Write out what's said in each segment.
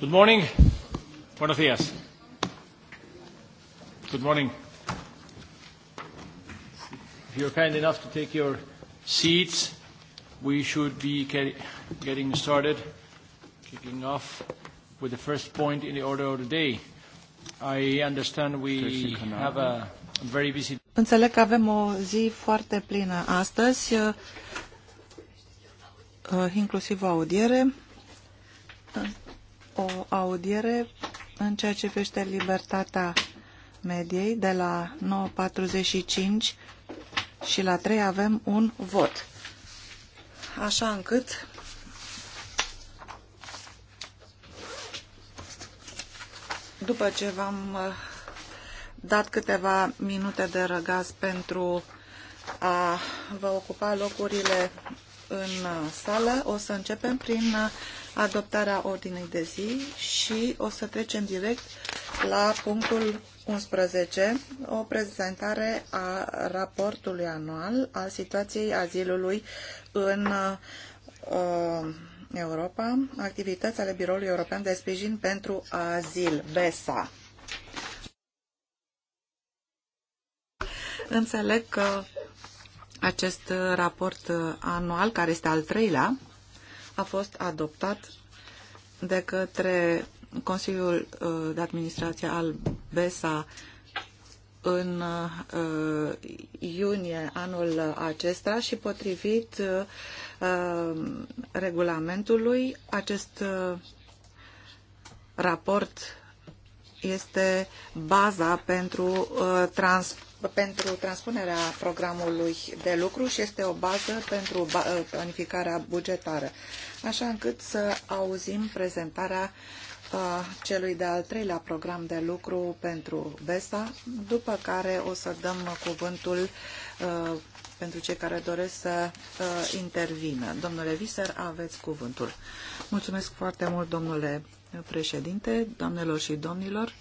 Good morning. Buenos días. Good morning. If you're kind enough to take your seats, we should be getting started, kicking off with the first point in the order of the day. I understand we have a very busy Înțeleg că avem o zi foarte plină astăzi, uh, inclusiv o audiere o audiere în ceea ce privește libertatea mediei de la 9.45 și la 3 avem un vot. Așa încât după ce v-am uh, dat câteva minute de răgaz pentru a vă ocupa locurile în uh, sală, o să începem prin uh, adoptarea ordinei de zi și o să trecem direct la punctul 11, o prezentare a raportului anual al situației azilului în uh, Europa, activități ale Biroului European de Sprijin pentru Azil, BESA. Înțeleg că acest raport anual, care este al treilea, a fost adoptat de către Consiliul uh, de Administrație al BESA în uh, iunie anul acesta și potrivit uh, regulamentului, acest uh, raport este baza pentru, uh, trans, pentru transpunerea programului de lucru și este o bază pentru uh, planificarea bugetară așa încât să auzim prezentarea uh, celui de-al treilea program de lucru pentru BESA, după care o să dăm cuvântul uh, pentru cei care doresc să uh, intervină. Domnule Viser, aveți cuvântul. Mulțumesc foarte mult, domnule președinte, doamnelor și domnilor.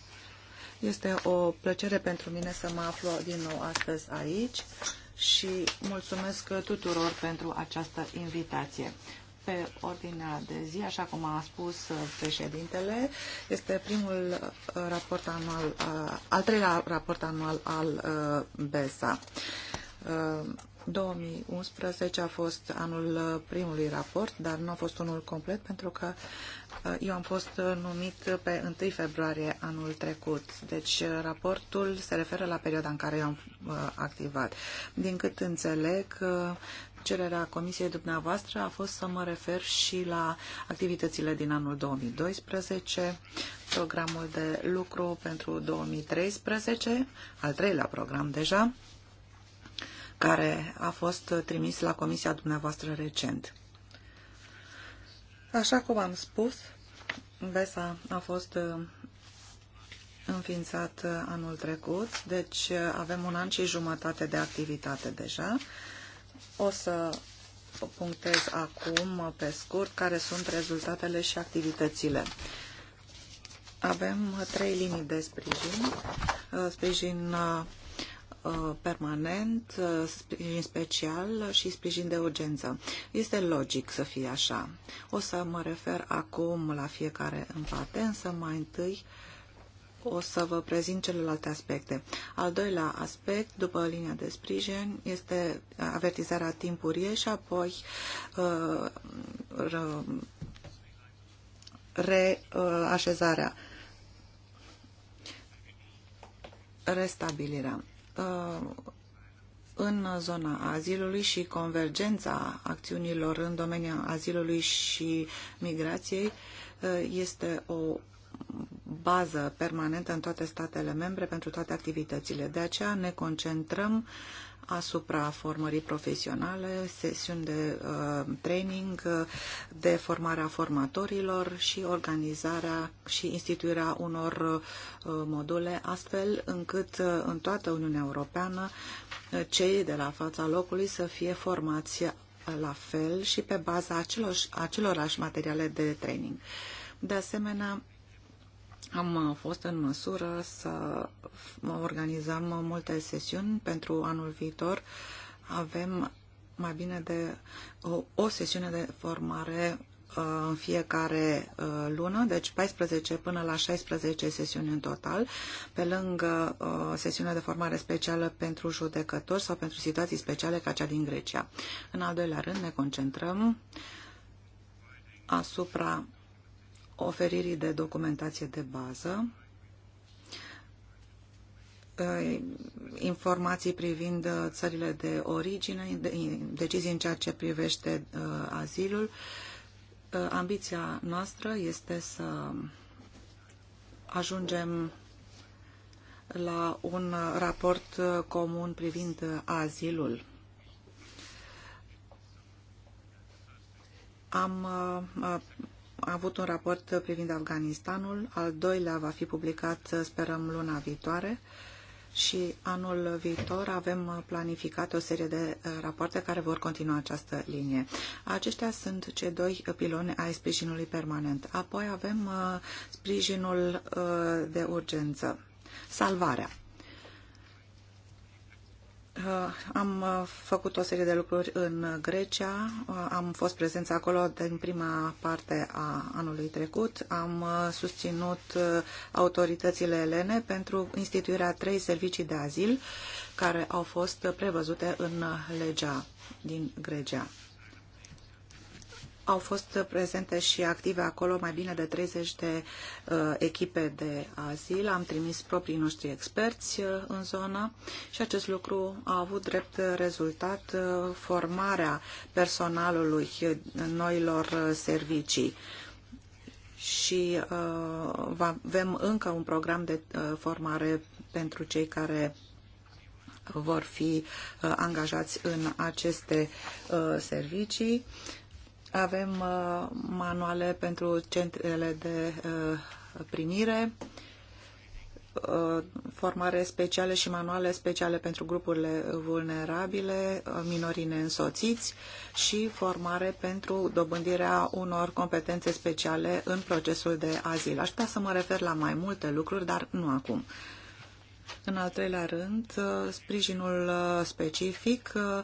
Este o plăcere pentru mine să mă aflu din nou astăzi aici și mulțumesc tuturor pentru această invitație pe ordinea de zi, așa cum a spus președintele, este primul uh, raport anual, uh, al treilea raport anual al uh, BESA. 2011 a fost anul primului raport, dar nu a fost unul complet pentru că eu am fost numit pe 1 februarie anul trecut, deci raportul se referă la perioada în care eu am activat. Din cât înțeleg, Cererea Comisiei dumneavoastră a fost să mă refer și la activitățile din anul 2012, programul de lucru pentru 2013, al treilea program deja, care a fost trimis la Comisia dumneavoastră recent. Așa cum am spus, VESA a fost uh, înființat uh, anul trecut, deci uh, avem un an și jumătate de activitate deja. O să punctez acum, pe scurt, care sunt rezultatele și activitățile. Avem trei linii de sprijin. Uh, sprijin uh, uh, permanent, sprijin special și sprijin de urgență. Este logic să fie așa. O să mă refer acum la fiecare în parte, însă mai întâi uh, o să vă prezint celelalte aspecte. Al doilea aspect, după linia de sprijin, este avertizarea timpurie și apoi uh, reașezarea, restabilirea. Uh, în zona azilului și convergența acțiunilor în domeniul azilului și migrației uh, este o bază permanentă în toate statele membre pentru toate activitățile. De aceea ne concentrăm asupra formării profesionale, sesiuni de uh, training, uh, de formarea formatorilor și organizarea și instituirea unor uh, module, astfel încât uh, în toată Uniunea Europeană uh, cei de la fața locului să fie formați la fel și pe baza acelorași materiale de training. De asemenea, am uh, fost în măsură să organizăm multe sesiuni pentru anul viitor. Avem mai bine de o, o sesiune de formare uh, în fiecare uh, lună, deci 14 până la 16 sesiuni în total, pe lângă sesiunea de formare specială pentru judecători sau pentru situații speciale ca cea din Grecia. În al doilea rând ne concentrăm asupra oferirii de documentație de bază, eh, informații privind eh, țările de origine, decizii în ceea ce privește eh, azilul. Ambiția noastră este să ajungem la un raport comun privind azilul. Am a avut un raport privind Afganistanul, al doilea va fi publicat, sperăm, luna viitoare și anul viitor avem planificat o serie de uh, rapoarte care vor continua această linie. Aceștia sunt cei doi piloni ai sprijinului permanent. Apoi avem uh, sprijinul uh, de urgență, salvarea. Uh, am uh, făcut o serie de lucruri în Grecia, uh, am fost prezenți acolo din prima parte a anului trecut, am susținut autoritățile elene pentru instituirea trei servicii de azil care au fost prevăzute în legea din Grecia. Au fost prezente și active acolo mai bine de 30 de uh, echipe de azil. Am trimis proprii noștri experți uh, în zonă și acest lucru a avut drept rezultat uh, formarea personalului uh, noilor uh, servicii și uh, avem încă un program de uh, formare pentru cei care vor fi uh, angajați în aceste uh, servicii. Avem uh, manuale pentru centrele de uh, primire, uh, formare speciale și manuale speciale pentru grupurile vulnerabile, minorii neînsoțiți și formare pentru dobândirea unor competențe speciale în procesul de azil. Aș putea să mă refer la mai multe lucruri, dar nu acum. În al treilea rând, uh, sprijinul uh, specific uh,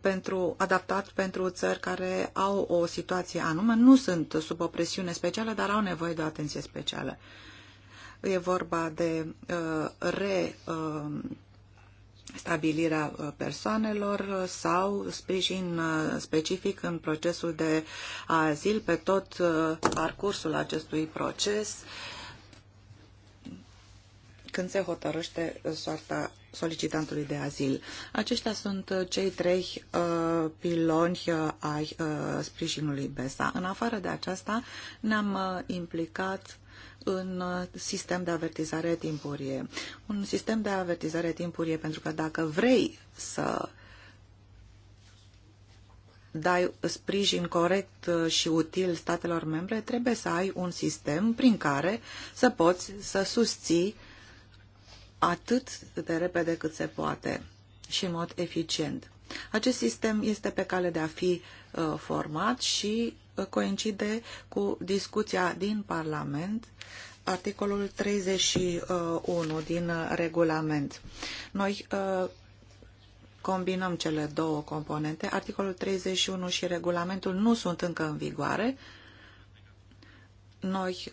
pentru, adaptat pentru țări care au o situație anume, nu sunt sub o presiune specială, dar au nevoie de o atenție specială. E vorba de uh, re. Um, uh, stabilirea persoanelor sau sprijin specific în procesul de azil pe tot parcursul acestui proces când se hotărăște uh, soarta solicitantului de azil. Aceștia sunt uh, cei trei uh, piloni uh, ai uh, sprijinului BESA. În afară de aceasta, ne-am uh, implicat în sistem de avertizare timpurie. Un sistem de avertizare timpurie pentru că dacă vrei să dai sprijin corect și util statelor membre, trebuie să ai un sistem prin care să poți să susții uh, atât de repede cât se poate și în mod eficient. Acest sistem este pe cale de a fi uh, format și uh, coincide cu discuția din Parlament articolul 31 din uh, regulament. Noi uh, combinăm cele două componente. Articolul 31 și regulamentul nu sunt încă în vigoare. Noi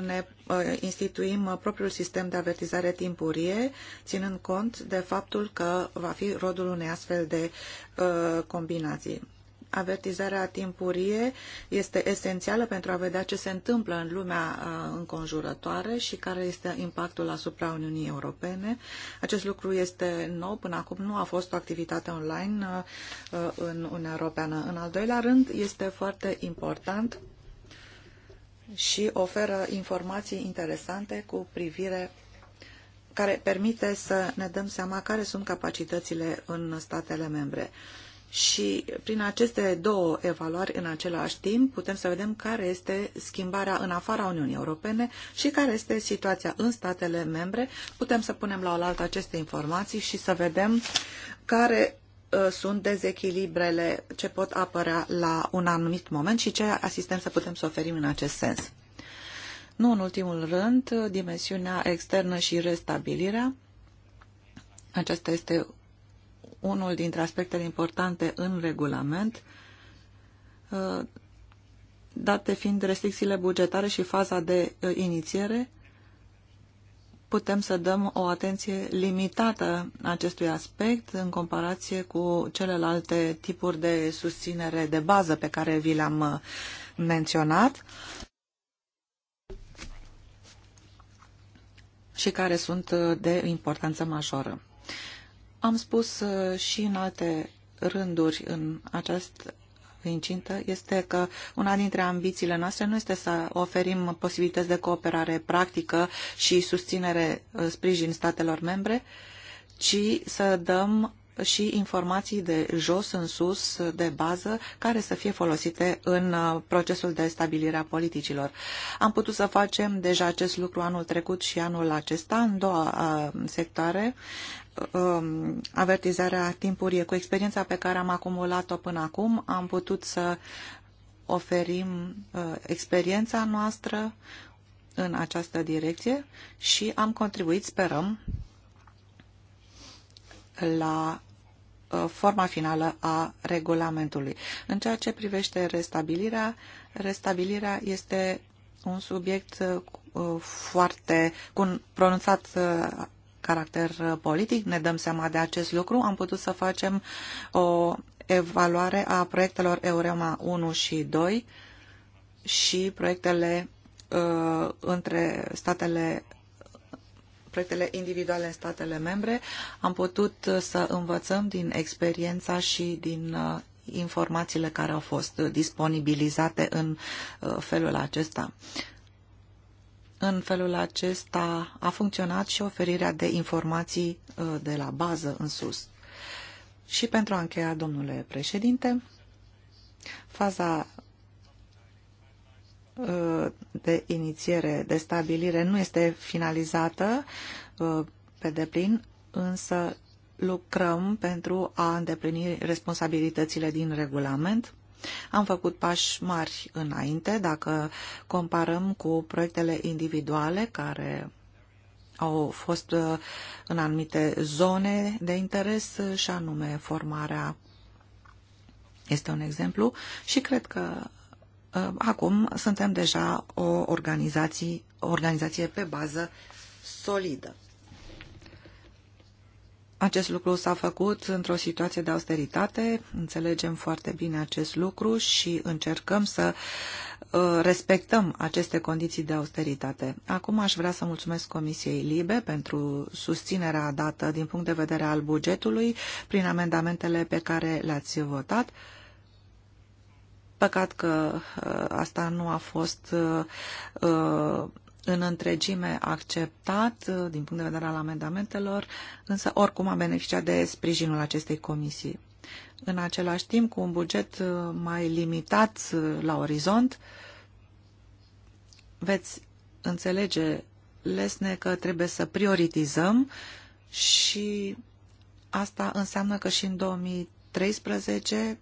ne uh, instituim uh, propriul sistem de avertizare timpurie, ținând cont de faptul că va fi rodul unei astfel de uh, combinații. Avertizarea timpurie este esențială pentru a vedea ce se întâmplă în lumea înconjurătoare și care este impactul asupra Uniunii Europene. Acest lucru este nou, până acum nu a fost o activitate online în Uniunea Europeană. În al doilea rând, este foarte important și oferă informații interesante cu privire care permite să ne dăm seama care sunt capacitățile în statele membre. Și prin aceste două evaluări în același timp putem să vedem care este schimbarea în afara Uniunii Europene și care este situația în statele membre. Putem să punem la oaltă aceste informații și să vedem care Uh, sunt dezechilibrele ce pot apărea la un anumit moment și ce asistență putem să oferim în acest sens. Nu în ultimul rând, dimensiunea externă și restabilirea. Acesta este unul dintre aspectele importante în regulament, uh, date fiind restricțiile bugetare și faza de uh, inițiere, putem să dăm o atenție limitată acestui aspect în comparație cu celelalte tipuri de susținere de bază pe care vi le-am uh, menționat și care sunt uh, de importanță majoră. Am spus uh, și în alte rânduri în acest incintă este că una dintre ambițiile noastre nu este să oferim posibilități de cooperare practică și susținere, uh, sprijin statelor membre, ci să dăm și informații de jos în sus, de bază, care să fie folosite în uh, procesul de stabilire a politicilor. Am putut să facem deja acest lucru anul trecut și anul acesta în două uh, sectoare, um, avertizarea timpurie. Cu experiența pe care am acumulat-o până acum, am putut să oferim uh, experiența noastră în această direcție și am contribuit, sperăm, la uh, forma finală a regulamentului. În ceea ce privește restabilirea, restabilirea este un subiect uh, uh, foarte cu un pronunțat caracter uh, politic, ne dăm seama de acest lucru, am putut să facem o evaluare a proiectelor Eurema 1 și 2 și proiectele uh, între statele proiectele individuale în statele membre, am putut să învățăm din experiența și din uh, informațiile care au fost disponibilizate în uh, felul acesta. Uh, în felul acesta a funcționat și oferirea de informații uh, de la bază în sus. Și pentru a încheia, domnule președinte, faza uh, de inițiere, de stabilire nu este finalizată uh, pe deplin, însă lucrăm pentru a îndeplini responsabilitățile din regulament am făcut pași mari înainte dacă comparăm cu proiectele individuale care au fost uh, în anumite zone de interes uh, și anume formarea este un exemplu și cred că uh, acum suntem deja o organizație, o organizație pe bază solidă. Acest lucru s-a făcut într-o situație de austeritate, înțelegem foarte bine acest lucru și încercăm să uh, respectăm aceste condiții de austeritate. Acum aș vrea să mulțumesc Comisiei Libe pentru susținerea dată din punct de vedere al bugetului prin amendamentele pe care le-ați votat. Păcat că uh, asta nu a fost uh, în întregime acceptat uh, din punct de vedere al amendamentelor, însă oricum a beneficiat de sprijinul acestei comisii. În același timp, cu un buget uh, mai limitat uh, la orizont, veți înțelege, Lesne, că trebuie să prioritizăm și asta înseamnă că și în 2013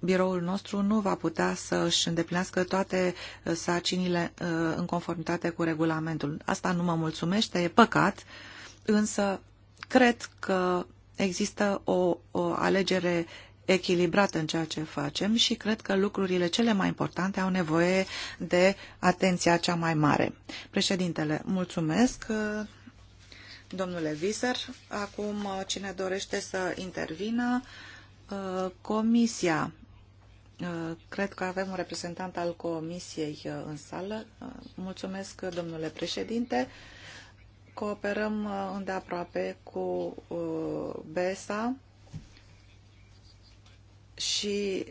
biroul nostru nu va putea să își îndeplinească toate uh, sarcinile uh, în conformitate cu regulamentul. Asta nu mă mulțumește, e păcat, însă cred că există o, o alegere echilibrată în ceea ce facem și cred că lucrurile cele mai importante au nevoie de atenția cea mai mare. Președintele, mulțumesc. Uh, domnule Viser, acum cine dorește să intervină, Comisia Uh, cred că avem un reprezentant al Comisiei uh, în sală. Uh, mulțumesc, domnule președinte. Cooperăm îndeaproape cu BESA și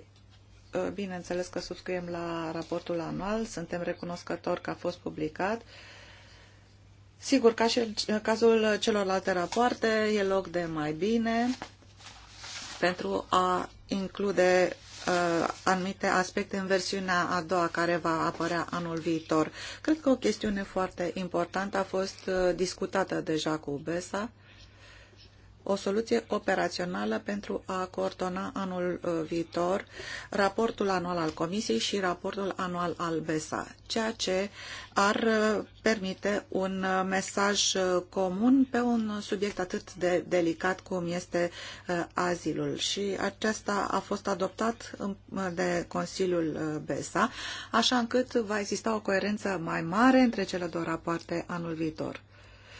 bineînțeles că subscriem la raportul anual. Suntem recunoscători că a fost publicat. Sigur, ca și în cazul celorlalte rapoarte, e loc de mai bine pentru a include Uh, anumite aspecte în versiunea a doua care va apărea anul viitor. Cred că o chestiune foarte importantă a fost uh, discutată deja cu BESA o soluție operațională pentru a coordona anul uh, viitor raportul anual al Comisiei și raportul anual al BESA, ceea ce ar uh, permite un uh, mesaj comun pe un subiect atât de delicat cum este azilul. Și acesta a fost adoptat de Consiliul BESA, așa încât va exista o coerență mai mare între cele două rapoarte anul viitor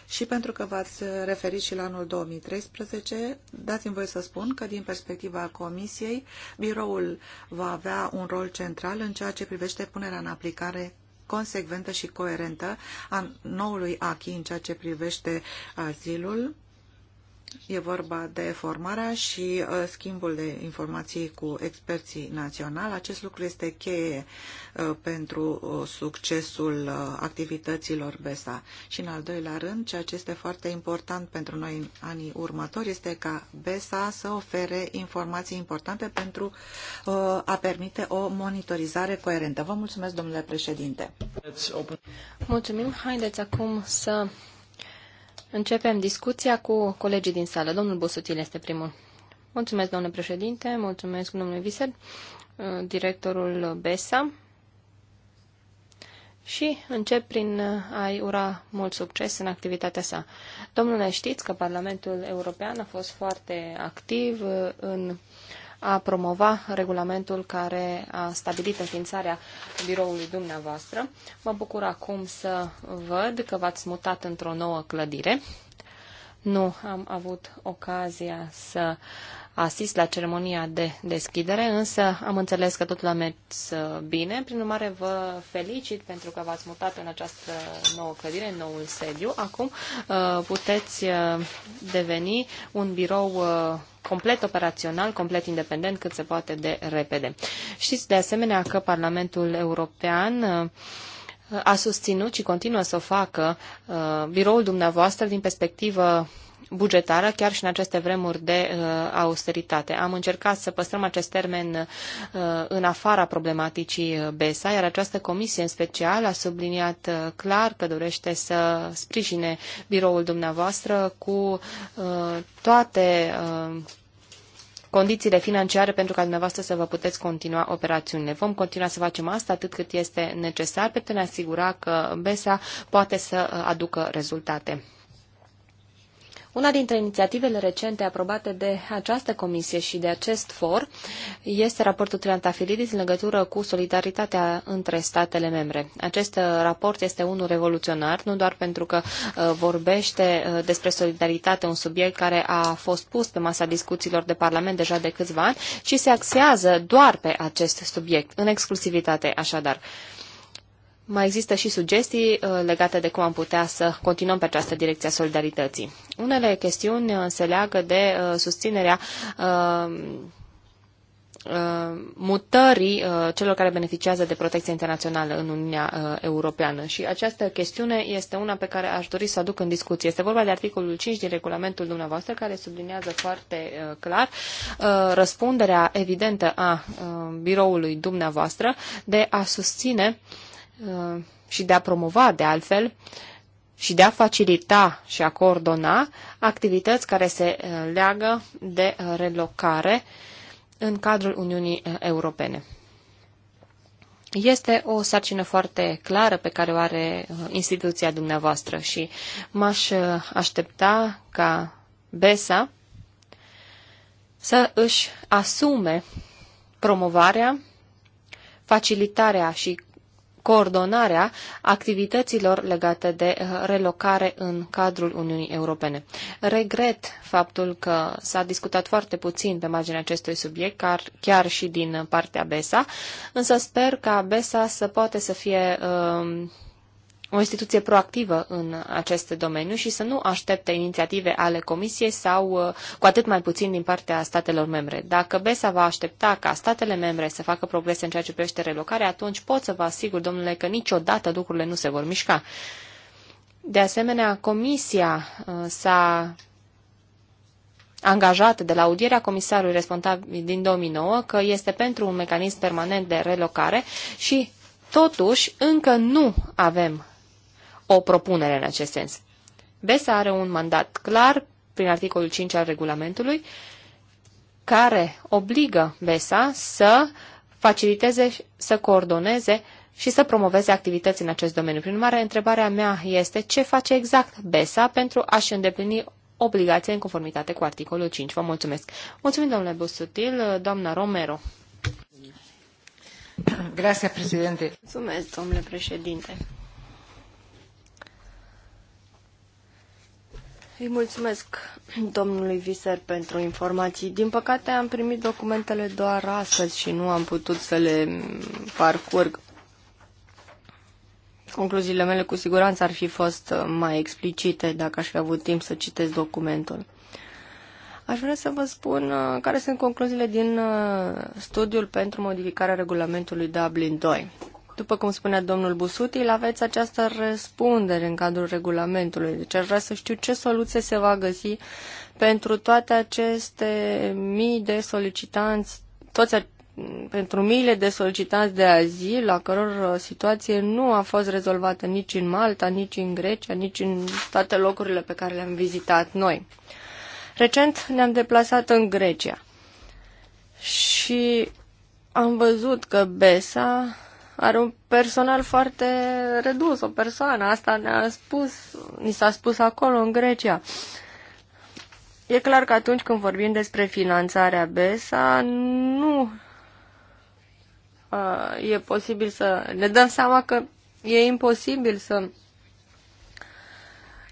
și pentru că v-ați referit și la anul 2013, dați-mi voi să spun că din perspectiva Comisiei, biroul va avea un rol central în ceea ce privește punerea în aplicare consecventă și coerentă a noului achi în ceea ce privește azilul, E vorba de formarea și uh, schimbul de informații cu experții naționali. Acest lucru este cheie uh, pentru uh, succesul activităților BESA. Și în al doilea rând, ceea ce este foarte important pentru noi în anii următori este ca BESA să ofere informații importante pentru a permite o monitorizare coerentă. Vă mulțumesc, domnule președinte. Mulțumim. Haideți acum să Începem discuția cu colegii din sală. Domnul Busutil este primul. Mulțumesc, domnule președinte, mulțumesc, domnule Visel, uh, directorul BESA. Și încep prin uh, a-i ura mult succes în activitatea sa. Domnule, știți că Parlamentul European a fost foarte activ uh, în uh, a promova regulamentul care a stabilit înființarea biroului dumneavoastră. Mă bucur acum să văd că v-ați mutat într-o nouă clădire. Nu am avut ocazia să asist la ceremonia de deschidere, însă am înțeles că totul a mers uh, bine. Prin urmare, vă felicit pentru că v-ați mutat în această nouă clădire, în noul sediu. Acum uh, puteți uh, deveni un birou complet operațional, complet independent cât se poate de repede. Știți de asemenea că Parlamentul European uh, a susținut și continuă să o facă uh, biroul dumneavoastră din perspectivă bugetară, chiar și în aceste vremuri de uh, austeritate. Am încercat să păstrăm acest termen uh, în afara problematicii BESA, iar această comisie în special a subliniat uh, clar că dorește să sprijine biroul dumneavoastră cu uh, toate uh, condițiile financiare pentru ca dumneavoastră să vă puteți continua operațiunile. Vom continua să facem asta atât cât este necesar pentru a ne asigura că BESA poate să uh, aducă rezultate. Una dintre inițiativele recente aprobate de această comisie și de acest for este raportul Triantafilidis în legătură cu solidaritatea între statele membre. Acest uh, raport este unul revoluționar, nu doar pentru că uh, vorbește uh, despre solidaritate, un subiect care a fost pus pe masa discuțiilor de Parlament deja de câțiva ani, ci se axează doar pe acest subiect, în exclusivitate așadar. Mai există și sugestii uh, legate de cum am putea să continuăm pe această direcție a solidarității. Unele chestiuni uh, se leagă de uh, susținerea mutării celor care beneficiază de protecție internațională în Uniunea Europeană. Și această chestiune este una pe care aș dori să o aduc în discuție. Este vorba de articolul 5 din regulamentul dumneavoastră, care sublinează foarte clar răspunderea evidentă a biroului dumneavoastră de a susține uh, Uh, și de a promova, de altfel, și de a facilita și a coordona activități care se uh, leagă de uh, relocare în cadrul Uniunii Europene. Este o sarcină foarte clară pe care o are instituția dumneavoastră și m-aș aștepta ca BESA să își asume promovarea, facilitarea și coordonarea activităților legate de relocare în cadrul Uniunii Europene. Regret faptul că s-a discutat foarte puțin pe marginea acestui subiect, chiar și din partea BESA, însă sper ca BESA să poate să fie um, o instituție proactivă în acest domeniu și să nu aștepte inițiative ale Comisiei sau uh, cu atât mai puțin din partea statelor membre. Dacă BESA va aștepta ca statele membre să facă progrese în ceea ce privește relocarea, atunci pot să vă asigur, domnule, că niciodată lucrurile nu se vor mișca. De asemenea, Comisia uh, s-a angajat de la audierea comisarului responsabil din 2009 că este pentru un mecanism permanent de relocare și Totuși, încă nu avem o propunere în acest sens. BESA are un mandat clar prin articolul 5 al regulamentului care obligă BESA să faciliteze, să coordoneze și să promoveze activități în acest domeniu. Prin urmare, întrebarea mea este ce face exact BESA pentru a-și îndeplini obligația în conformitate cu articolul 5. Vă mulțumesc. Mulțumim, domnule Busutil, doamna Romero. Grazie, președinte. Mulțumesc, domnule președinte. Îi mulțumesc domnului Viser pentru informații. Din păcate am primit documentele doar astăzi și nu am putut să le parcurg. Concluziile mele cu siguranță ar fi fost uh, mai explicite dacă aș fi avut timp să citesc documentul. Aș vrea să vă spun uh, care sunt concluziile din uh, studiul pentru modificarea regulamentului Dublin 2. După cum spunea domnul Busutil, aveți această răspundere în cadrul regulamentului. Deci ar vrea să știu ce soluție se va găsi pentru toate aceste mii de solicitanți, toți pentru miile de solicitanți de azil, la căror uh, situație nu a fost rezolvată nici în Malta, nici în Grecia, nici în toate locurile pe care le-am vizitat noi. Recent ne-am deplasat în Grecia și am văzut că BESA are un personal foarte redus, o persoană. Asta ne-a spus, ni s-a spus acolo, în Grecia. E clar că atunci când vorbim despre finanțarea BESA, nu uh, e posibil să ne dăm seama că e imposibil să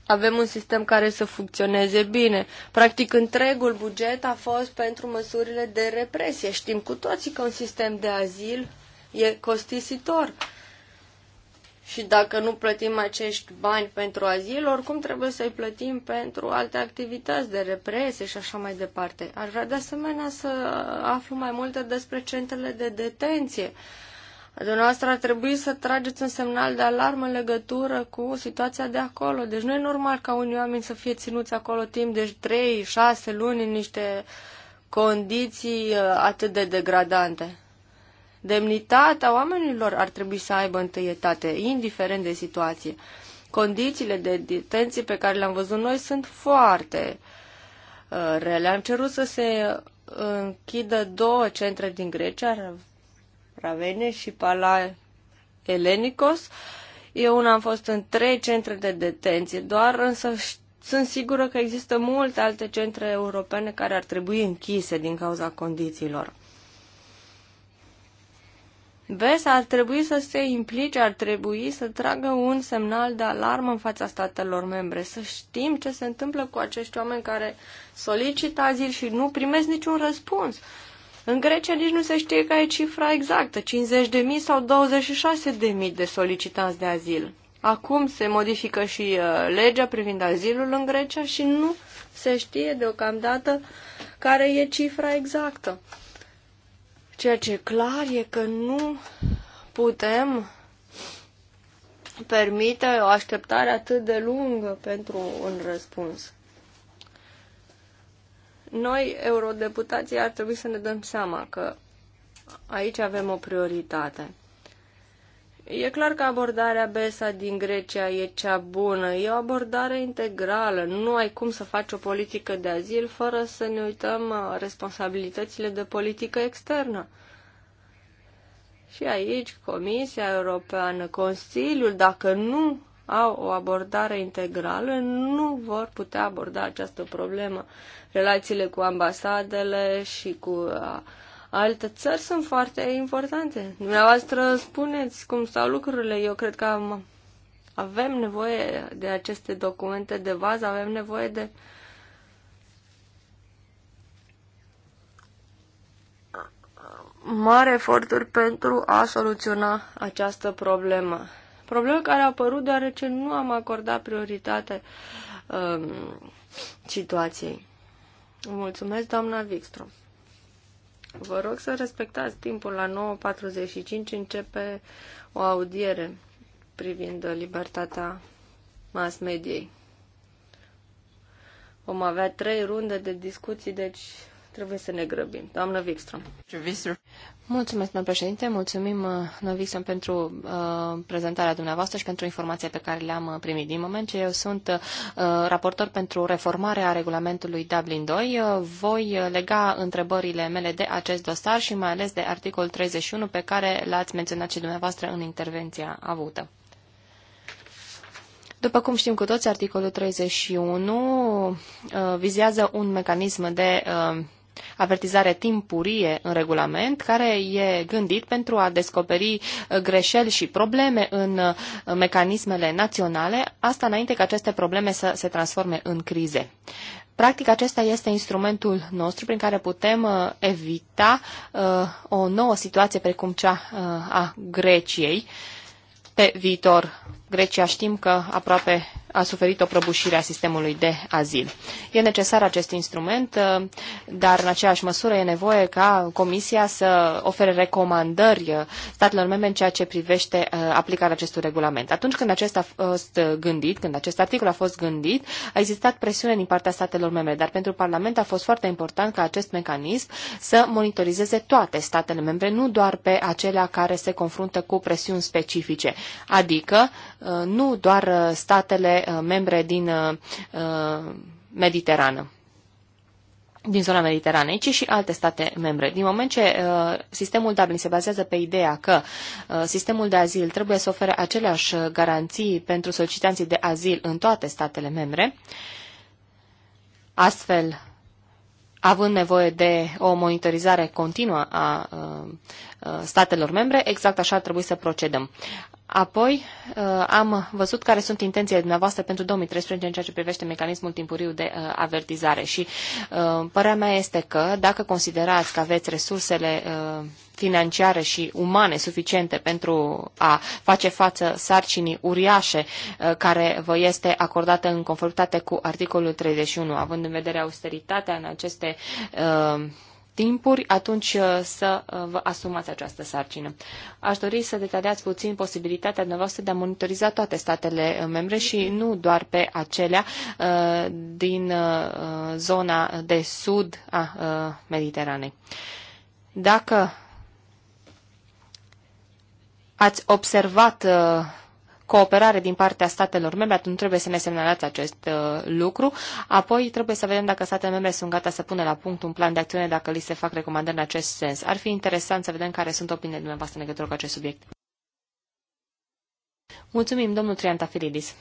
avem un sistem care să funcționeze bine. Practic, întregul buget a fost pentru măsurile de represie. Știm cu toții că un sistem de azil e costisitor. Și dacă nu plătim acești bani pentru azil, oricum trebuie să-i plătim pentru alte activități de represie și așa mai departe. Aș vrea de asemenea să aflu mai multe despre centrele de detenție. Dumneavoastră ar trebui să trageți un semnal de alarmă în legătură cu situația de acolo. Deci nu e normal ca unii oameni să fie ținuți acolo timp de 3-6 luni în niște condiții uh, atât de degradante. Demnitatea oamenilor ar trebui să aibă întâietate, indiferent de situație. Condițiile de detenție pe care le-am văzut noi sunt foarte uh, rele. Am cerut să se uh, închidă două centre din Grecia, Ravene și Pala Elenicos. Eu una am fost în trei centre de detenție, doar însă sunt sigură că există multe alte centre europene care ar trebui închise din cauza condițiilor. BES ar trebui să se implice, ar trebui să tragă un semnal de alarmă în fața statelor membre, să știm ce se întâmplă cu acești oameni care solicită azil și nu primesc niciun răspuns. În Grecia nici nu se știe care e cifra exactă, 50.000 sau 26.000 de solicitanți de azil. Acum se modifică și uh, legea privind azilul în Grecia și nu se știe deocamdată care e cifra exactă. Ceea ce e clar e că nu putem permite o așteptare atât de lungă pentru un răspuns. Noi, eurodeputații, ar trebui să ne dăm seama că aici avem o prioritate. E clar că abordarea BESA din Grecia e cea bună, e o abordare integrală. Nu ai cum să faci o politică de azil fără să ne uităm responsabilitățile de politică externă. Și aici Comisia Europeană, Consiliul, dacă nu au o abordare integrală, nu vor putea aborda această problemă. Relațiile cu ambasadele și cu uh, alte țări sunt foarte importante. Dumneavoastră spuneți cum stau lucrurile. Eu cred că am, avem nevoie de aceste documente de bază, avem nevoie de mare eforturi pentru a soluționa această problemă. Problemă care a apărut deoarece nu am acordat prioritate um, situației. Mulțumesc, doamna Wikström. Vă rog să respectați timpul. La 9.45 începe o audiere privind libertatea mass mediei. Vom avea trei runde de discuții, deci trebuie să ne grăbim. Doamnă Wikström. Mulțumesc, domnule președinte, mulțumim, uh, Novixon, pentru uh, prezentarea dumneavoastră și pentru informația pe care le-am uh, primit. Din moment ce eu sunt uh, raportor pentru reformarea regulamentului Dublin 2, uh, voi lega întrebările mele de acest dosar și mai ales de articolul 31 pe care l-ați menționat și dumneavoastră în intervenția avută. După cum știm cu toți, articolul 31 uh, vizează un mecanism de uh, avertizare timpurie în regulament, care e gândit pentru a descoperi uh, greșeli și probleme în uh, mecanismele naționale, asta înainte ca aceste probleme să se transforme în crize. Practic, acesta este instrumentul nostru prin care putem uh, evita uh, o nouă situație precum cea uh, a Greciei pe viitor. Grecia știm că aproape a suferit o prăbușire a sistemului de azil. E necesar acest instrument, uh, dar în aceeași măsură e nevoie ca Comisia să ofere recomandări uh, statelor membre în ceea ce privește uh, aplicarea acestui regulament. Atunci când acesta a fost gândit, când acest articol a fost gândit, a existat presiune din partea statelor membre, dar pentru Parlament a fost foarte important ca acest mecanism să monitorizeze toate statele membre, nu doar pe acelea care se confruntă cu presiuni specifice, adică Uh, nu doar uh, statele uh, membre din Mediterană din zona mediteranei, ci și alte state membre. Din moment ce uh, sistemul Dublin se bazează pe ideea că uh, sistemul de azil trebuie să ofere aceleași garanții pentru solicitanții de azil în toate statele membre, astfel având nevoie de o monitorizare continuă a uh, Uh, statelor membre, exact așa ar trebui să procedăm. Apoi uh, am văzut care sunt intențiile dumneavoastră pentru 2013 în ceea ce privește mecanismul timpuriu de uh, avertizare și părerea mea este că dacă considerați că aveți resursele financiare și umane suficiente pentru a face față sarcinii uriașe care vă este acordată în conformitate cu articolul 31, având în vedere austeritatea în aceste timpuri, atunci uh, să uh, vă asumați această sarcină. Aș dori să detaliați puțin posibilitatea dumneavoastră de a monitoriza toate statele uh, membre și nu doar pe acelea din zona de sud a Mediteranei. Dacă ați observat uh, cooperare din partea statelor membre, atunci trebuie să ne semnalați acest uh, lucru. Apoi trebuie să vedem dacă statele membre sunt gata să pună la punct un plan de acțiune dacă li se fac recomandări în acest sens. Ar fi interesant să vedem care sunt opiniile dumneavoastră în legătură cu acest subiect. Mulțumim, domnul Filidis.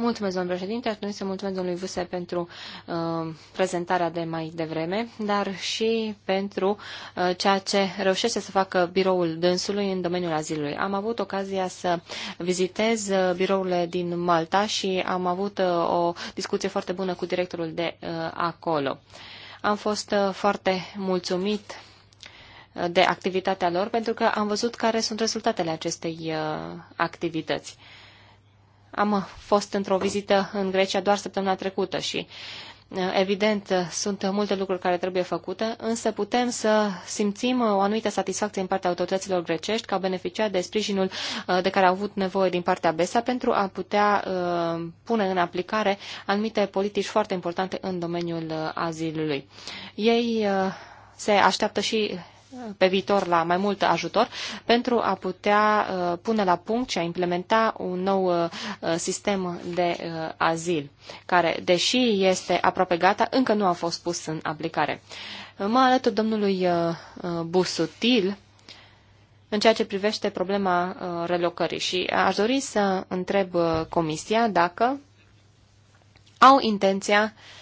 Mulțumesc, domnul președinte. Aș dori să mulțumesc domnului Vuse pentru uh, prezentarea de mai devreme, dar și pentru uh, ceea ce reușește să facă biroul dânsului în domeniul azilului. Am avut ocazia să vizitez uh, birourile din Malta și am avut uh, o discuție foarte bună cu directorul de uh, acolo. Am fost uh, foarte mulțumit uh, de activitatea lor pentru că am văzut care sunt rezultatele acestei uh, activități. Uh, am fost într-o vizită în Grecia doar săptămâna trecută și uh, Evident, sunt multe lucruri care trebuie făcute, însă putem să simțim o anumită satisfacție în partea autorităților grecești că au beneficiat de sprijinul uh, de care au avut nevoie din partea BESA pentru a putea uh, pune în aplicare anumite politici foarte importante în domeniul azilului. Ei se așteaptă și pe viitor la mai mult ajutor pentru a putea uh, pune la punct și a implementa un nou uh, sistem de uh, azil, care, deși este aproape gata, încă nu a fost pus în aplicare. Mă alătur domnului Busutil în ceea ce privește problema relocării și aș dori să întreb Comisia dacă au intenția uh,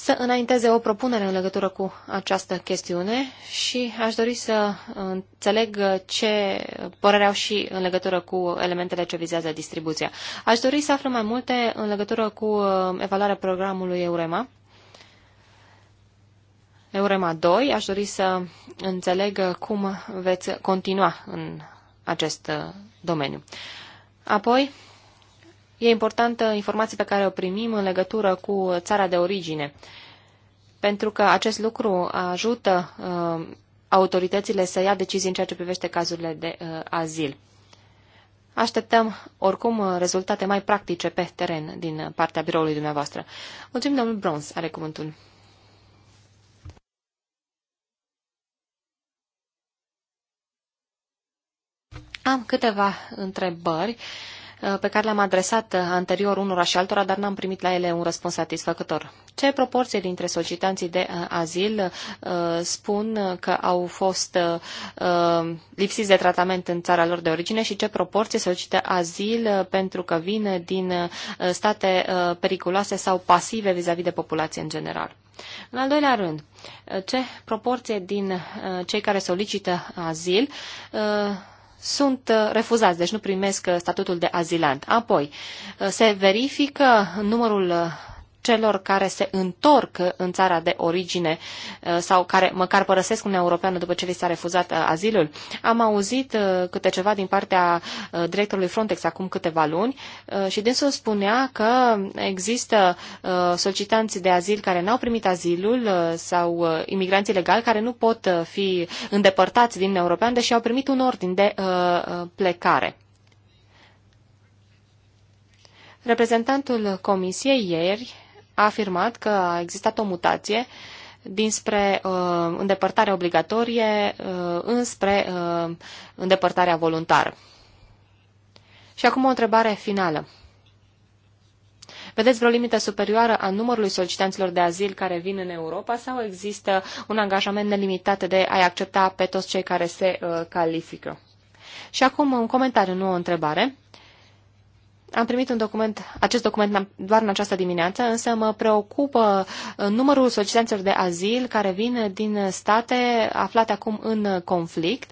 să înainteze o propunere în legătură cu această chestiune și aș dori să înțeleg ce părere au și în legătură cu elementele ce vizează distribuția. Aș dori să aflu mai multe în legătură cu uh, evaluarea programului Eurema. Eurema 2, aș dori să înțeleg cum veți continua în acest uh, domeniu. Apoi, E importantă informația pe care o primim în legătură cu țara de origine, pentru că acest lucru ajută uh, autoritățile să ia decizii în ceea ce privește cazurile de uh, azil. Așteptăm, oricum, rezultate mai practice pe teren din partea biroului dumneavoastră. Mulțumim, domnul Brons, are cuvântul. Am câteva întrebări Uh, pe care le-am adresat uh, anterior unora și altora, dar n-am primit la ele un răspuns satisfăcător. Ce proporție dintre solicitanții de uh, azil spun că au fost lipsiți de tratament în țara lor de origine și ce proporție solicită azil pentru că vin din state periculoase sau pasive vis-a-vis -vis de populație în general? În al doilea rând, ce proporție din cei care solicită azil sunt uh, refuzați, deci nu primesc uh, statutul de azilant. Apoi, uh, se verifică numărul celor care se întorc în țara de origine uh, sau care măcar părăsesc Uniunea Europeană după ce li s-a refuzat uh, azilul. Am auzit uh, câte ceva din partea directorului Frontex acum câteva luni și dânsul spunea că există solicitanți de azil care n-au primit azilul sau imigranți ilegali care nu pot fi îndepărtați din Uniunea Europeană, deși au primit un ordin de plecare. Reprezentantul Comisiei ieri a afirmat că a existat o mutație dinspre uh, îndepărtarea obligatorie uh, înspre uh, îndepărtarea voluntară. Și acum o întrebare finală. Vedeți vreo limită superioară a numărului solicitanților de azil care vin în Europa sau există un angajament nelimitat de a-i accepta pe toți cei care se uh, califică? Și acum un comentariu, nu o întrebare. Am primit un document, acest document doar în această dimineață, însă mă preocupă uh, numărul solicitanților de azil care vin din state aflate acum în conflict.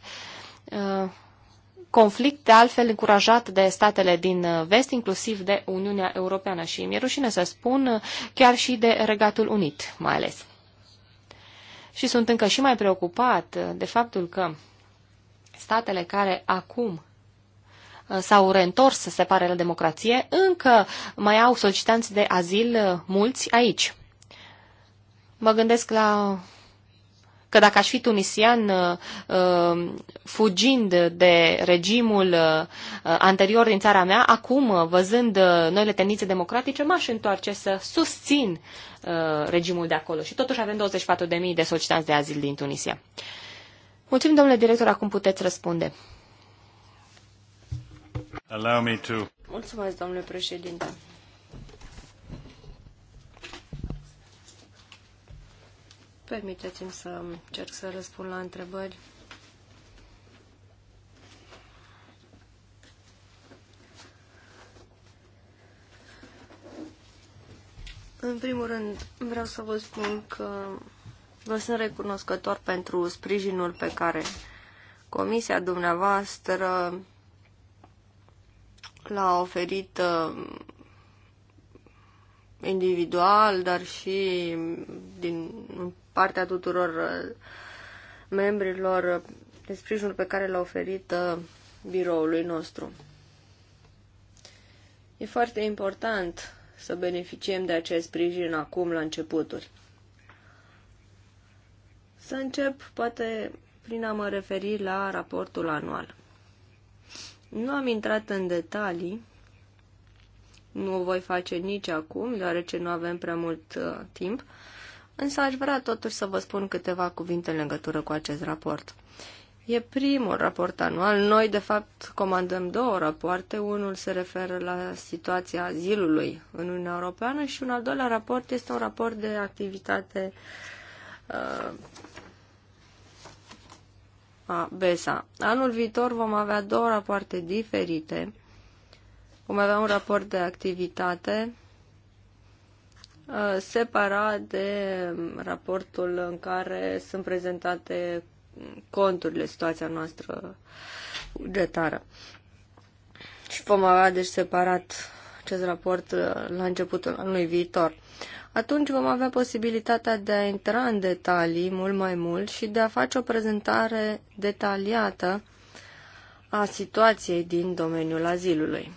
Uh, conflict, de altfel, încurajat de statele din vest, inclusiv de Uniunea Europeană și mi-e rușine să spun, uh, chiar și de Regatul Unit, mai ales. Și sunt încă și mai preocupat de faptul că statele care acum s-au reîntors, se pare, la democrație, încă mai au solicitanți de azil uh, mulți aici. Mă gândesc la că dacă aș fi tunisian uh, uh, fugind de regimul anterior din țara mea, acum, văzând noile tendințe democratice, m-aș întoarce să susțin regimul de acolo. Și totuși avem 24.000 de solicitanți de azil din Tunisia. Mulțumim, domnule director, acum puteți răspunde. Allow me to... Mulțumesc, domnule președinte. Permiteți-mi să încerc să răspund la întrebări. În primul rând, vreau să vă spun că vă sunt recunoscător pentru sprijinul pe care Comisia dumneavoastră l-a oferit uh, individual, dar și din partea tuturor uh, membrilor uh, de sprijinul pe care l-a oferit biroului nostru. E foarte important să beneficiem de acest sprijin acum la începuturi. Să încep poate prin a mă referi la raportul anual. Nu am intrat în detalii, nu o voi face nici acum, deoarece nu avem prea mult uh, timp, însă aș vrea totuși să vă spun câteva cuvinte în legătură cu acest raport. E primul raport anual. Noi, de fapt, comandăm două rapoarte. Unul se referă la situația azilului în Uniunea Europeană și un al doilea raport este un raport de activitate uh, a BESA. Anul viitor vom avea două rapoarte diferite. Vom avea un raport de activitate uh, separat de um, raportul în care sunt prezentate conturile, situația noastră bugetară. Și vom avea deci separat acest raport uh, la începutul anului viitor atunci vom avea posibilitatea de a intra în detalii mult mai mult și de a face o prezentare detaliată a situației din domeniul azilului.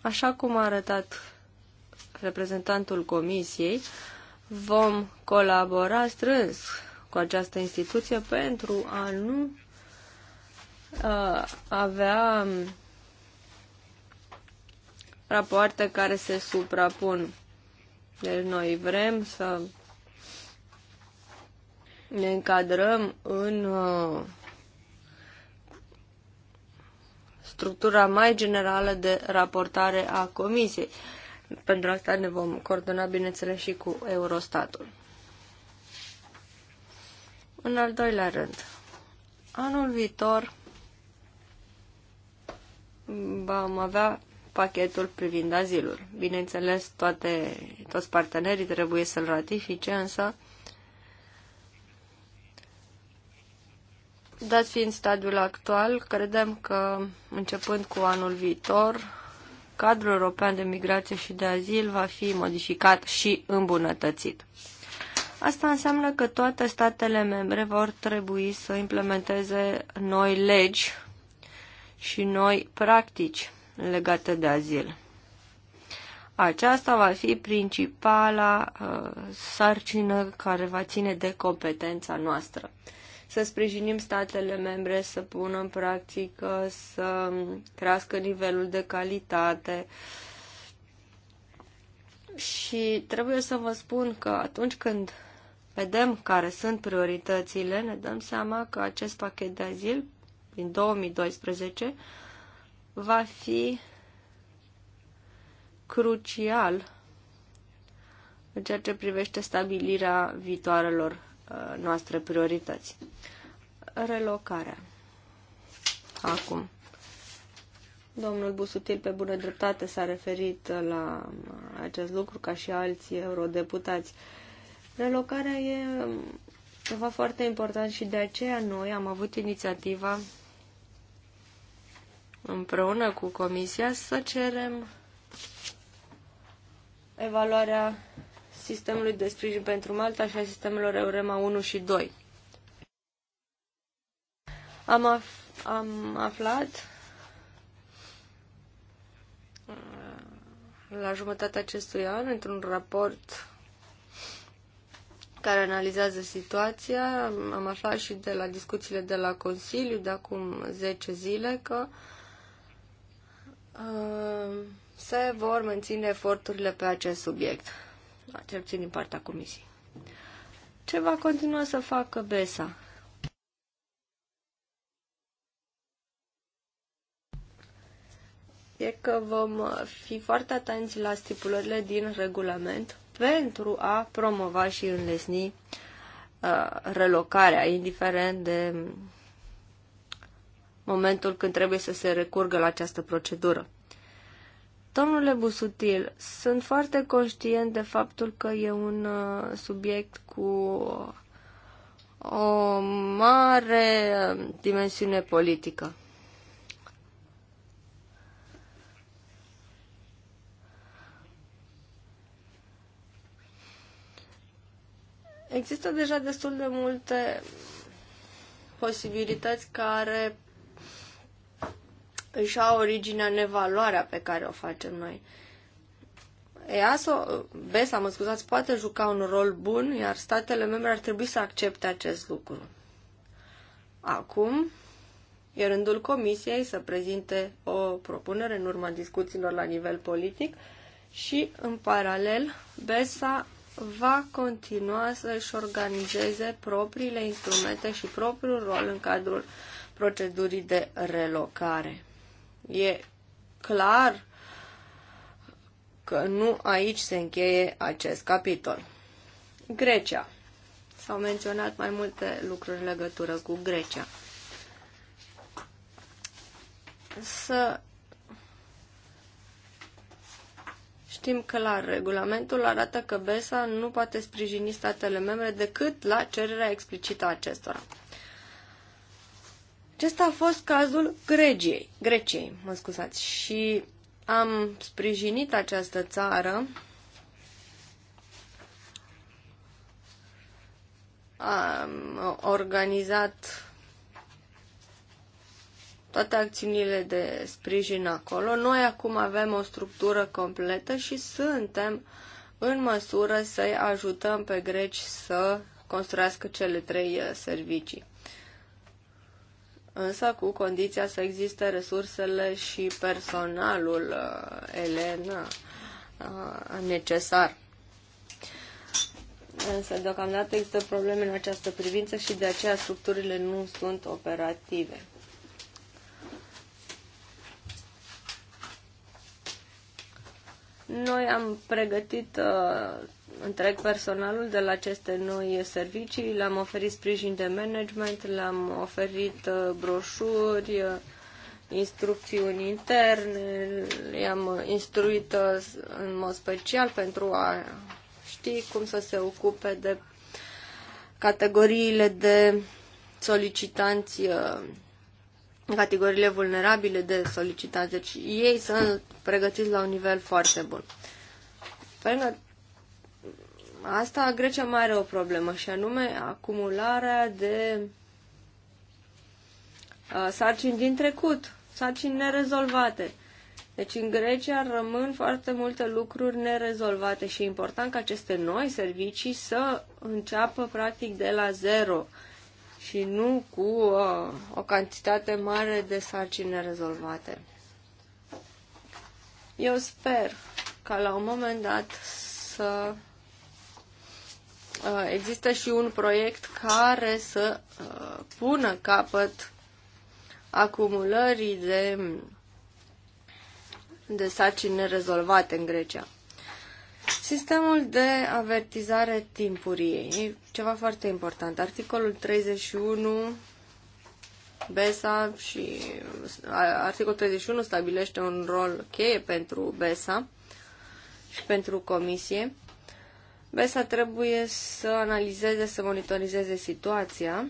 Așa cum a arătat reprezentantul Comisiei, vom colabora strâns cu această instituție pentru a nu uh, avea um, rapoarte care se suprapun deci noi vrem să ne încadrăm în uh, structura mai generală de raportare a Comisiei. Pentru asta ne vom coordona, bineînțeles, și cu Eurostatul. În al doilea rând, anul viitor vom avea pachetul privind azilul. Bineînțeles, toate, toți partenerii trebuie să-l ratifice, însă Dat fiind stadiul actual, credem că, începând cu anul viitor, cadrul european de migrație și de azil va fi modificat și îmbunătățit. Asta înseamnă că toate statele membre vor trebui să implementeze noi legi și noi practici legată de azil. Aceasta va fi principala uh, sarcină care va ține de competența noastră. Să sprijinim statele membre să pună în practică, să crească nivelul de calitate. Și trebuie să vă spun că atunci când vedem care sunt prioritățile, ne dăm seama că acest pachet de azil din 2012 va fi crucial în ceea ce privește stabilirea viitoarelor uh, noastre priorități. Relocarea. Acum. Domnul Busutil, pe bună dreptate, s-a referit la acest lucru, ca și alții eurodeputați. Relocarea e ceva foarte important și de aceea noi am avut inițiativa împreună cu Comisia să cerem evaluarea sistemului de sprijin pentru Malta și a sistemelor EUREMA 1 și 2. Am, af- am aflat uh, la jumătatea acestui an într-un raport care analizează situația. Am aflat și de la discuțiile de la Consiliu de acum 10 zile că uh, Uh, se vor menține eforturile pe acest subiect, cel puțin din partea Comisiei. Ce va continua să facă BESA? e că vom fi foarte atenți la stipulările din regulament pentru a promova și înlesni uh, relocarea, indiferent de momentul când trebuie să se recurgă la această procedură. Domnule Busutil, sunt foarte conștient de faptul că e un uh, subiect cu o mare uh, dimensiune politică. Există deja destul de multe posibilități care își au originea în evaluarea pe care o facem noi. EASO, BESA, mă scuzați, poate juca un rol bun, iar statele membre ar trebui să accepte acest lucru. Acum, e rândul Comisiei să prezinte o propunere în urma discuțiilor la nivel politic și, în paralel, BESA va continua să și organizeze propriile instrumente și propriul rol în cadrul procedurii de relocare. E clar că nu aici se încheie acest capitol. Grecia. S-au menționat mai multe lucruri în legătură cu Grecia. Să știm clar, regulamentul arată că BESA nu poate sprijini statele membre decât la cererea explicită a acestora. Acesta a fost cazul Greciei, Greciei, mă scuzați, și am sprijinit această țară am organizat toate acțiunile de sprijin acolo. Noi acum avem o structură completă și suntem în măsură să-i ajutăm pe greci să construiască cele trei uh, servicii însă cu condiția să existe resursele și personalul uh, uh, necesar. Însă, deocamdată există probleme în această privință și de aceea structurile nu sunt operative. Noi am pregătit uh, întreg personalul de la aceste noi servicii, le-am oferit sprijin de management, le-am oferit uh, broșuri, uh, instrucțiuni interne, le-am instruit uh, în mod special pentru a ști cum să se ocupe de categoriile de solicitanți, categoriile vulnerabile de solicitanți. Deci ei sunt pregătiți la un nivel foarte bun. Până asta Grecia mai are o problemă și anume acumularea de uh, sarcini din trecut, sarcini nerezolvate. Deci în Grecia rămân foarte multe lucruri nerezolvate și e important ca aceste noi servicii să înceapă practic de la zero și nu cu uh, o cantitate mare de sarcini nerezolvate. Eu sper ca la un moment dat să Uh, există și un proiect care să uh, pună capăt acumulării de, de sarcini nerezolvate în Grecia. Sistemul de avertizare timpurie e ceva foarte important. Articolul 31 BESA și articolul 31 stabilește un rol cheie pentru BESA și pentru comisie BESA trebuie să analizeze, să monitorizeze situația.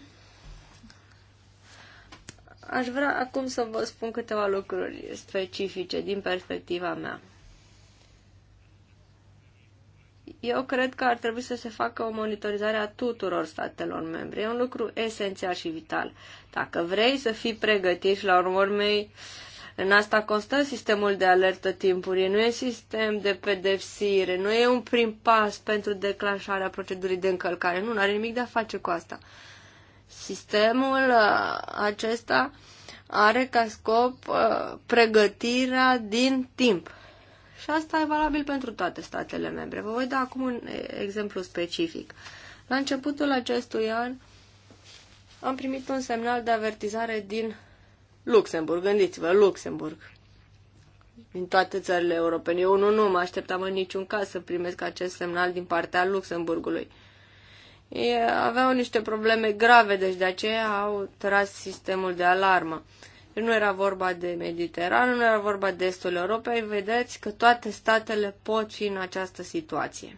Aș vrea acum să vă spun câteva lucruri specifice din perspectiva mea. Eu cred că ar trebui să se facă o monitorizare a tuturor statelor membre. E un lucru esențial și vital. Dacă vrei să fii pregătit și la urmă urmei, uh, în asta constă sistemul de alertă timpurie, nu e sistem de pedepsire, nu e un prim pas pentru declanșarea procedurii de încălcare, nu, nu are nimic de a face cu asta. Sistemul uh, acesta are ca scop uh, pregătirea din timp. Și asta e valabil pentru toate statele membre. Vă voi da acum un exemplu specific. La începutul acestui an am primit un semnal de avertizare din Luxemburg, gândiți-vă, Luxemburg. Din toate țările europene. Eu nu, nu mă așteptam în niciun caz să primesc acest semnal din partea Luxemburgului. Ei aveau niște probleme grave, deci de aceea au tras sistemul de alarmă. Deci nu era vorba de Mediteran, nu era vorba de estul Europei. Vedeți că toate statele pot fi în această situație.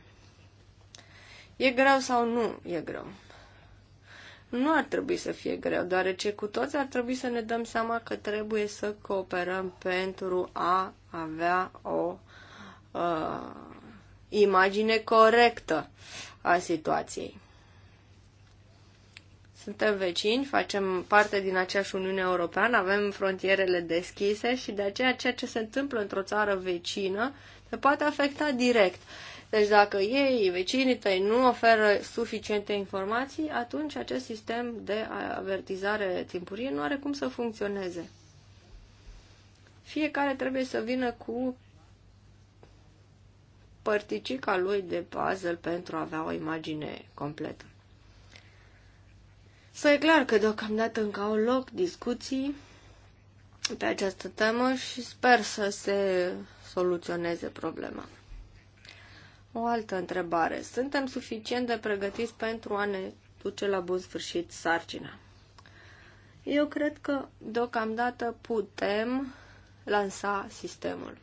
E greu sau nu e greu? nu ar trebui să fie greu, deoarece cu toți ar trebui să ne dăm seama că trebuie să cooperăm pentru a avea o uh, imagine corectă a situației. Suntem vecini, facem parte din aceeași Uniune Europeană, avem frontierele deschise și de aceea ceea ce se întâmplă într-o țară vecină se poate afecta direct. Uh, deci dacă ei, vecinii tăi, nu oferă suficiente informații, atunci acest sistem de avertizare timpurie nu are cum să funcționeze. Fiecare trebuie să vină cu părticica lui de puzzle pentru a avea o imagine completă. Să e clar că deocamdată încă au loc discuții pe această temă și sper să se soluționeze problema. O altă întrebare. Suntem suficient de pregătiți pentru a ne duce la bun sfârșit sarcina? Eu cred că deocamdată putem lansa sistemul.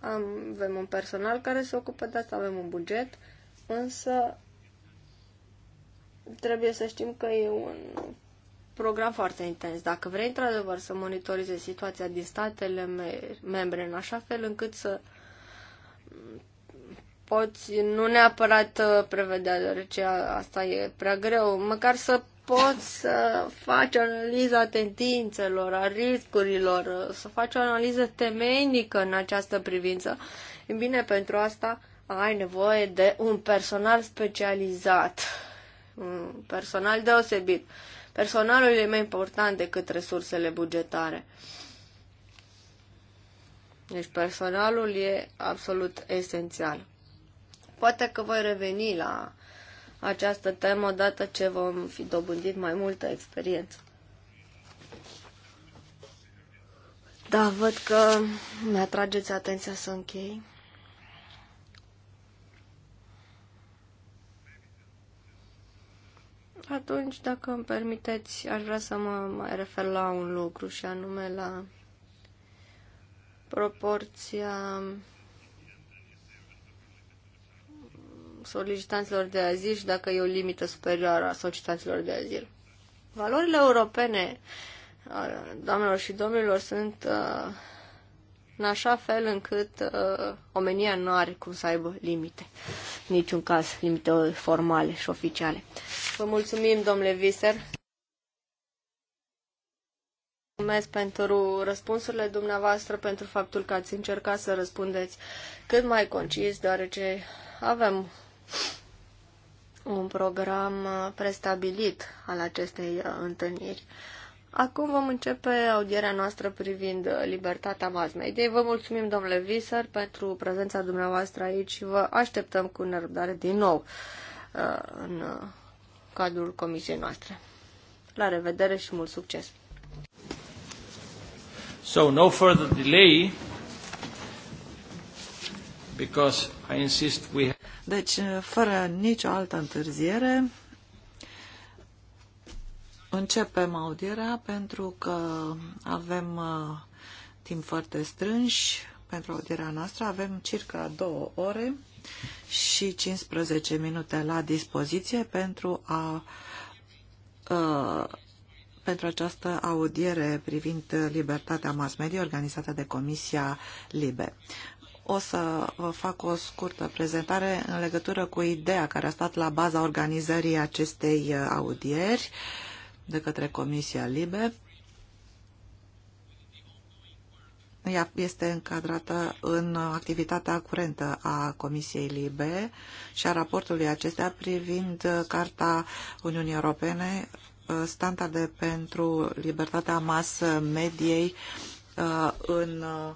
Avem un personal care se ocupă de asta, avem un buget, însă trebuie să știm că e un program foarte intens. Dacă vrei într-adevăr să monitorizezi situația din statele me- membre în așa fel încât să poți, nu neapărat uh, prevedea, deoarece asta e prea greu, măcar să poți să faci analiza tendințelor, a riscurilor, uh, să faci o analiză temeinică în această privință. E bine, pentru asta ai nevoie de un personal specializat, un personal deosebit. Personalul e mai important decât resursele bugetare. Uh, deci personalul e absolut esențial. Poate că voi reveni la această temă odată ce vom fi dobândit mai multă experiență. Da, văd că ne atrageți atenția să închei. Atunci, dacă îmi permiteți, aș vrea să mă mai refer la un lucru și anume la proporția solicitanților de azil și dacă e o limită superioară a solicitanților de azil. Valorile europene, uh, doamnelor și domnilor, sunt uh, în așa fel încât uh, omenia nu are cum să aibă limite. niciun caz, limite formale și oficiale. Vă mulțumim, domnule Viser. Mulțumesc pentru răspunsurile dumneavoastră, pentru faptul că ați încercat să răspundeți cât mai concis, deoarece avem un program prestabilit al acestei uh, întâlniri. Acum vom începe audierea noastră privind uh, libertatea mass media. Vă mulțumim, domnule Viser, pentru prezența dumneavoastră aici și vă așteptăm cu nerăbdare din nou uh, în cadrul comisiei noastre. La revedere și mult succes! So no further delay, because I insist we have... Deci, uh, fără nicio altă întârziere, începem audierea pentru că avem uh, timp foarte strânși pentru audierea noastră. Avem circa două ore și 15 minute la dispoziție pentru a uh, pentru această audiere privind libertatea mass media organizată de Comisia Libe. O să vă fac o scurtă prezentare în legătură cu ideea care a stat la baza organizării acestei audieri de către Comisia Libe. Ea este încadrată în activitatea curentă a Comisiei Libe și a raportului acestea privind Carta Uniunii Europene standarde pentru libertatea mass mediei uh, în uh,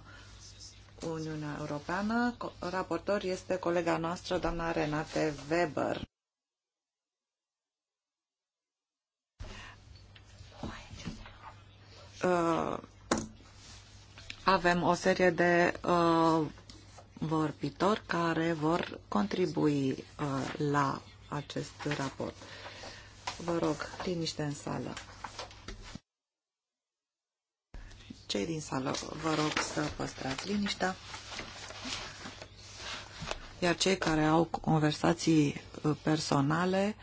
Uniunea Europeană. Raportor este colega noastră, doamna Renate Weber. Uh, avem o serie de vorbitori care vor contribui la acest raport. Vă rog, liniște în sală. Cei din sală, vă rog să păstrați liniștea. Iar cei care au conversații uh, personale,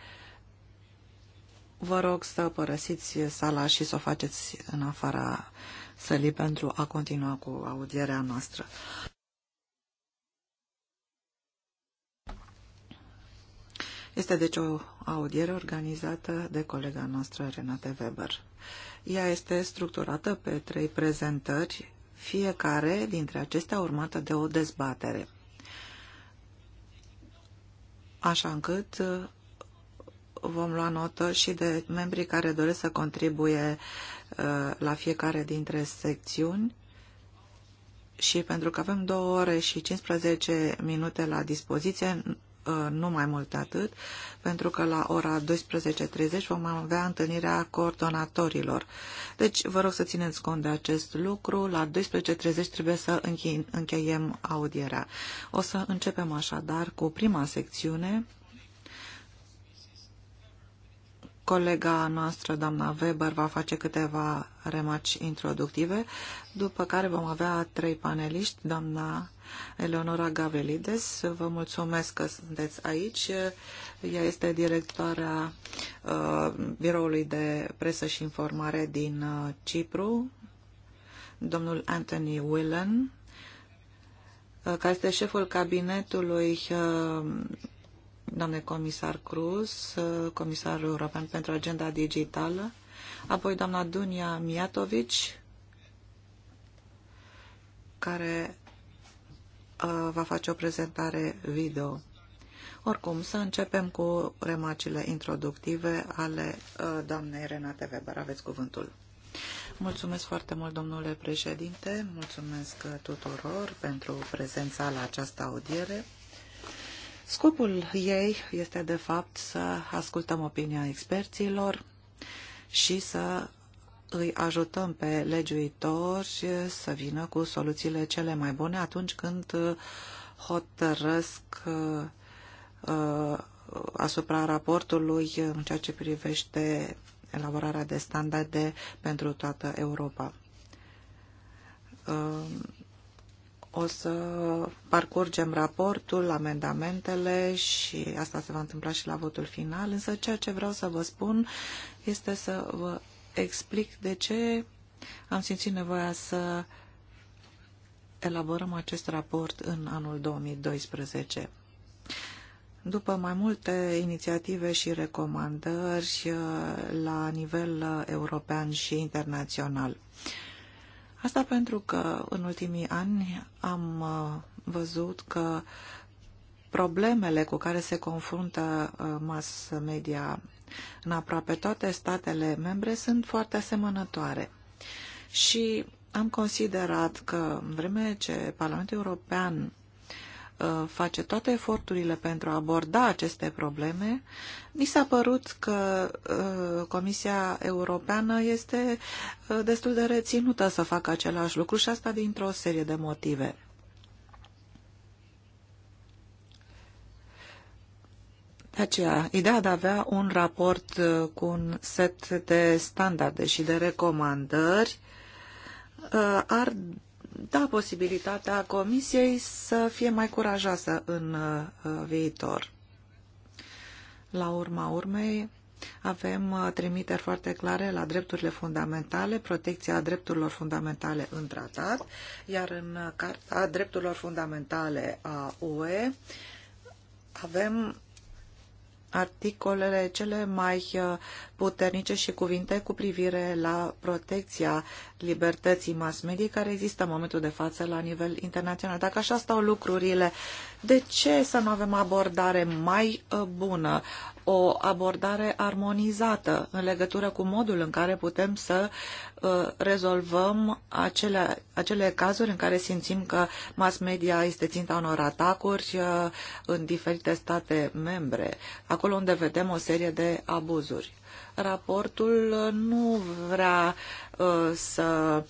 vă rog să părăsiți sala și să o faceți în afara sălii pentru a continua cu audierea noastră. Este deci o audiere organizată de colega noastră Renate Weber. Ea este structurată pe trei prezentări, fiecare dintre acestea urmată de o dezbatere. Așa încât uh, vom lua notă și de membrii care doresc să contribuie uh, la fiecare dintre secțiuni și pentru că avem 2 ore și 15 minute la dispoziție, Uh, nu mai mult atât, pentru că la ora 12.30 vom avea întâlnirea coordonatorilor. Deci vă rog să țineți cont de acest lucru. La 12.30 trebuie să încheiem audierea. O să începem așadar cu prima secțiune. Colega noastră, doamna Weber, va face câteva remarci introductive, după care vom avea trei paneliști, doamna Eleonora Gavelides, Vă mulțumesc că sunteți aici. Ea este directoarea uh, Biroului de Presă și Informare din uh, Cipru. Domnul Anthony Willen, uh, care este șeful cabinetului doamne comisar Cruz, comisarul european pentru agenda digitală, apoi doamna Dunia Miatovici, care va face o prezentare video. Oricum, să începem cu remarcile introductive ale doamnei Renate Weber. Aveți cuvântul. Mulțumesc foarte mult, domnule președinte. Mulțumesc tuturor pentru prezența la această audiere. Scopul ei este, de fapt, să ascultăm opinia experților și să îi ajutăm pe legiuitori să vină cu soluțiile cele mai bune atunci când uh, hotărăsc uh, uh, asupra raportului în ceea ce privește elaborarea de standarde pentru toată Europa. O să parcurgem raportul, amendamentele și asta se va întâmpla și la votul final, însă ceea ce vreau să vă spun este să vă explic de ce am simțit nevoia să elaborăm acest raport în anul 2012. După mai multe inițiative și recomandări uh, la nivel uh, european și internațional. Asta pentru că în ultimii ani am uh, văzut că problemele cu care se confruntă mass media în aproape toate statele membre sunt foarte asemănătoare. Și am considerat că în vreme ce Parlamentul European uh, face toate eforturile pentru a aborda aceste probleme, mi s-a părut că uh, Comisia Europeană este uh, destul de reținută să facă același lucru și asta dintr-o serie de motive. De aceea, ideea de a avea un raport uh, cu un set de standarde și de recomandări uh, ar da posibilitatea Comisiei să fie mai curajoasă în uh, viitor. La urma urmei, avem trimiteri foarte clare la drepturile fundamentale, protecția drepturilor fundamentale în tratat, iar în Carta Drepturilor Fundamentale a UE avem articolele cele mai uh, puternice și cuvinte cu privire la protecția libertății mass media care există în momentul de față la nivel internațional. Dacă așa stau lucrurile, de ce să nu avem abordare mai uh, bună, o abordare armonizată în legătură cu modul în care putem să uh, rezolvăm acele, acele cazuri în care simțim că mass media este ținta unor atacuri uh, în diferite state membre, acolo unde vedem o serie de abuzuri. Raportul nu vrea uh, să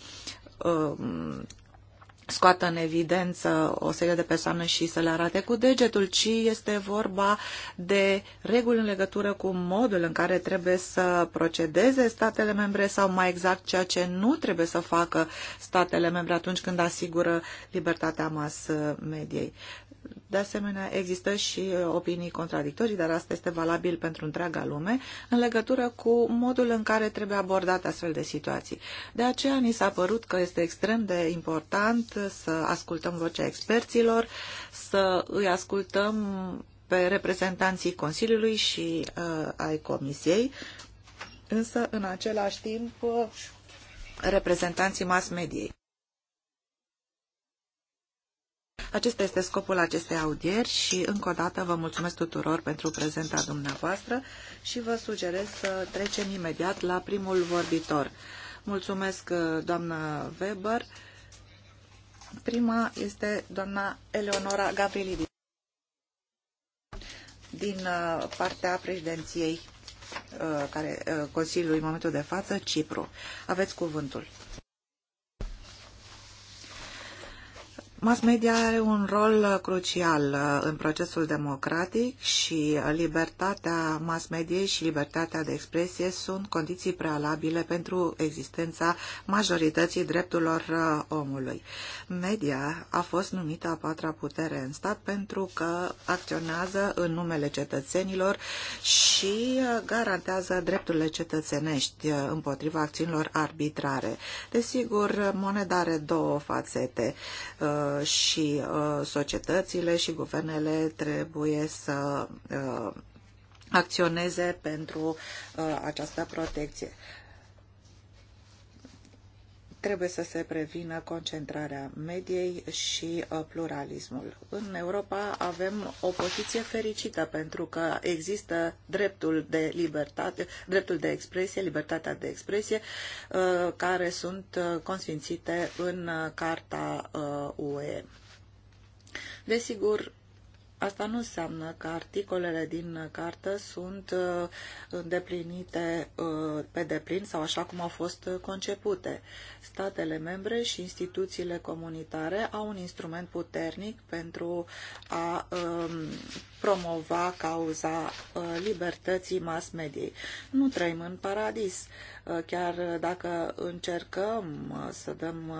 scoată în evidență o serie de persoane și să le arate cu degetul, ci este vorba de reguli în legătură cu modul în care trebuie să procedeze statele membre sau mai exact ceea ce nu trebuie să facă statele membre atunci când asigură libertatea mas mediei. De asemenea, există și uh, opinii contradictorii, dar asta este valabil pentru întreaga lume, în legătură cu modul în care trebuie abordate astfel de situații. De aceea ni s-a părut că este extrem de important să ascultăm vocea experților, să îi ascultăm pe reprezentanții Consiliului și uh, ai Comisiei, însă în același timp uh, reprezentanții mass mediei. Acesta este scopul acestei audieri și încă o dată vă mulțumesc tuturor pentru prezenta dumneavoastră și vă sugerez să trecem imediat la primul vorbitor. Mulțumesc, uh, doamnă Weber. Prima este doamna Eleonora Gabrielidi din uh, partea președinției uh, care Consiliului în momentul de față, Cipru. Aveți cuvântul. Mass media are un rol uh, crucial uh, în procesul democratic și uh, libertatea mass mediei și libertatea de expresie sunt condiții prealabile pentru existența majorității drepturilor omului. Media a fost numită a patra putere în stat pentru că acționează în numele cetățenilor și garantează drepturile cetățenești împotriva acțiunilor arbitrare. Desigur, moneda are două fațete și uh, societățile și guvernele trebuie să uh, acționeze pentru uh, această protecție trebuie să se prevină concentrarea mediei și uh, pluralismul. În Europa avem o poziție fericită pentru că există dreptul de libertate, dreptul de expresie, libertatea de expresie, uh, care sunt uh, consfințite în Carta UE. Desigur, Asta nu înseamnă că articolele din carte sunt uh, îndeplinite uh, pe deplin sau așa cum au fost concepute. Statele membre și instituțiile comunitare au un instrument puternic pentru a um, promova cauza uh, libertății mass mediei. Nu trăim în paradis. Chiar dacă încercăm să dăm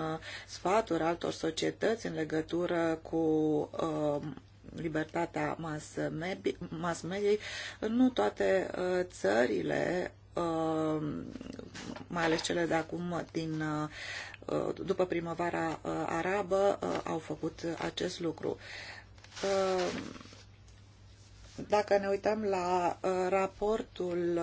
sfaturi altor societăți în legătură cu libertatea mass mediei, nu toate uh, țările, uh, mai ales cele de acum din uh, după primăvara arabă, au făcut acest lucru. Dacă ne uităm la raportul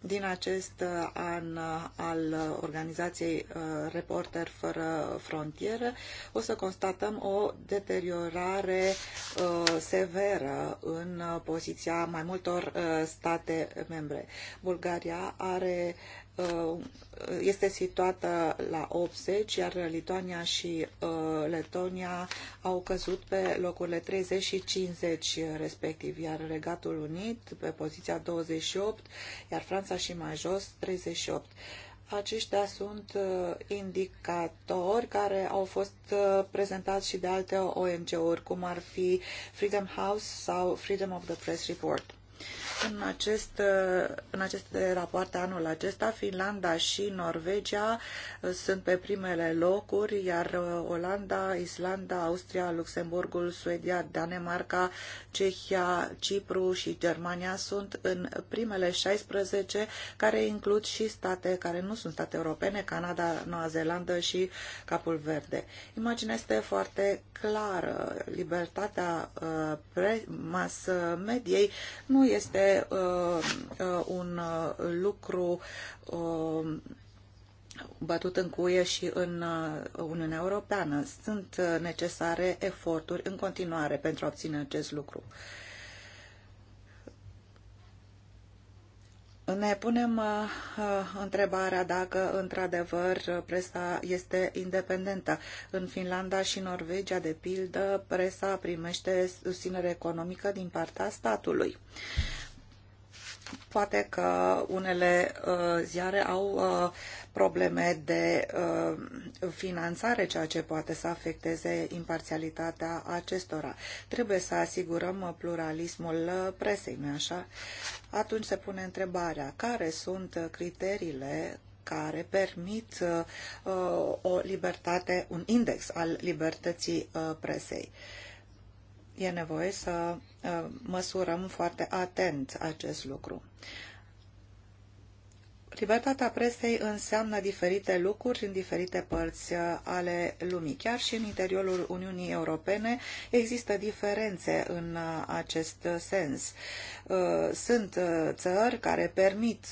din acest uh, an uh, al uh, organizației Reporter fără frontieră, o să constatăm o deteriorare severă în poziția mai multor state membre. Bulgaria are Uh, este situată la 80, iar Lituania și uh, Letonia au căzut pe locurile 30 și 50 respectiv, iar Regatul Unit pe poziția 28, iar Franța și mai jos 38. Aceștia sunt uh, indicatori care au fost prezentați și de alte ONG-uri, cum ar fi Freedom House sau Freedom of the Press Report. În, acest, în aceste rapoarte anul acesta, Finlanda și Norvegia uh, sunt pe primele locuri, iar uh, Olanda, Islanda, Austria, Luxemburgul, Suedia, Danemarca, Cehia, Cipru și Germania sunt în primele 16, care includ și state care nu sunt state europene, Canada, Noua Zeelandă și Capul Verde. Imaginea este foarte clară. Libertatea uh, mass mediei nu este uh, uh, un uh, lucru bătut în cuie și în Uniunea Europeană. Sunt necesare eforturi în continuare pentru a obține acest lucru. Ne punem uh, întrebarea dacă, într-adevăr, presa este independentă. În Finlanda și Norvegia, de pildă, presa primește susținere economică din partea statului. Poate că unele uh, ziare au uh, probleme de uh, finanțare, ceea ce poate să afecteze imparțialitatea acestora. Trebuie să asigurăm uh, pluralismul uh, presei, nu așa? Atunci se pune întrebarea, care sunt uh, criteriile care permit uh, o libertate, un index al libertății uh, presei. E nevoie să măsurăm foarte atent acest lucru. Uh, Libertatea presei înseamnă diferite lucruri în diferite părți uh, ale lumii. Chiar și în interiorul Uniunii Europene există diferențe în uh, acest uh, sens. Sunt țări care permit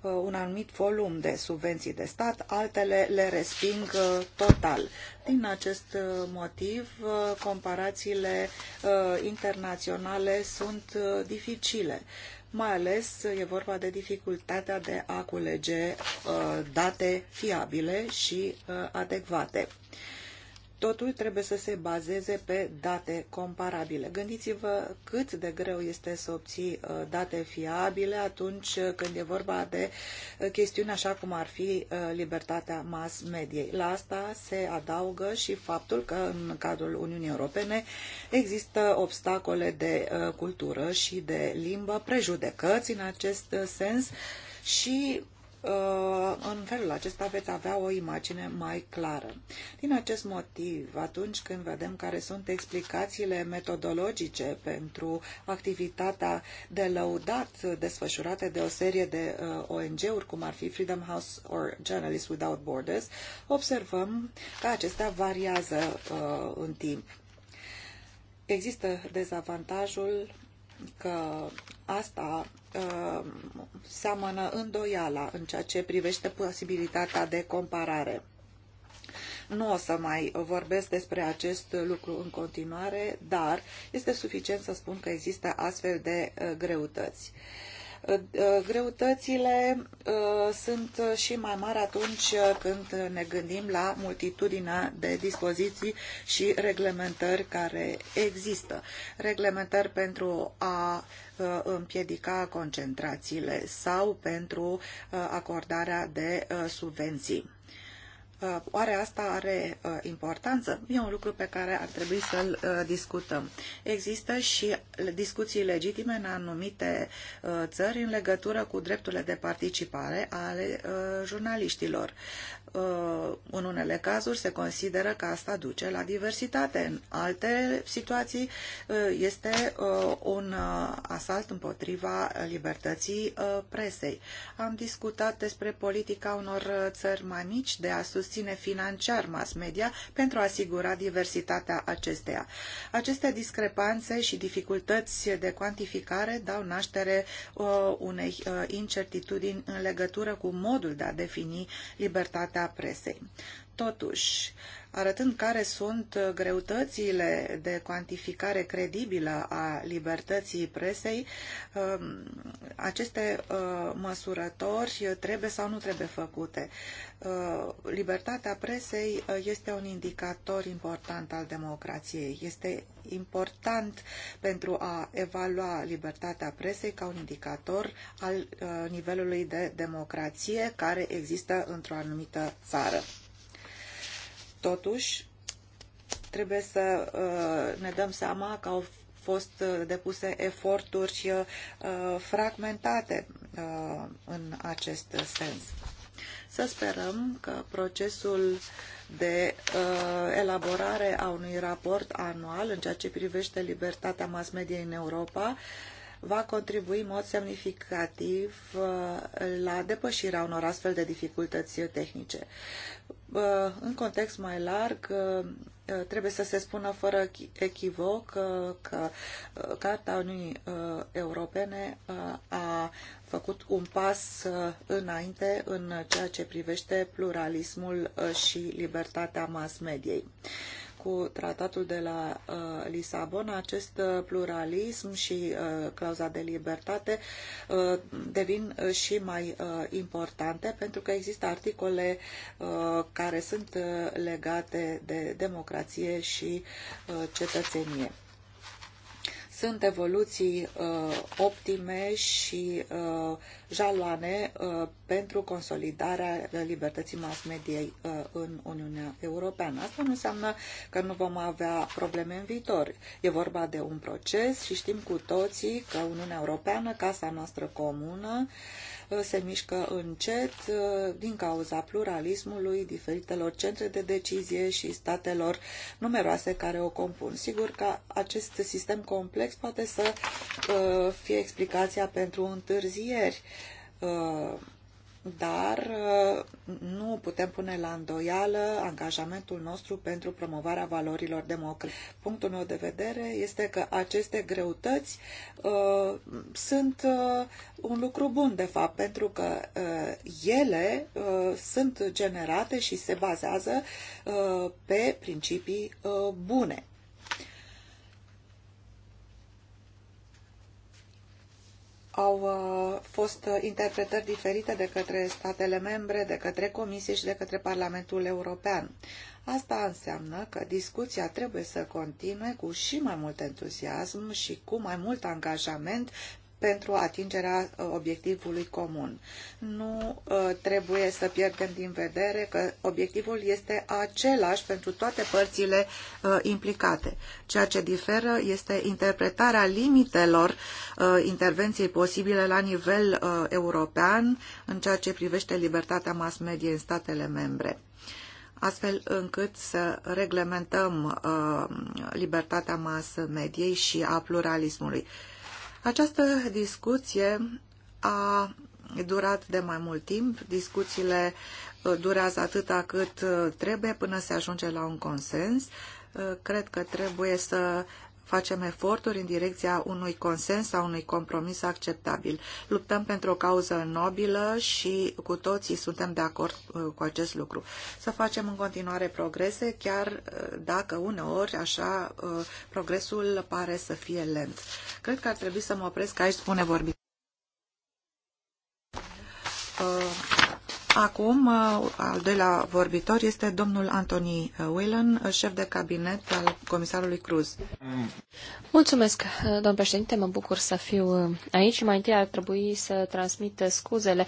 un anumit volum de subvenții de stat, altele le resping total. Din acest motiv, comparațiile internaționale sunt dificile mai ales e vorba de dificultatea de a culege uh, date fiabile și uh, adecvate. Totul trebuie să se bazeze pe date comparabile. Gândiți-vă cât de greu este să obții uh, date fiabile atunci când e vorba de uh, chestiuni așa cum ar fi uh, libertatea mass mediei. La asta se adaugă și faptul că în cadrul Uniunii Europene există obstacole de cultură și de limbă, prejudecăți în acest sens și Uh, în felul acesta veți avea o imagine mai clară. Din acest motiv, atunci când vedem care sunt explicațiile metodologice pentru activitatea de lăudat desfășurată de o serie de uh, ONG-uri, cum ar fi Freedom House or Journalists Without Borders, observăm că acestea variază uh, în timp. Există dezavantajul că asta uh, seamănă îndoiala în ceea ce privește posibilitatea de comparare. Nu o să mai vorbesc despre acest lucru în continuare, dar este suficient să spun că există astfel de uh, greutăți. Uh, uh, greutățile uh, sunt și mai mari atunci când ne gândim la multitudinea de dispoziții și reglementări care există. Reglementări pentru a Uh, împiedica concentrațiile sau pentru uh, acordarea de uh, subvenții. Oare asta are importanță? E un lucru pe care ar trebui să-l discutăm. Există și discuții legitime în anumite țări în legătură cu drepturile de participare ale jurnaliștilor. Uh, în unele cazuri se consideră că asta duce la diversitate. În alte situații uh, este uh, un asalt împotriva libertății presei. Am discutat despre politica unor țări mai mici de a susține financiar mass media pentru a asigura diversitatea acesteia. Aceste discrepanțe și dificultăți de cuantificare dau naștere unei incertitudini în legătură cu modul de a defini libertatea libertatea presei. Totuși, arătând care sunt greutățile de cuantificare credibilă a libertății presei, um, aceste uh, măsurători trebuie sau nu trebuie făcute. Uh, libertatea presei uh, este un indicator important al democrației. Este important pentru a evalua libertatea presei ca un indicator al nivelului de democrație care există într-o anumită țară. Totuși, trebuie să uh, ne dăm seama că au fost uh, depuse eforturi uh, fragmentate în acest sens. Să sperăm că procesul de uh, elaborare a unui raport anual în ceea ce privește libertatea mass media în Europa va contribui în mod semnificativ uh, la depășirea unor astfel de dificultăți tehnice. Uh, în context mai larg, uh, uh, trebuie să se spună fără echivoc că Carta Unii Europene a făcut un pas înainte în ceea ce privește pluralismul și libertatea mass mediei cu tratatul de la uh, Lisabona, acest uh, pluralism și uh, clauza de libertate uh, devin uh, și mai uh, importante pentru că există articole care sunt legate de democrație și cetățenie. Sunt evoluții uh, optime și uh, jaloane uh, pentru consolidarea libertății mass mediei uh, în Uniunea Europeană. Asta nu înseamnă că nu vom avea probleme în viitor. E vorba de un proces și știm cu toții că Uniunea Europeană, casa noastră comună, uh, Uh, se mișcă încet uh, din cauza pluralismului diferitelor centre de decizie și statelor numeroase care o compun. Sigur că acest sistem complex poate să uh, fie explicația pentru întârzieri dar uh, nu putem pune la îndoială angajamentul nostru pentru promovarea valorilor democratice. Punctul meu de vedere este că aceste greutăți uh, sunt uh, un lucru bun, de fapt, pentru că uh, ele uh, sunt generate și se bazează uh, pe principii bune. au uh, fost interpretări diferite de către statele membre, de către Comisie și de către Parlamentul European. Asta înseamnă că discuția trebuie să continue cu și mai mult entuziasm și cu mai mult angajament pentru atingerea uh, obiectivului comun. Nu uh, trebuie să pierdem din vedere că obiectivul este același pentru toate părțile uh, implicate. Ceea ce diferă este interpretarea limitelor intervenției posibile la nivel european în ceea ce privește libertatea mass media în statele membre astfel încât să reglementăm uh, libertatea mas mediei și a pluralismului. Această discuție a durat de mai mult timp. Discuțiile uh, durează atâta cât uh, trebuie până se ajunge la un consens. Uh, cred că trebuie să facem eforturi în direcția unui consens sau unui compromis acceptabil. Luptăm pentru o cauză nobilă și cu toții suntem de acord uh, cu acest lucru. Să facem în continuare progrese, chiar uh, dacă uneori așa uh, progresul pare să fie lent. Cred că ar trebui să mă opresc aici, spune vorbitorul. Uh Acum, uh, al doilea vorbitor este domnul Anthony uh, Whelan, uh, șef de cabinet al comisarului Cruz. Mulțumesc, domn președinte, mă bucur să fiu aici. Mai întâi ar trebui să transmit scuzele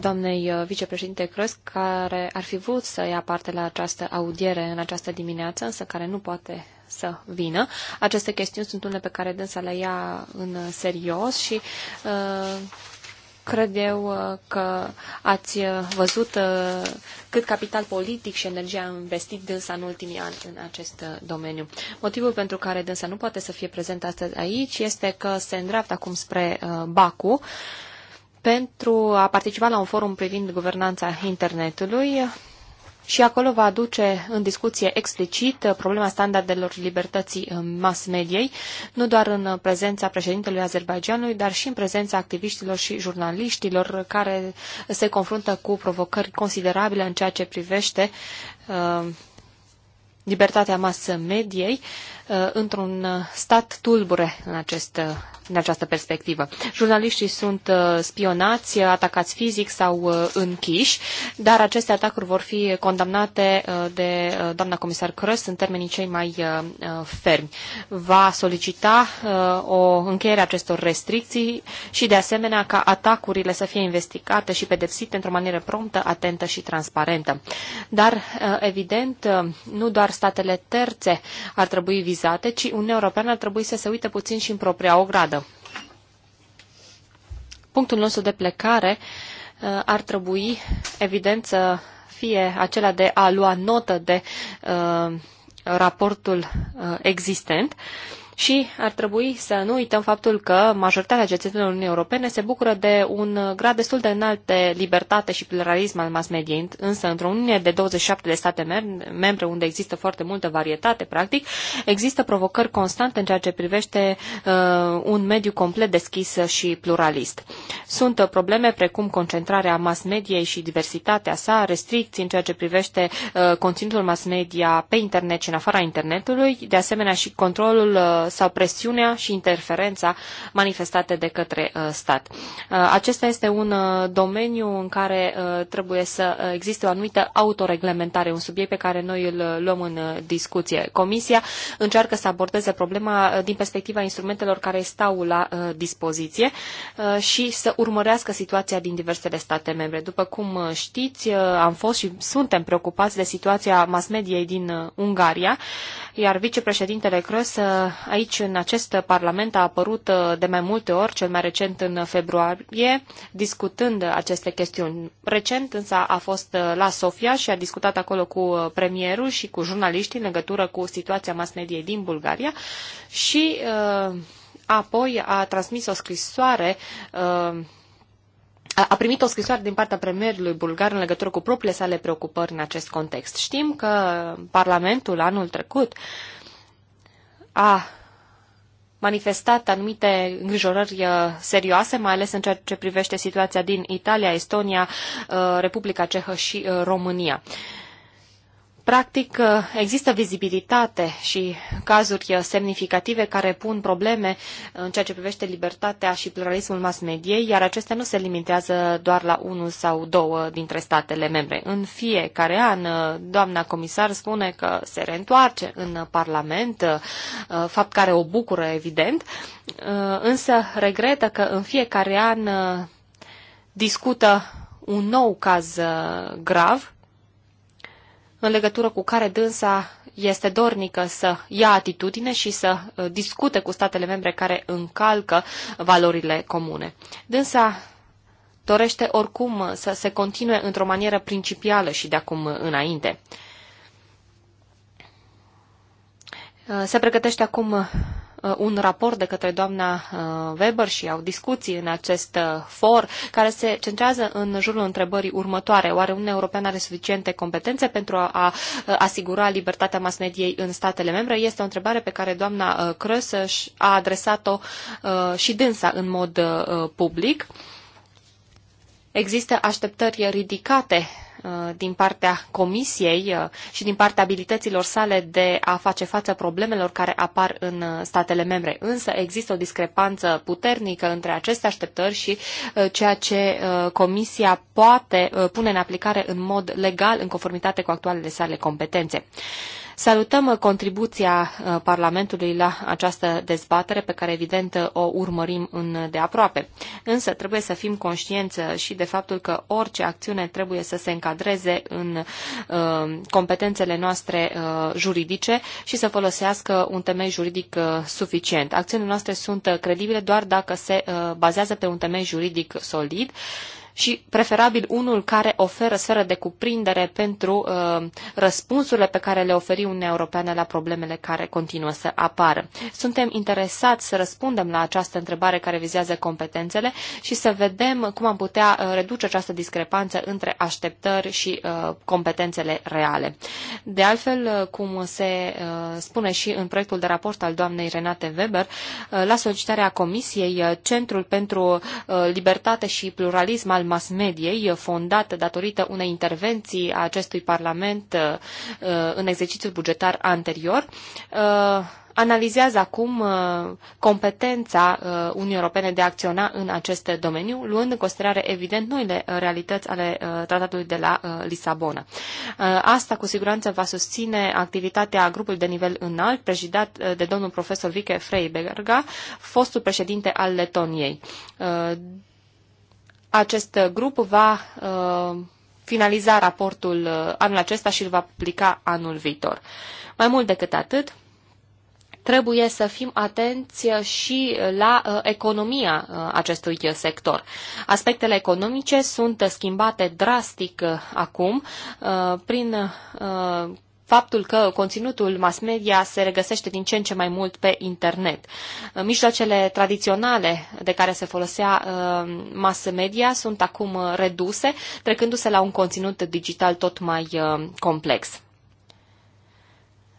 doamnei vicepreședinte Cruz, care ar fi vrut să ia parte la această audiere în această dimineață, însă care nu poate să vină. Aceste chestiuni sunt unele pe care dânsa le ia în serios și uh, Cred eu uh, că ați uh, văzut uh, cât capital politic și energie a investit dânsa în ultimii ani în acest domeniu. Motivul pentru care dânsa nu poate să fie prezent astăzi aici este că se îndreaptă acum spre Baku pentru a participa la un forum privind guvernanța internetului și acolo va aduce în discuție explicit problema standardelor libertății mass mediei, nu doar în prezența președintelui Azerbaijanului, dar și în prezența activiștilor și jurnaliștilor care se confruntă cu provocări considerabile în ceea ce privește uh, libertatea mass mediei, uh, Uh, într-un uh, stat tulbure în, acest, uh, în această perspectivă. Jurnaliștii sunt spionați, atacați fizic sau închiși, dar aceste atacuri vor fi condamnate de doamna comisar Crăs în termenii cei mai fermi. Va solicita o încheiere a acestor restricții și de asemenea ca atacurile să fie investigate și pedepsite într-o manieră promptă, atentă și transparentă. Dar, evident, nu doar statele terțe ar trebui vizate vizate, ci Uniunea Europeană ar trebui să se uite puțin și în propria ogradă. Punctul nostru de plecare uh, ar trebui, evident, să fie acela de a lua notă de uh, raportul uh, existent, uh, și ar trebui să nu uităm faptul că majoritatea cetățenilor Uniunii Europene se bucură de un grad destul de înalt de libertate și pluralism al mass media, însă într-o Uniune de 27 de state membre unde există foarte multă varietate, practic, există provocări constante în ceea ce privește uh, un mediu complet deschis și pluralist. Sunt probleme precum concentrarea mass mediei și diversitatea sa, restricții în ceea ce privește uh, conținutul mass media pe internet și în afara internetului, de asemenea și controlul uh, sau presiunea și interferența manifestate de către uh, stat. Uh, acesta este un uh, domeniu în care trebuie să existe o anumită autoreglementare, un subiect pe care noi îl luăm în discuție. Comisia încearcă să abordeze problema din perspectiva instrumentelor care stau la dispoziție și să urmărească situația din diversele state membre. După cum știți, am fost și suntem preocupați de situația mass mediei din Ungaria, iar vicepreședintele Crăs uh, aici în acest parlament a apărut uh, de mai multe ori, cel mai recent în februarie, discutând aceste chestiuni. Recent însă a fost uh, la Sofia și a discutat acolo cu premierul și cu jurnaliștii în legătură cu situația mass mediei din Bulgaria și apoi a transmis o scrisoare uh, a primit o scrisoare din partea premierului bulgar în legătură cu propriile sale preocupări în acest context. Știm că Parlamentul anul trecut a manifestat anumite îngrijorări uh, serioase, mai ales în ceea ce privește situația din Italia, Estonia, uh, Republica Cehă și uh, România. Practic, uh, există vizibilitate și cazuri uh, semnificative care pun probleme uh, în ceea ce privește libertatea și pluralismul mass mediei, iar acestea nu se limitează doar la unul sau două dintre statele membre. În fiecare an, doamna comisar spune că se reîntoarce în Parlament, fapt care o bucură, evident, însă regretă că în fiecare an discută un nou caz grav în legătură cu care dânsa este dornică să ia atitudine și să uh, discute cu statele membre care încalcă valorile comune. Dânsa dorește oricum uh, să se continue într-o manieră principială și de acum uh, înainte. Se pregătește acum Uh, un raport de către doamna uh, Weber și au discuții în acest uh, for care se centrează în jurul întrebării următoare. Oare Uniunea Europeană are suficiente competențe pentru a asigura libertatea mass mediei în statele membre? Este o întrebare pe care doamna Crăs a adresat-o și dânsa în mod public. Există așteptări ridicate Uh, din partea Comisiei uh, și din partea abilităților sale de a face față problemelor care apar în uh, statele membre. Însă există o discrepanță puternică între aceste așteptări și ceea ce Comisia poate pune în aplicare în mod legal în conformitate cu actualele sale competențe. Salutăm uh, contribuția uh, Parlamentului la această dezbatere pe care evident uh, o urmărim în de aproape. Însă trebuie să fim conștienți și de faptul că orice acțiune trebuie să se încadreze în competențele noastre juridice și să folosească un temei juridic suficient. Acțiunile noastre sunt credibile doar dacă se bazează pe un temei juridic solid și preferabil unul care oferă sferă de cuprindere pentru uh, răspunsurile pe care le oferi Uniunea Europeană la problemele care continuă să apară. Suntem interesați să răspundem la această întrebare care vizează competențele și să vedem cum am putea uh, reduce această discrepanță între așteptări și uh, competențele reale. De altfel, uh, cum se uh, spune și în proiectul de raport al doamnei Renate Weber, uh, la solicitarea Comisiei, uh, Centrul pentru Libertate și Pluralism al mass mediei, fondată datorită unei intervenții a acestui Parlament uh, uh, în exercițiul bugetar anterior, uh, analizează acum competența Uniunii Europene de a acționa în acest domeniu, luând în considerare, evident, noile realități ale tratatului de la Lisabona. Asta, cu siguranță, va susține activitatea grupului de nivel înalt, prezidat de domnul profesor Vike Freiberga, fostul președinte al Letoniei. Acest grup va uh, finaliza raportul uh, anul acesta și îl va publica anul viitor. Mai mult decât atât, trebuie să fim atenți și la uh, economia acestui sector. Aspectele economice sunt schimbate drastic acum prin faptul că conținutul mass media se regăsește din ce în ce mai mult pe internet. Uh, mijloacele tradiționale de care se folosea uh, mass media sunt acum uh, reduse, trecându-se la un conținut digital tot mai complex.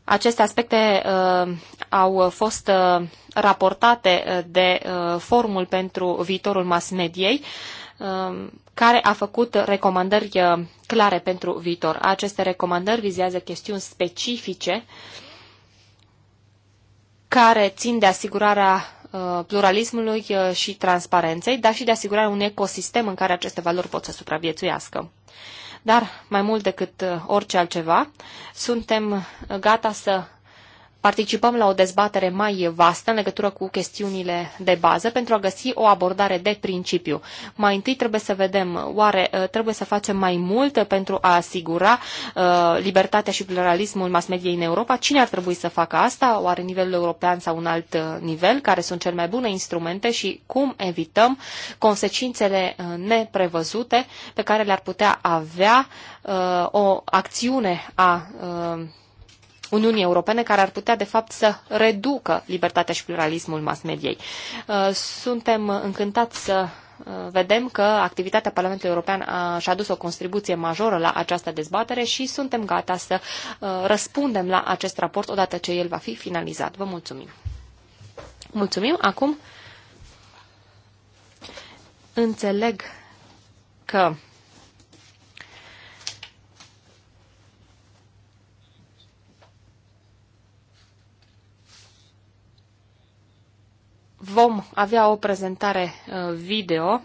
Aceste aspecte uh, au fost uh, raportate de uh, Forumul pentru viitorul mass mediei, uh, Um, care a făcut recomandări uh, clare pentru viitor. Aceste recomandări vizează chestiuni specifice care țin de asigurarea uh, pluralismului uh, și transparenței, dar și de asigurarea unui ecosistem în care aceste valori pot să supraviețuiască. Dar, mai mult decât orice altceva, suntem gata să participăm la o dezbatere mai vastă în legătură cu chestiunile de bază pentru a găsi o abordare de principiu. Mai întâi trebuie să vedem oare uh, trebuie să facem mai mult pentru a asigura uh, libertatea și pluralismul mass mediei în Europa. Cine ar trebui să facă asta? Oare nivelul european sau un alt uh, nivel? Care sunt cele mai bune instrumente și cum evităm consecințele neprevăzute pe care le-ar putea avea o acțiune a Uniunii Europene care ar putea, de fapt, să reducă libertatea și pluralismul mass mediei. Uh, suntem încântați să uh, vedem că activitatea Parlamentului European a, și-a dus o contribuție majoră la această dezbatere și suntem gata să uh, răspundem la acest raport odată ce el va fi finalizat. Vă mulțumim! Mulțumim! Acum înțeleg că vom avea o prezentare uh, video,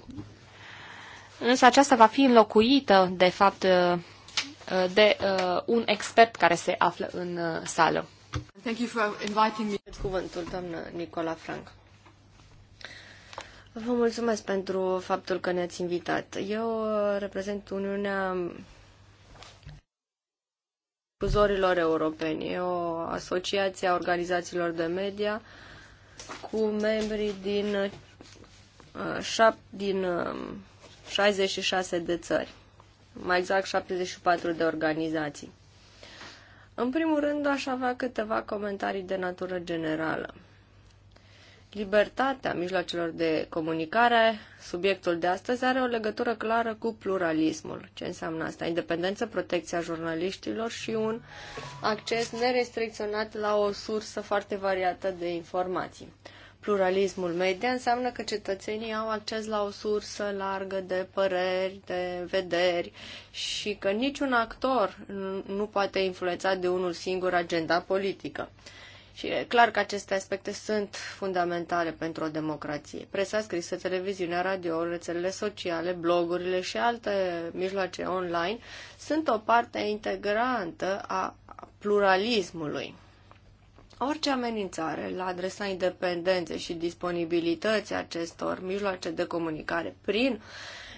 însă aceasta va fi înlocuită, de fapt, uh, uh, de un expert care se află în sală. Thank you for inviting me. Cuvântul, doamnă Nicola Frank. Vă mulțumesc pentru faptul că ne-ați invitat. Eu reprezint Uniunea Cuzorilor Europeni, o asociație a organizațiilor de media cu membrii din, uh, șap, din 66 uh, de țări, mai exact 74 de organizații. În primul rând, aș avea câteva comentarii de natură generală. Libertatea mijloacelor de comunicare, subiectul de astăzi, are o legătură clară cu pluralismul. Ce înseamnă asta? Independență, protecția jurnaliștilor și un acces nerestricționat la o sursă foarte variată de informații. Pluralismul media înseamnă că cetățenii au acces la o sursă largă de păreri, de vederi și că niciun actor nu poate influența de unul singur agenda politică. Și e clar că aceste aspecte sunt fundamentale pentru o democrație. Presa scrisă, televiziunea, radio, rețelele sociale, blogurile și alte mijloace online sunt o parte integrantă a pluralismului. Orice amenințare la adresa independenței și disponibilității acestor mijloace de comunicare prin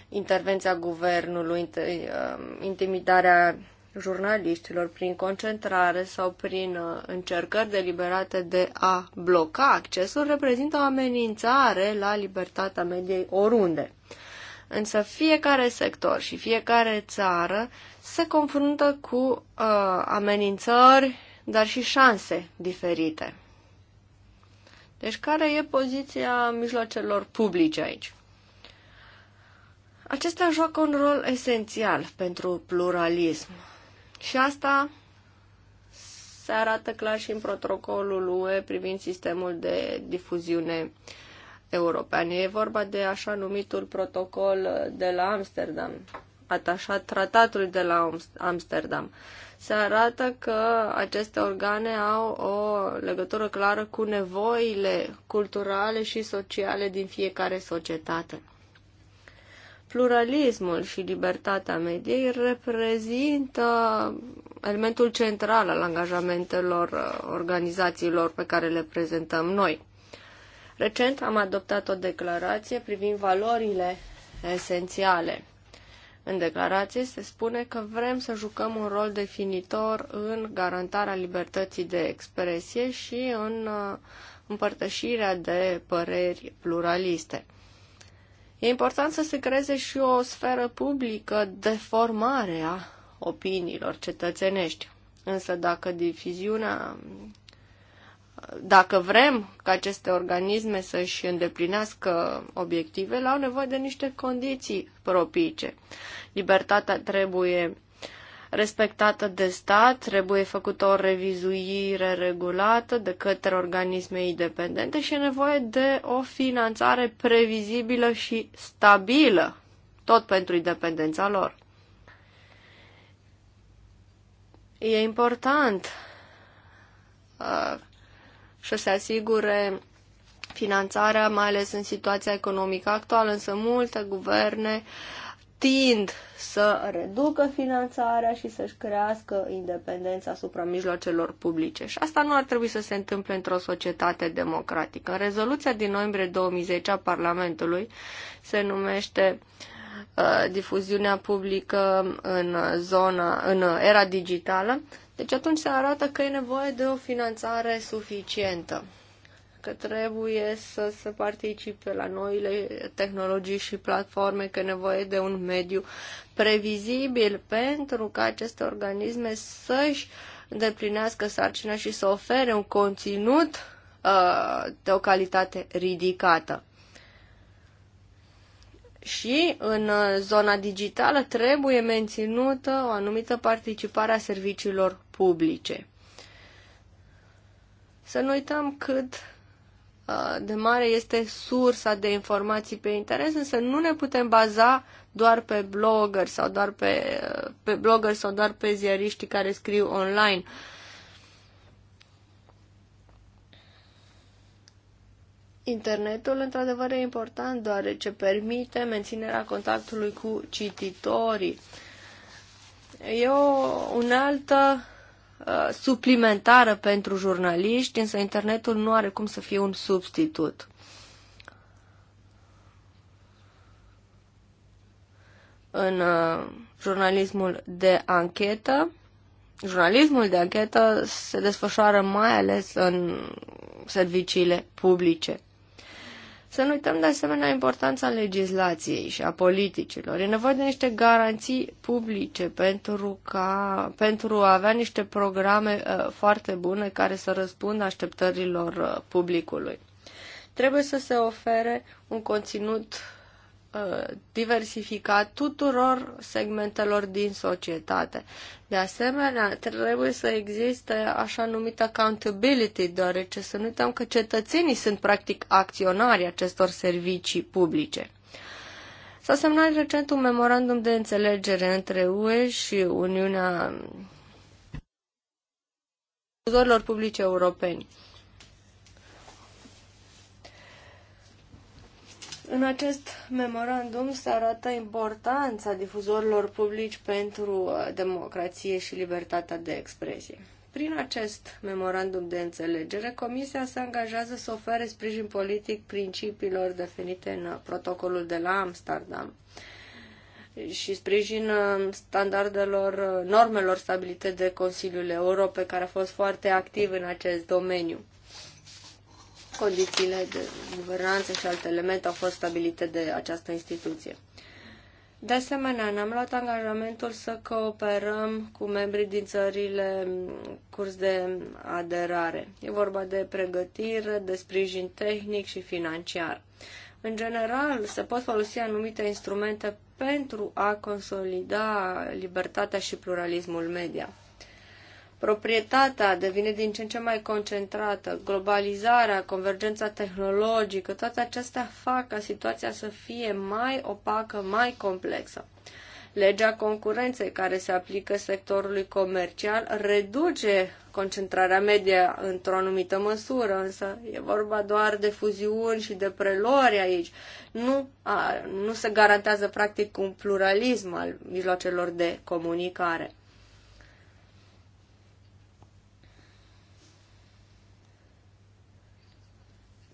intervenția guvernului, intimidarea jurnaliștilor prin concentrare sau prin uh, încercări deliberate de a bloca accesul reprezintă o amenințare la libertatea mediei oriunde. Însă fiecare sector și fiecare țară se confruntă cu uh, amenințări, dar și șanse diferite. Deci care e poziția mijloacelor publice aici? Acestea joacă un rol esențial pentru pluralism și asta se arată clar și în protocolul UE privind sistemul de difuziune european. E vorba de așa numitul protocol de la Amsterdam, atașat tratatul de la Amsterdam. Se arată că aceste organe au o legătură clară cu nevoile culturale și sociale din fiecare societate pluralismul și libertatea mediei reprezintă elementul central al angajamentelor uh, organizațiilor pe care le prezentăm noi. Recent am adoptat o declarație privind valorile esențiale. În declarație se spune că vrem să jucăm un rol definitor în garantarea libertății de expresie și în uh, împărtășirea de păreri pluraliste. E important să se creeze și o sferă publică de formare a opiniilor cetățenești. Însă dacă difiziunea dacă vrem ca aceste organisme să-și îndeplinească obiectivele, au nevoie de niște condiții propice. Libertatea trebuie respectată de stat, trebuie făcută o revizuire regulată de către organisme independente și e nevoie de o finanțare previzibilă și stabilă, tot pentru independența lor. E important uh, să se asigure finanțarea, mai ales în situația economică actuală, însă multe guverne uh, tind să reducă finanțarea și să-și crească independența asupra mijloacelor publice. Și asta nu ar trebui să se întâmple într-o societate democratică. În rezoluția din noiembrie 2010 a Parlamentului se numește uh, difuziunea publică în zona, în era digitală. Deci atunci se arată că e nevoie de o finanțare suficientă că trebuie să se participe la noile tehnologii și platforme, că nevoie de un mediu previzibil pentru ca aceste organisme să-și îndeplinească sarcina și să ofere un conținut uh, de o calitate ridicată. Și în uh, zona digitală trebuie menținută o anumită participare a serviciilor publice. Să nu uităm cât Uh, de mare este sursa de informații pe internet, însă nu ne putem baza doar pe blogger sau doar pe, uh, pe blogger sau doar pe ziariștii care scriu online. Internetul, într-adevăr, e important deoarece permite menținerea contactului cu cititorii. E o unealtă Uh, suplimentară pentru jurnaliști, însă internetul nu are cum să fie un substitut. În uh, jurnalismul de anchetă, jurnalismul de anchetă se desfășoară mai ales în serviciile publice. Să nu uităm de asemenea importanța legislației și a politicilor. E nevoie de niște garanții publice pentru, ca, pentru a avea niște programe uh, foarte bune care să răspundă așteptărilor uh, publicului. Trebuie să se ofere un conținut Uh, diversificat tuturor segmentelor din societate. De asemenea, trebuie să existe așa numită accountability, deoarece să nu uităm că cetățenii sunt practic acționari acestor servicii publice. S-a semnat recent un memorandum de înțelegere între UE și Uniunea Uzorilor Publice Europeni. În acest memorandum se arată importanța difuzorilor publici pentru uh, democrație și libertatea de expresie. Prin acest memorandum de înțelegere, Comisia se angajează să ofere sprijin politic principiilor definite în protocolul de la Amsterdam și sprijin uh, standardelor, uh, normelor stabilite de Consiliul Europei, care a fost foarte activ în acest domeniu. Condițiile de guvernanță și alte elemente au fost stabilite de această instituție. De asemenea, ne-am luat angajamentul să cooperăm cu membrii din țările curs de aderare. E vorba de pregătire, de sprijin tehnic și financiar. În general, se pot folosi anumite instrumente pentru a consolida libertatea și pluralismul media proprietatea devine din ce în ce mai concentrată, globalizarea, convergența tehnologică, toate acestea fac ca situația să fie mai opacă, mai complexă. Legea concurenței care se aplică sectorului comercial reduce concentrarea media într-o anumită măsură, însă e vorba doar de fuziuni și de preluări aici. Nu, a, nu se garantează practic un pluralism al mijloacelor de comunicare.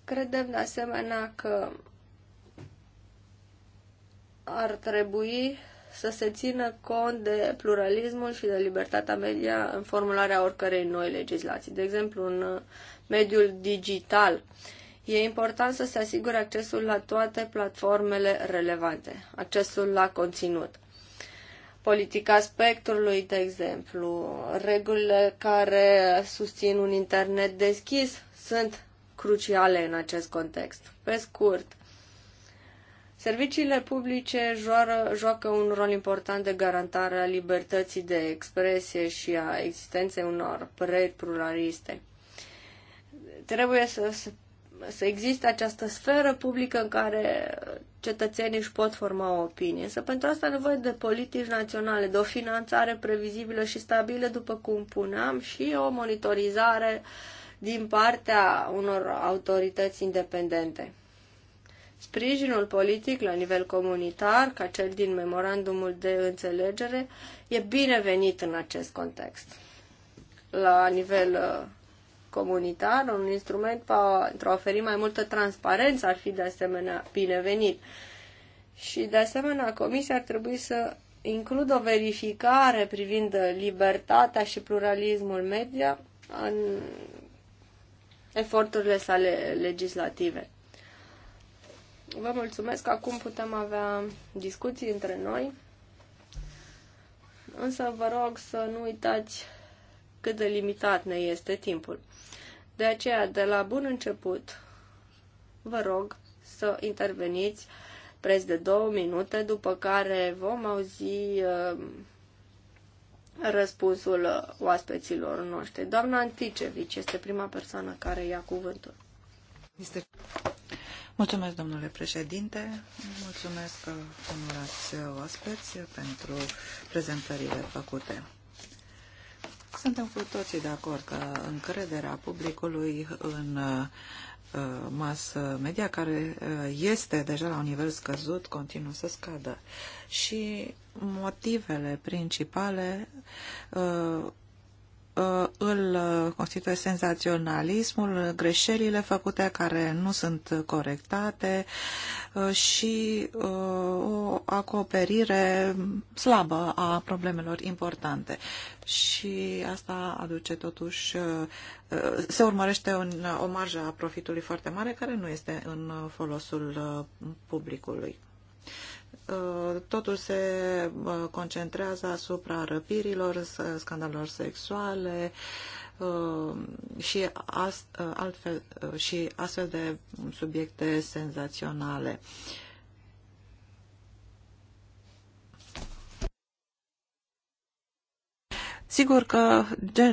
Credem de asemenea că ar trebui să se țină cont de pluralismul și de libertatea media în formularea oricărei noi legislații. De exemplu, în mediul digital, e important să se asigure accesul la toate platformele relevante, accesul la conținut. Politica spectrului, de exemplu, regulile care susțin un internet deschis sunt cruciale în acest context. Pe scurt, Serviciile publice joară, joacă un rol important de garantare a libertății de expresie și a existenței unor păreri pluraliste. Trebuie să, să existe această sferă publică în care cetățenii își pot forma o opinie. Să pentru asta nevoie de politici naționale, de o finanțare previzibilă și stabilă, după cum puneam, și o monitorizare uh, din partea unor autorități independente. Sprijinul politic la nivel comunitar, ca cel din memorandumul de înțelegere, e binevenit în acest context. La nivel uh, comunitar, un instrument pentru a oferi mai multă transparență ar fi de asemenea binevenit. Și de asemenea, Comisia ar trebui să includă o verificare privind libertatea și pluralismul media în eforturile sale legislative. Vă mulțumesc, acum putem avea discuții între noi, însă vă rog să nu uitați cât de limitat ne este timpul. De aceea, de la bun început, vă rog să interveniți preț de două minute, după care vom auzi uh, răspunsul uh, oaspeților noștri. Doamna Anticevici este prima persoană care ia cuvântul. Este... Mulțumesc, domnule președinte, mulțumesc că uh, onorați uh, oaspeți pentru prezentările făcute. Suntem cu toții de acord că încrederea publicului în Uh, mass media, care uh, este deja la un nivel scăzut, continuă să scadă. Și motivele principale uh, Uh, îl uh, constituie senzaționalismul, greșelile făcute care nu sunt corectate uh, și o acoperire slabă a problemelor importante. Și asta aduce totuși, se urmărește un, o marjă a profitului foarte mare care nu este în folosul publicului. Uh, totul se uh, concentrează asupra răpirilor, scandalurilor sexuale uh, și, altfel, și astfel de subiecte senzaționale. Sigur că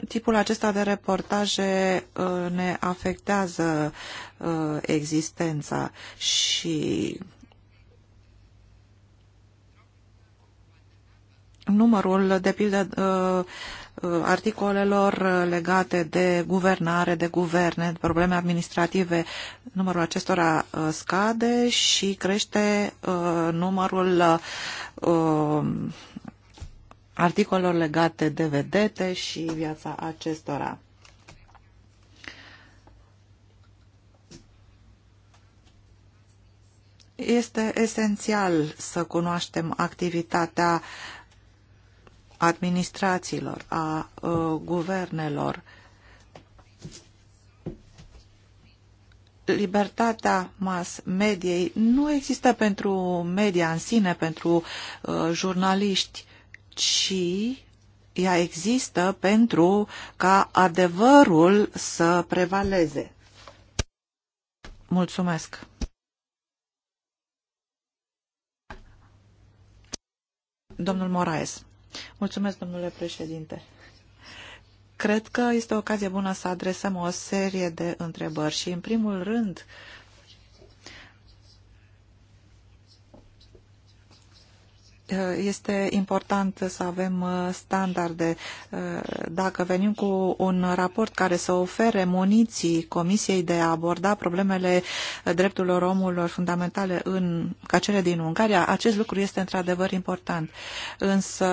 tipul acesta de reportaje ne afectează existența și numărul, de pildă, uh, uh, articolelor legate de guvernare, de guverne, de probleme administrative, numărul acestora uh, scade și crește numărul articolelor legate de vedete și viața acestora. Este esențial să cunoaștem activitatea uh, administrațiilor, a guvernelor. Libertatea mass mediei nu există pentru media în sine, pentru jurnaliști, ci ea există pentru ca adevărul să prevaleze. Mulțumesc! Domnul Moraes. Mulțumesc, domnule președinte. Cred că este o ocazie bună să adresăm o serie de întrebări și, în primul rând, Eh, este important să avem eh, standarde. Eh, dacă venim cu un raport care să ofere muniții Comisiei de a aborda problemele drepturilor omului fundamentale în ca cele din Ungaria, acest lucru este într-adevăr important. Însă,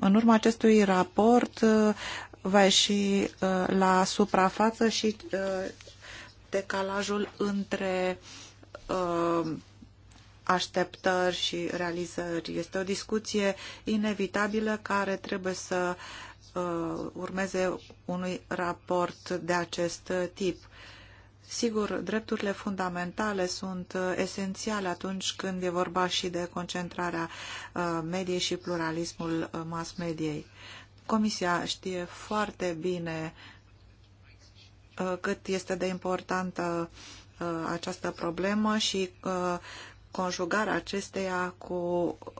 în urma acestui raport va ieși la suprafață și decalajul între așteptări și realizări. Este o discuție inevitabilă care trebuie să uh, urmeze unui raport de acest tip. Sigur, drepturile fundamentale sunt uh, esențiale atunci când e vorba și de concentrarea uh, mediei și pluralismul mass mediei. Comisia știe foarte bine cât este de importantă această problemă și conjugarea acesteia cu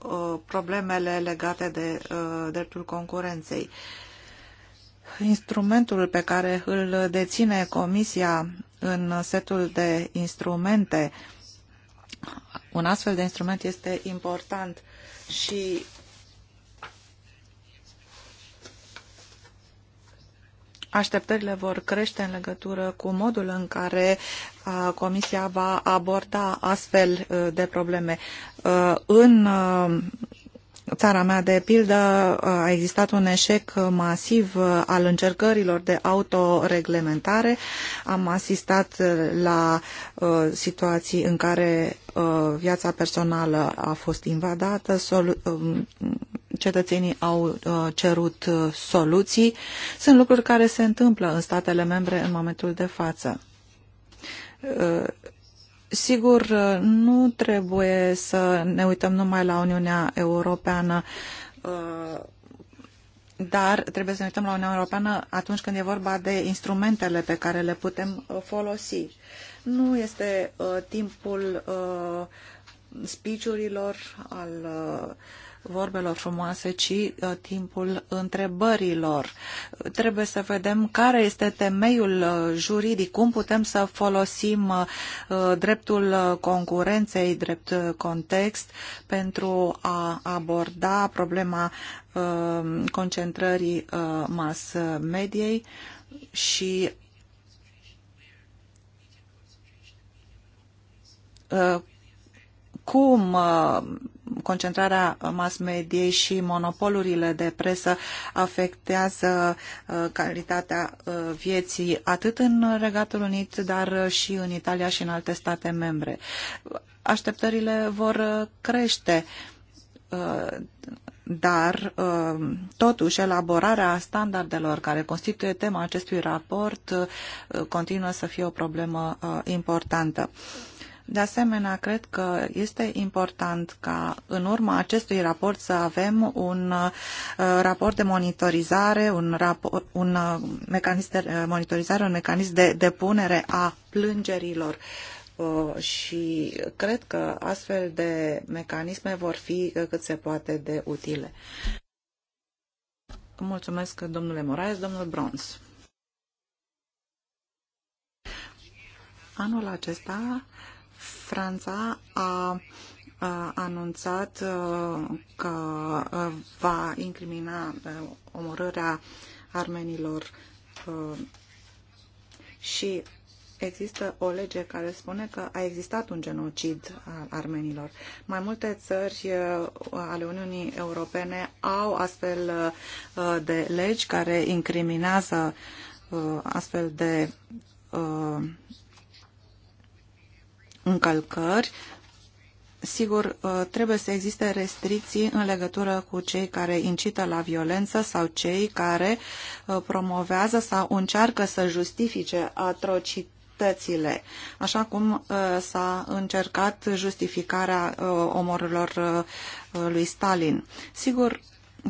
uh, problemele legate de uh, dreptul concurenței. Instrumentul pe care îl deține Comisia în setul de instrumente, un astfel de instrument este important și Așteptările vor crește în legătură cu modul în care Comisia va aborda astfel uh, de probleme. Uh, în uh, țara mea, de pildă, a existat un eșec masiv al încercărilor de autoreglementare. Am asistat la uh, situații în care uh, viața personală a fost invadată, um, cetățenii au uh, cerut soluții. Sunt lucruri care se întâmplă în statele membre în momentul de față Sigur, nu trebuie să ne uităm numai la Uniunea Europeană, uh, dar trebuie să ne uităm la Uniunea Europeană atunci când e vorba de instrumentele pe care le putem uh, folosi. Nu este uh, timpul speech-urilor al vorbelor frumoase, ci uh, timpul întrebărilor. Trebuie să vedem care este temeiul uh, juridic, cum putem să folosim uh, dreptul concurenței, drept context, pentru a aborda problema concentrării mass mediei și cum concentrarea mass mediei și monopolurile de presă afectează uh, calitatea uh, vieții atât în Regatul Unit, dar și în Italia și în alte state membre. Așteptările vor uh, crește dar totuși elaborarea standardelor care constituie tema acestui raport continuă să fie o problemă importantă. De asemenea, cred că este important ca în urma acestui raport să avem un uh, raport de monitorizare, un, rapor, un uh, mecanism de uh, monitorizare, un mecanism de depunere a plângerilor și cred că astfel de mecanisme vor fi cât se poate de utile. Mulțumesc, domnule Moraes, domnul Brons. Anul acesta Franța a a anunțat uh, că uh, va incrimina uh, omorârea armenilor și există o lege care spune că a existat un genocid al armenilor. Mai multe țări ale Uniunii Europene au astfel de legi care incriminează astfel de încălcări, sigur, uh, trebuie să existe restricții în legătură cu cei care incită la violență sau cei care uh, promovează sau încearcă să justifice atrocitățile, așa cum uh, s-a încercat justificarea omorilor lui Stalin. Sigur,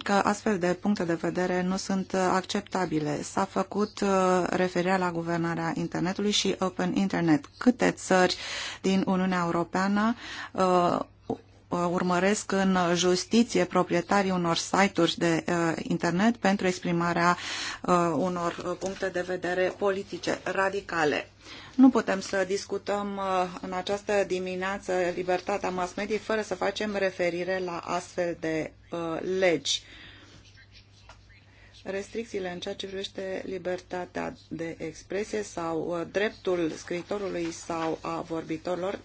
că astfel de puncte de vedere nu sunt acceptabile. S-a făcut uh, referirea la guvernarea internetului și Open Internet. Câte țări din Uniunea Europeană uh, Uh, urmăresc în justiție proprietarii unor site-uri de uh, internet pentru exprimarea uh, unor puncte de vedere politice radicale. Nu putem să discutăm în această dimineață libertatea mass media fără să facem referire la astfel de legi. Restricțiile în ceea ce privește libertatea de expresie sau dreptul scritorului sau a vorbitorilor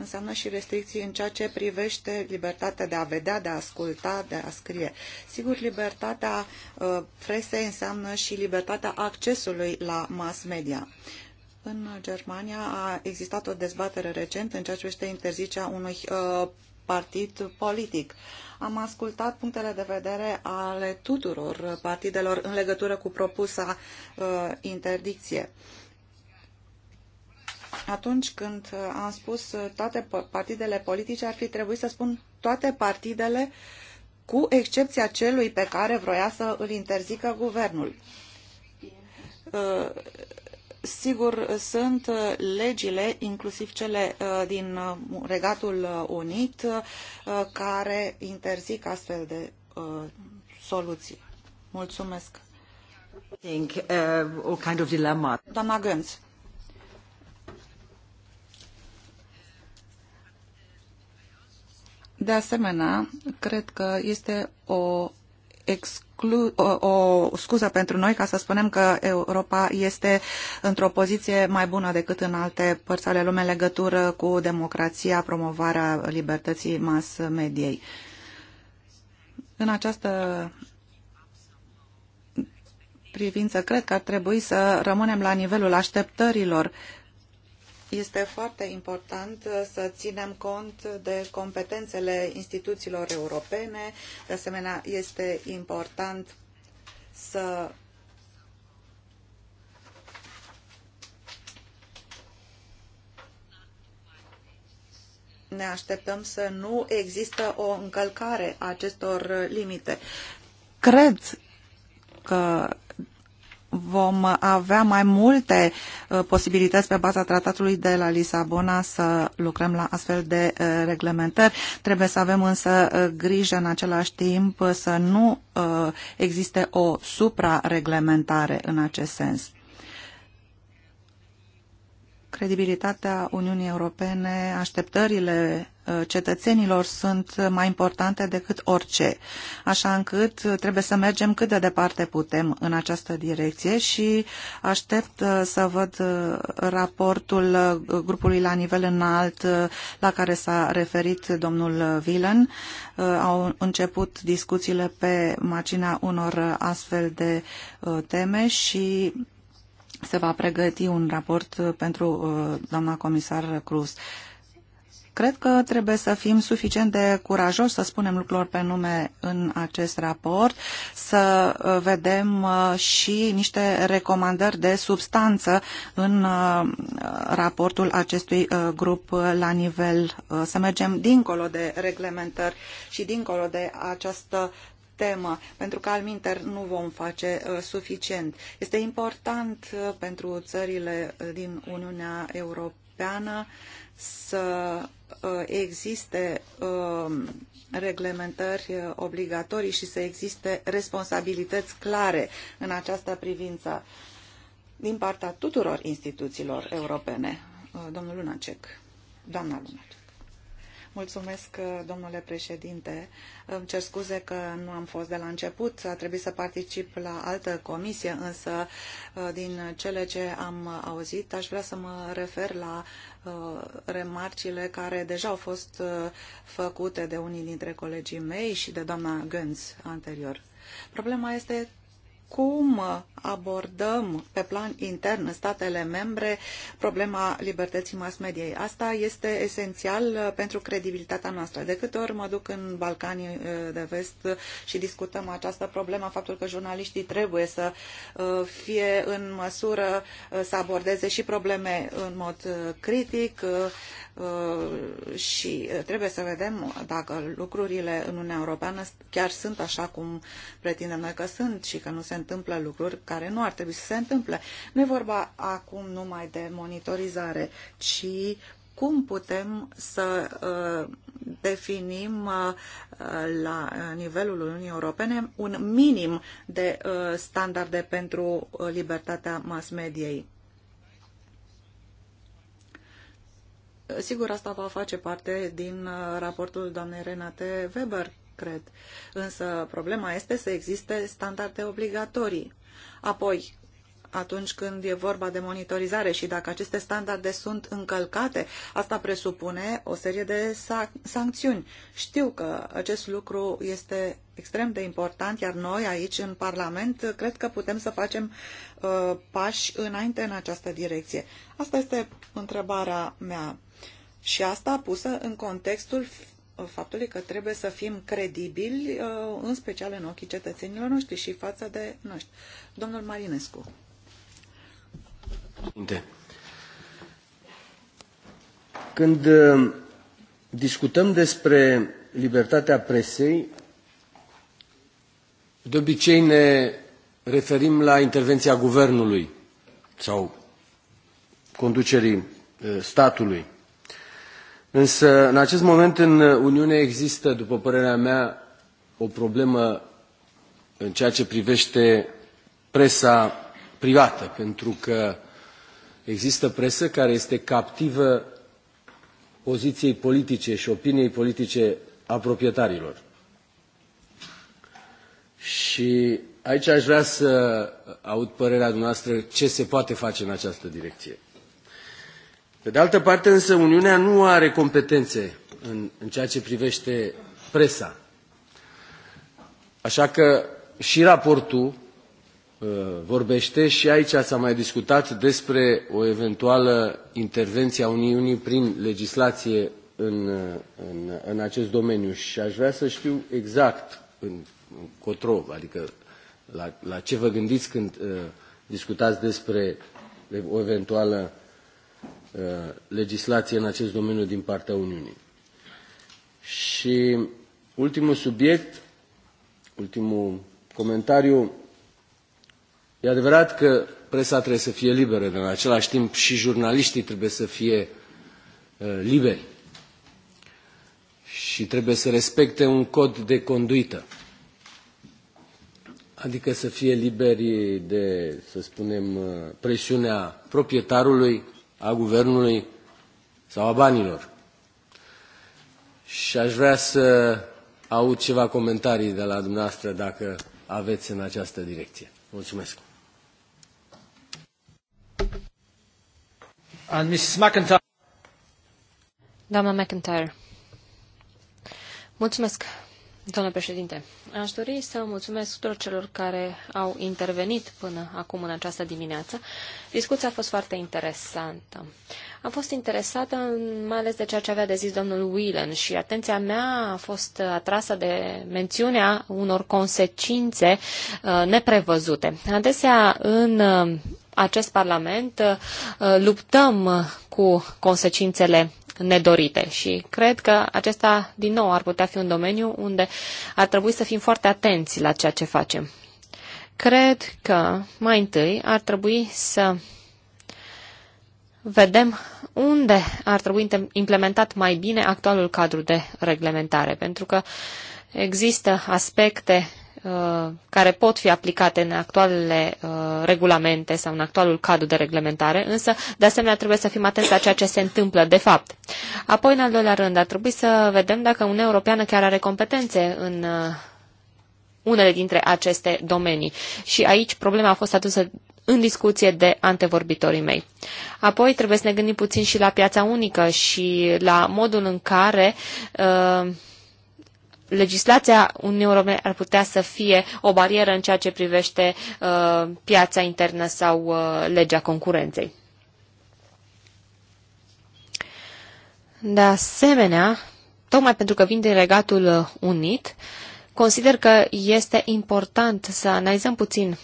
înseamnă și restricții în ceea ce privește libertatea de a vedea, de a asculta, de a scrie. Sigur, libertatea uh, presei înseamnă și libertatea accesului la mass media. În Germania a existat o dezbatere recent în ceea ce privește interzicerea unui uh, partid politic. Am ascultat punctele de vedere ale tuturor partidelor în legătură cu propusa uh, interdicție. Uh, atunci când uh, am spus uh, toate partidele politice, ar fi trebuit să spun toate partidele, cu excepția celui pe care vroia să îl interzică guvernul. Uh, sigur, sunt legile, inclusiv cele din Regatul Unit, care interzic astfel de soluții. Mulțumesc. Think, uh, kind of dilemma. Doamna Gânț. De asemenea, cred că este o, exclu- o, o scuză pentru noi ca să spunem că Europa este într-o poziție mai bună decât în alte părți ale lumii legătură cu democrația, promovarea libertății mass mediei. În această privință, cred că ar trebui să rămânem la nivelul așteptărilor este foarte important uh, să ținem cont de competențele instituțiilor europene. De asemenea, este important să ne așteptăm să nu există o încălcare a acestor limite. Cred că vom avea mai multe uh, posibilități pe baza tratatului de la Lisabona să lucrăm la astfel de uh, reglementări. Trebuie să avem însă uh, grijă în același timp să nu existe o suprareglementare în acest sens credibilitatea Uniunii Europene, așteptările uh, cetățenilor sunt mai importante decât orice, așa încât uh, trebuie să mergem cât de departe putem în această direcție și aștept uh, să văd raportul grupului la nivel înalt la care s-a referit domnul Vilen. Au început discuțiile pe marginea unor astfel de teme și se va pregăti un raport uh, pentru uh, doamna comisar Cruz. Cred că trebuie să fim suficient de curajoși să spunem lucrurilor pe nume în acest raport, să uh, vedem și niște recomandări de substanță în raportul acestui grup la nivel, să mergem dincolo de reglementări și dincolo de această temă, pentru că al minter nu vom face uh, suficient. Este important uh, pentru țările uh, din Uniunea Europeană să uh, existe um, reglementări uh, obligatorii și să existe responsabilități clare în această privință din partea tuturor instituțiilor europene. Uh, domnul Lunacek, doamna Lunacek. Mulțumesc, uh, domnule președinte. Îmi cer scuze că nu am fost de la început. A trebuit să particip la altă comisie, însă uh, din cele ce am auzit, aș vrea să mă refer la uh, remarcile care deja au fost făcute de unii dintre colegii mei și de doamna Gânz anterior. Problema este cum abordăm pe plan intern în statele membre problema libertății mass mediei. Asta este esențial pentru credibilitatea noastră. De câte ori mă duc în Balcanii uh, de vest și discutăm această problemă, faptul că jurnaliștii trebuie să uh, fie în măsură uh, să abordeze și probleme în mod critic, Uh, și uh, trebuie să vedem dacă lucrurile în Uniunea Europeană chiar sunt așa cum pretindem noi că sunt și că nu se întâmplă lucruri care nu ar trebui să se întâmple. Nu e vorba acum numai de monitorizare, ci cum putem să uh, definim la nivelul Uniunii Europene un minim de standarde pentru libertatea mass mediei Sigur, asta va face parte din uh, raportul doamnei Renate Weber, cred. Însă problema este să existe standarde obligatorii. Apoi, atunci când e vorba de monitorizare și dacă aceste standarde sunt încălcate, asta presupune o serie de sancțiuni. Știu că acest lucru este extrem de important, iar noi aici în Parlament cred că putem să facem uh, pași înainte în această direcție. Asta este întrebarea mea. Și asta pusă în contextul faptului că trebuie să fim credibili, uh, în special în ochii cetățenilor noștri și față de noi. Domnul Marinescu. Când uh, discutăm despre libertatea presei, de obicei ne referim la intervenția guvernului sau conducerii uh, statului Însă, în acest moment, în Uniune există, după părerea mea, o problemă în ceea ce privește presa privată, pentru că există presă care este captivă poziției politice și opiniei politice a proprietarilor. Și aici aș vrea să aud părerea dumneavoastră ce se poate face în această direcție. Pe de altă parte, însă, Uniunea nu are competențe în, în ceea ce privește presa. Așa că și raportul uh, vorbește și aici s-a mai discutat despre o eventuală intervenție a Uniunii prin legislație în, uh, în, în acest domeniu și aș vrea să știu exact în, în adică la, la ce vă gândiți când uh, discutați despre o eventuală Uh, legislație în acest domeniu din partea Uniunii. Și ultimul subiect, ultimul comentariu, e adevărat că presa trebuie să fie liberă, dar în același timp și jurnaliștii trebuie să fie uh, liberi și trebuie să respecte un cod de conduită. Adică să fie liberi de, să spunem, uh, presiunea proprietarului, a guvernului sau a banilor. Și aș vrea să aud ceva comentarii de la dumneavoastră dacă aveți în această direcție. Mulțumesc. And Mrs. McIntyre. Doamna McIntyre. Mulțumesc. Doamnă președinte, aș dori să mulțumesc tuturor celor care au intervenit până acum în această dimineață. Discuția a fost foarte interesantă. Am fost interesată mai ales de ceea ce avea de zis domnul Whelan și atenția mea a fost atrasă de mențiunea unor consecințe uh, neprevăzute. Adesea în uh, acest Parlament uh, luptăm cu consecințele nedorite și cred că acesta din nou ar putea fi un domeniu unde ar trebui să fim foarte atenți la ceea ce facem. Cred că mai întâi ar trebui să vedem unde ar trebui implementat mai bine actualul cadru de reglementare, pentru că există aspecte Uh, care pot fi aplicate în actualele uh, regulamente sau în actualul cadru de reglementare, însă, de asemenea, trebuie să fim atenți la ceea ce se întâmplă de fapt. Apoi, în al doilea rând, ar trebui să vedem dacă Uniunea Europeană chiar are competențe în uh, unele dintre aceste domenii. Și aici problema a fost adusă în discuție de antevorbitorii mei. Apoi trebuie să ne gândim puțin și la piața unică și la modul în care uh, legislația Uniunii Europene ar putea să fie o barieră în ceea ce privește uh, piața internă sau uh, legea concurenței. De asemenea, tocmai pentru că vin din Regatul Unit, consider că este important să analizăm puțin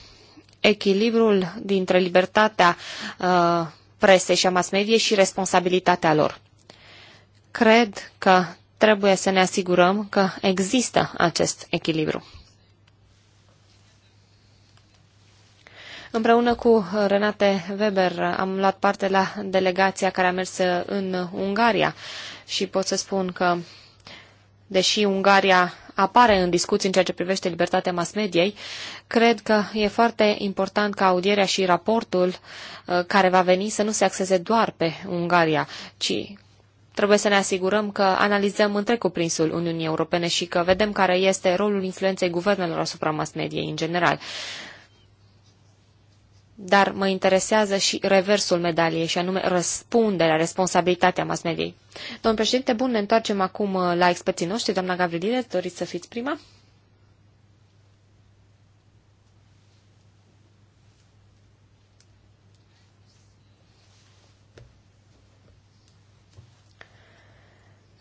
echilibrul dintre libertatea uh, presei și a mass și responsabilitatea lor. Cred că trebuie să ne asigurăm că există acest echilibru. Împreună cu Renate Weber am luat parte la delegația care a mers în Ungaria și pot să spun că, deși Ungaria apare în discuții în ceea ce privește libertatea mass mediei, cred că e foarte important ca audierea și raportul uh, care va veni să nu se axeze doar pe Ungaria, ci Trebuie să ne asigurăm că analizăm întreg cuprinsul Uniunii Europene și că vedem care este rolul influenței guvernelor asupra mass-mediei în general. Dar mă interesează și reversul medaliei, și anume răspunderea, responsabilitatea mass-mediei. Domnul președinte, bun, ne întoarcem acum uh, la experții noștri. Doamna Gavrilide, doriți să fiți prima?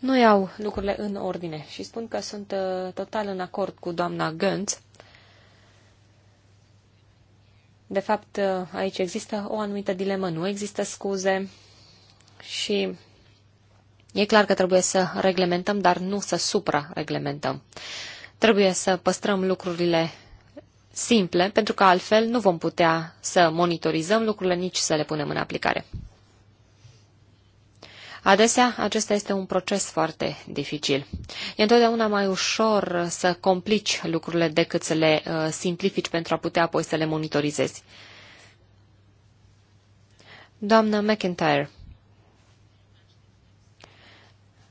Nu iau lucrurile în ordine și spun că sunt uh, total în acord cu doamna Gantz. De fapt, uh, aici există o anumită dilemă, nu există scuze și e clar că trebuie să reglementăm, dar nu să supra-reglementăm. Trebuie să păstrăm lucrurile simple, pentru că altfel nu vom putea să monitorizăm lucrurile, nici să le punem în aplicare. Adesea, acesta este un proces foarte dificil. E întotdeauna mai ușor să complici lucrurile decât să le uh, simplifici pentru a putea apoi să le monitorizezi. Doamnă McIntyre,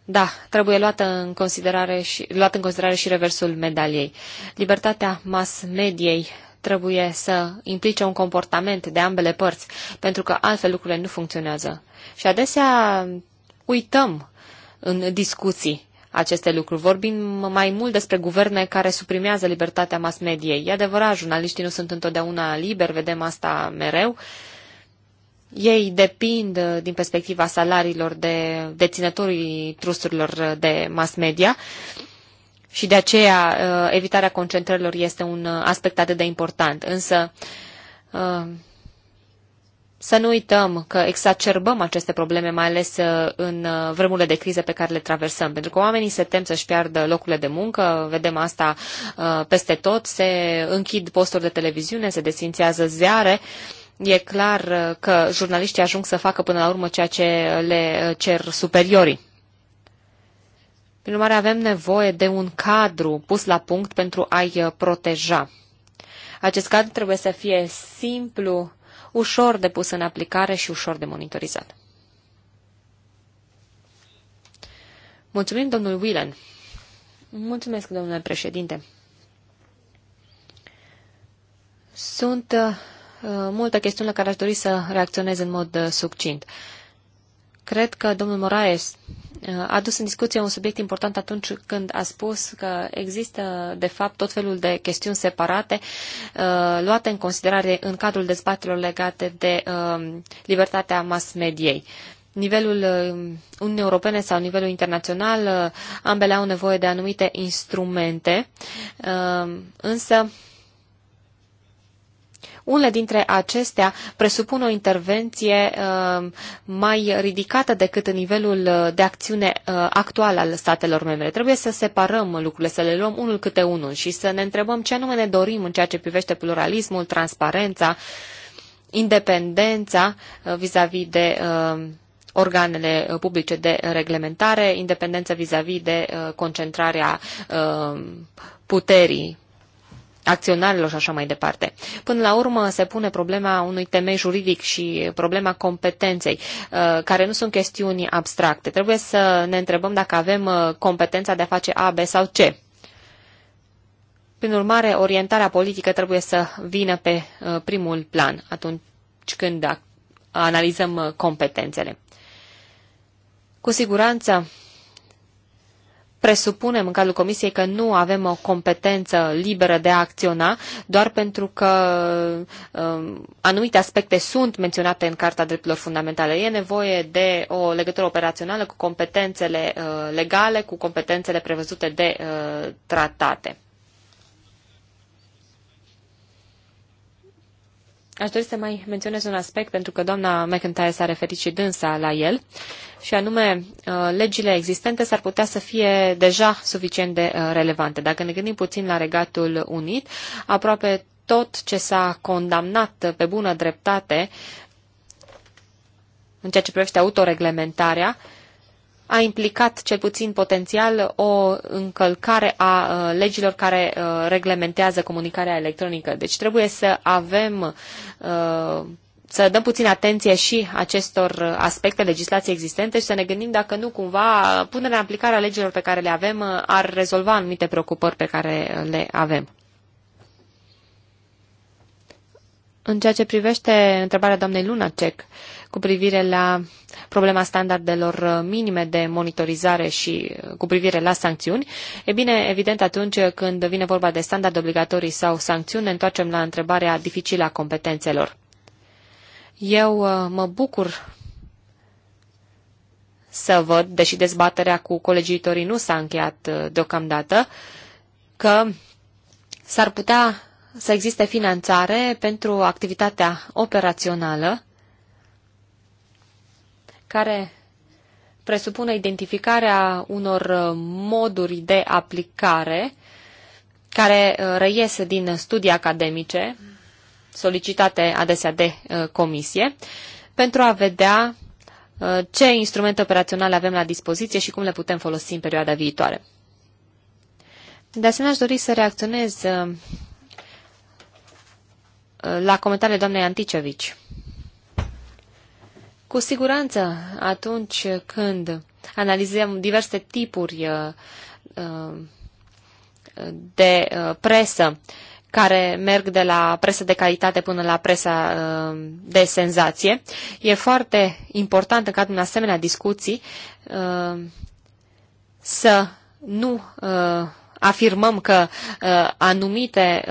da, trebuie luată în considerare și, luat în considerare și reversul medaliei. Libertatea mass mediei trebuie să implice un comportament de ambele părți, pentru că altfel lucrurile nu funcționează. Și adesea uităm în discuții aceste lucruri. Vorbim mai mult despre guverne care suprimează libertatea mass mediei. E adevărat, jurnaliștii nu sunt întotdeauna liberi, vedem asta mereu. Ei depind uh, din perspectiva salariilor de deținătorii trusturilor uh, de mass media și de aceea uh, evitarea concentrărilor este un aspect atât de important. Însă să nu uităm că exacerbăm aceste probleme, mai ales uh, în uh, vremurile de criză pe care le traversăm, pentru că oamenii se tem să-și piardă locurile de muncă, vedem asta uh, peste tot, se închid posturi de televiziune, se desințează ziare. E clar că jurnaliștii ajung să facă până la urmă ceea ce le cer superiorii. Prin urmare, avem nevoie de un cadru pus la punct pentru a-i proteja. Acest cadru trebuie să fie simplu ușor de pus în aplicare și ușor de monitorizat. Mulțumim, domnul Whelan. Mulțumesc, domnule președinte. Sunt uh, multe chestiuni la care aș dori să reacționez în mod uh, succint. Uh, Cred că domnul Moraes uh, a dus în discuție un subiect important atunci când a spus că există, de fapt, tot felul de chestiuni separate uh, luate în considerare în cadrul dezbaterilor legate de um, libertatea mass-mediei nivelul um, Uniunii Europene sau nivelul internațional, uh, ambele au nevoie de anumite instrumente, însă unele dintre acestea presupun o intervenție uh, mai ridicată decât nivelul de acțiune uh, actual al statelor membre. Trebuie să separăm lucrurile, să le luăm unul câte unul și să ne întrebăm ce anume ne dorim în ceea ce privește pluralismul, transparența, independența uh, vis-a-vis -vis de organele publice de reglementare, independență vis-a-vis -vis de concentrarea puterii acționarilor și așa mai departe. Până la urmă se pune problema unui temei juridic și problema competenței, uh, care nu sunt chestiuni abstracte. Trebuie să ne întrebăm dacă avem uh, competența de a face A, B sau C. Prin urmare, orientarea politică trebuie să vină pe uh, primul plan atunci când analizăm competențele. Cu siguranță, presupunem în cadrul Comisiei că nu avem o competență liberă de a acționa, doar pentru că uh, anumite aspecte sunt menționate în Carta Drepturilor Fundamentale. E nevoie de o legătură operațională cu competențele uh, legale, cu competențele prevăzute de uh, tratate. Aș dori să mai menționez un aspect, pentru că doamna McIntyre s-a referit și dânsa la el, și anume, uh, legile existente s-ar putea să fie deja suficient de uh, relevante. Dacă ne gândim puțin la Regatul Unit, aproape tot ce s-a condamnat pe bună dreptate în ceea ce privește autoreglementarea, uh, a implicat cel puțin potențial o încălcare a uh, legilor care uh, reglementează comunicarea electronică. Deci trebuie să avem uh, să dăm puțin atenție și acestor aspecte legislației existente și să ne gândim dacă nu cumva punerea în aplicare a legilor pe care le avem ar rezolva anumite preocupări pe care le avem. În ceea ce privește întrebarea doamnei Lunacek, cu privire la problema standardelor minime de monitorizare și uh, cu privire la sancțiuni. E bine, evident, atunci când vine vorba de standarde obligatorii sau sancțiuni, ne întoarcem la întrebarea dificilă a competențelor. Eu uh, mă bucur să văd, deși dezbaterea cu colegiitorii nu s-a încheiat uh, deocamdată, că s-ar putea să existe finanțare pentru activitatea operațională care presupune identificarea unor uh, moduri de aplicare care uh, reiese din studii academice solicitate adesea de uh, comisie pentru a vedea ce instrumente operaționale avem la dispoziție și cum le putem folosi în perioada viitoare. De asemenea, aș dori să reacționez la comentariile doamnei Anticevici. Cu siguranță, atunci când analizăm diverse tipuri uh, uh, de uh, presă, care merg de la presă de calitate până la presa de senzație. E foarte important în cadrul asemenea discuții să nu afirmăm că anumite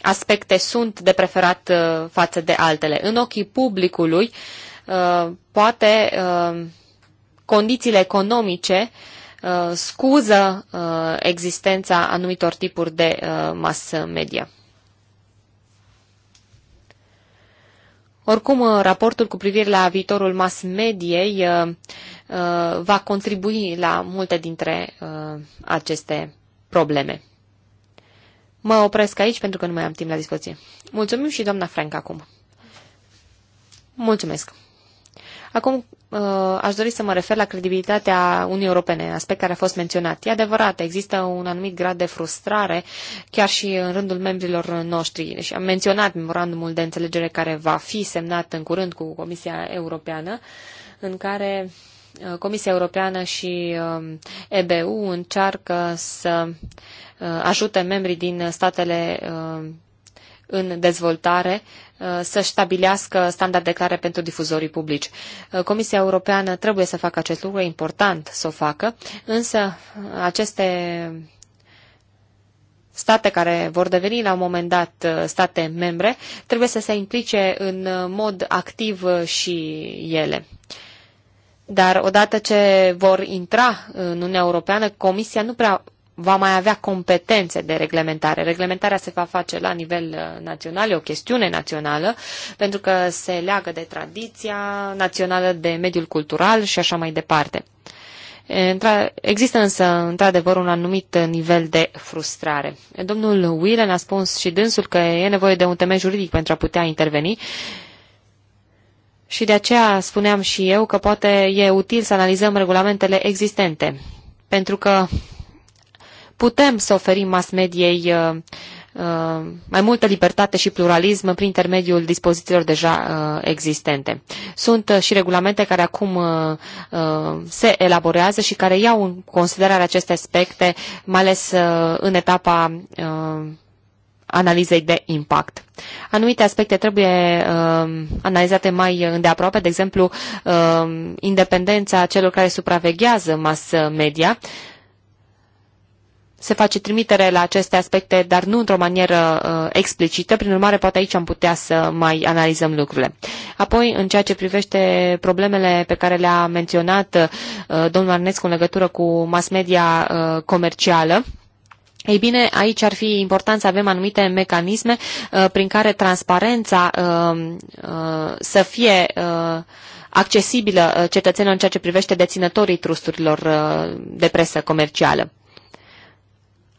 aspecte sunt de preferat față de altele. În ochii publicului, Uh, poate uh, condițiile economice uh, scuză existența anumitor tipuri de mass media. Oricum, raportul cu privire la viitorul mass mediei va contribui la multe dintre aceste probleme. Mă opresc aici pentru că nu mai am timp la dispoziție. Mulțumim și doamna Frank acum. Mulțumesc! Acum uh, aș dori să mă refer la credibilitatea Uniunii Europene, aspect care a fost menționat. E adevărat, există un anumit grad de frustrare chiar și în rândul membrilor noștri. Și am menționat memorandumul de înțelegere care va fi semnat în curând cu Comisia Europeană, în care uh, Comisia Europeană și uh, EBU încearcă să ajute membrii din statele în dezvoltare Uh, să-și stabilească standarde clare pentru difuzorii publici. Uh, Comisia Europeană trebuie să facă acest lucru, e important să o facă, însă uh, aceste state care vor deveni la un moment dat state membre trebuie să se implice în mod activ și ele. Dar odată ce vor intra în Uniunea Europeană, Comisia nu prea va mai avea competențe de reglementare. Reglementarea se va face la nivel uh, național, e o chestiune națională, pentru că se leagă de tradiția națională, de mediul cultural și așa mai departe. Există însă, într-adevăr, un anumit nivel de frustrare. Domnul Willen a spus și dânsul că e nevoie de un temei juridic pentru a putea interveni și de aceea spuneam și eu că poate e util să analizăm regulamentele existente, pentru că putem să oferim mass mediei uh, uh, mai multă libertate și pluralism prin intermediul dispozițiilor deja uh, existente. Sunt și regulamente care acum se elaborează și care iau în considerare aceste aspecte, mai ales în etapa analizei de impact. Anumite aspecte trebuie uh, analizate mai îndeaproape, de exemplu, uh, independența celor care supraveghează mass media, uh, se face trimitere la aceste aspecte, dar nu într-o manieră uh, explicită, prin urmare poate aici am putea să mai analizăm lucrurile. Apoi, în ceea ce privește problemele pe care le-a menționat uh, domnul Arnescu în legătură cu mass media uh, comercială, ei bine, aici ar fi important să avem anumite mecanisme uh, prin care transparența uh, uh, să fie uh, accesibilă uh, cetățenilor în ceea ce privește deținătorii trusturilor uh, de presă comercială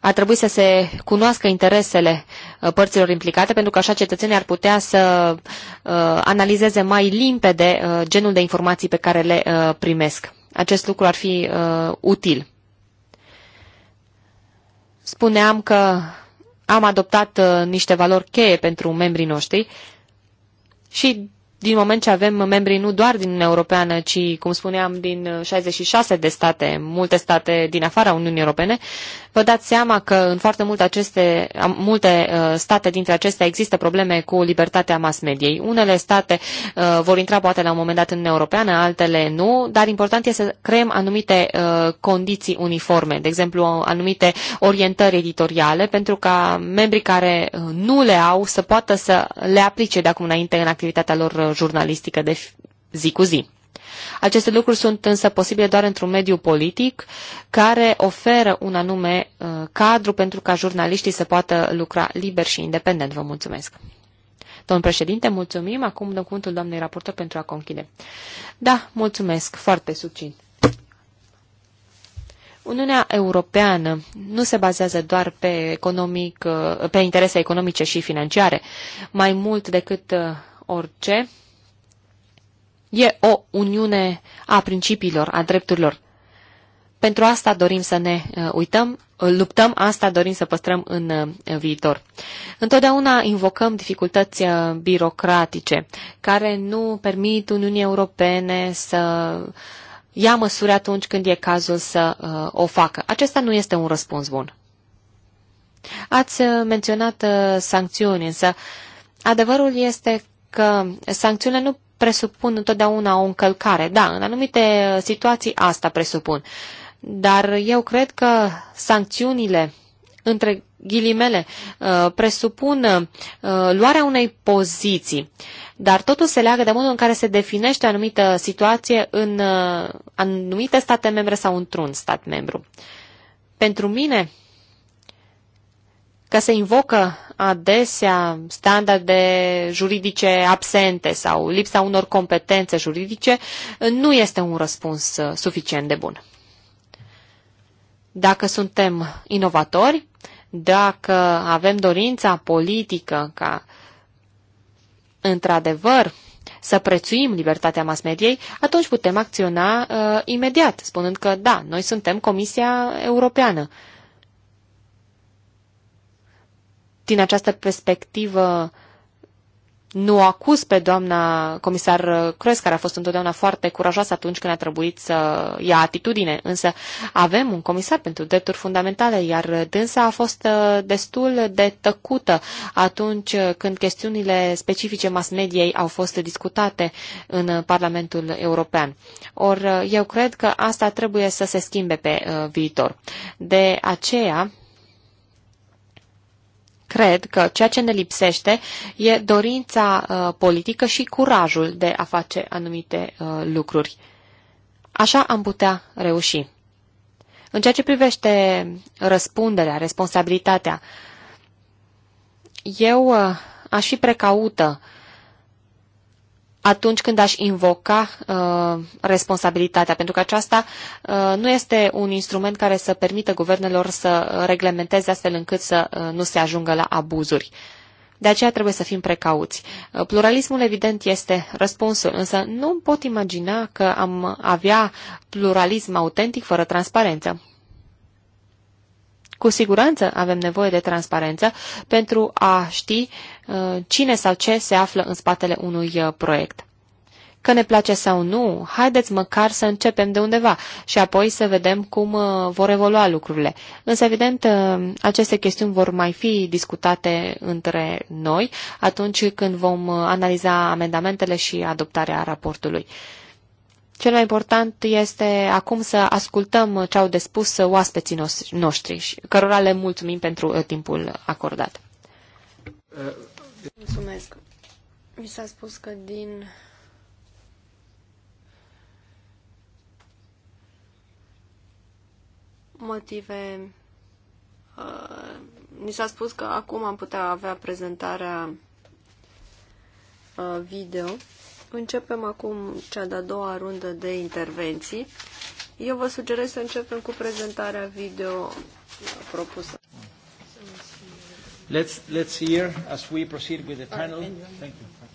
ar trebui să se cunoască interesele uh, părților implicate, pentru că așa cetățenii ar putea să uh, analizeze mai limpede uh, genul de informații pe care le primesc. Acest lucru ar fi util. Spuneam că am adoptat niște valori cheie pentru membrii noștri și din moment ce avem membrii nu doar din Uniunea Europeană, ci, cum spuneam, din 66 uh, de state, multe state din afara Uniunii Europene, vă dați seama că în foarte multe, aceste, multe uh, state dintre acestea există probleme cu libertatea mass mediei. Unele state uh, vor intra poate la un moment dat în Uniunea Europeană, altele nu, dar important este să creăm anumite condiții uniforme, de exemplu anumite orientări editoriale, pentru ca membrii care nu le au să poată să le aplice de acum înainte în activitatea lor jurnalistică de zi cu zi. Aceste lucruri sunt însă posibile doar într-un mediu politic care oferă un anume uh, cadru pentru ca jurnaliștii să poată lucra liber și independent. Vă mulțumesc! Domnul președinte, mulțumim. Acum dăm cuvântul doamnei raportor pentru a conchide. Da, mulțumesc. Foarte succint. Uniunea Europeană nu se bazează doar pe, economic, pe interese economice și financiare. Mai mult decât uh, orice, e o uniune a principiilor, a drepturilor. Pentru asta dorim să ne uh, uităm, uh, luptăm, asta dorim să păstrăm în uh, viitor. Întotdeauna invocăm dificultăți birocratice care nu permit Uniunii Europene să ia măsuri atunci când e cazul să o facă. Acesta nu este un răspuns bun. Ați menționat sancțiuni, însă adevărul este că sancțiunile nu presupun întotdeauna o încălcare. Da, în anumite situații asta presupun. Dar eu cred că sancțiunile între ghilimele, uh, presupun uh, luarea unei poziții, dar totul se leagă de modul în care se definește o anumită situație în uh, anumite state membre sau într-un stat membru. Pentru mine, că se invocă adesea standarde juridice absente sau lipsa unor competențe juridice, nu este un răspuns uh, suficient de bun. Dacă suntem inovatori, dacă avem dorința politică ca într-adevăr să prețuim libertatea mass mediei, atunci putem acționa uh, imediat, spunând că da, noi suntem Comisia Europeană. Uh, din această perspectivă nu acuz pe doamna comisar Croes, care a fost întotdeauna foarte curajoasă atunci când a trebuit să ia atitudine, însă avem un comisar pentru drepturi fundamentale, iar dânsa a fost uh, destul de tăcută atunci când chestiunile specifice mass mediei au fost discutate în Parlamentul European. Or, eu cred că asta trebuie să se schimbe pe uh, viitor. De aceea, cred că ceea ce ne lipsește e dorința uh, politică și curajul de a face anumite uh, lucruri. Așa am putea reuși. În ceea ce privește răspunderea, responsabilitatea, eu uh, aș fi precaută uh, atunci când aș invoca uh, responsabilitatea, pentru că aceasta uh, nu este un instrument care să permită guvernelor să reglementeze astfel încât să uh, nu se ajungă la abuzuri. De aceea trebuie să fim precauți. Uh, pluralismul, evident, este răspunsul, însă nu pot imagina că am avea pluralism autentic fără transparență. Cu siguranță avem nevoie de transparență pentru a ști uh, cine sau ce se află în spatele unui uh, proiect. Că ne place sau nu, haideți măcar să începem de undeva și apoi să vedem cum uh, vor evolua lucrurile. Însă, evident, aceste chestiuni vor mai fi discutate între noi atunci când vom analiza amendamentele și adoptarea raportului. Cel mai important este acum să ascultăm ce au de spus oaspeții noștri, cărora le mulțumim pentru uh, timpul acordat. Mulțumesc. Mi s-a spus că din motive uh, mi s-a spus că acum am putea avea prezentarea uh, video. Începem acum cea de-a doua rundă de intervenții. Eu vă sugerez să începem cu prezentarea video propusă. Let's, let's hear as we proceed with the panel. Thank you. Thank you. Thank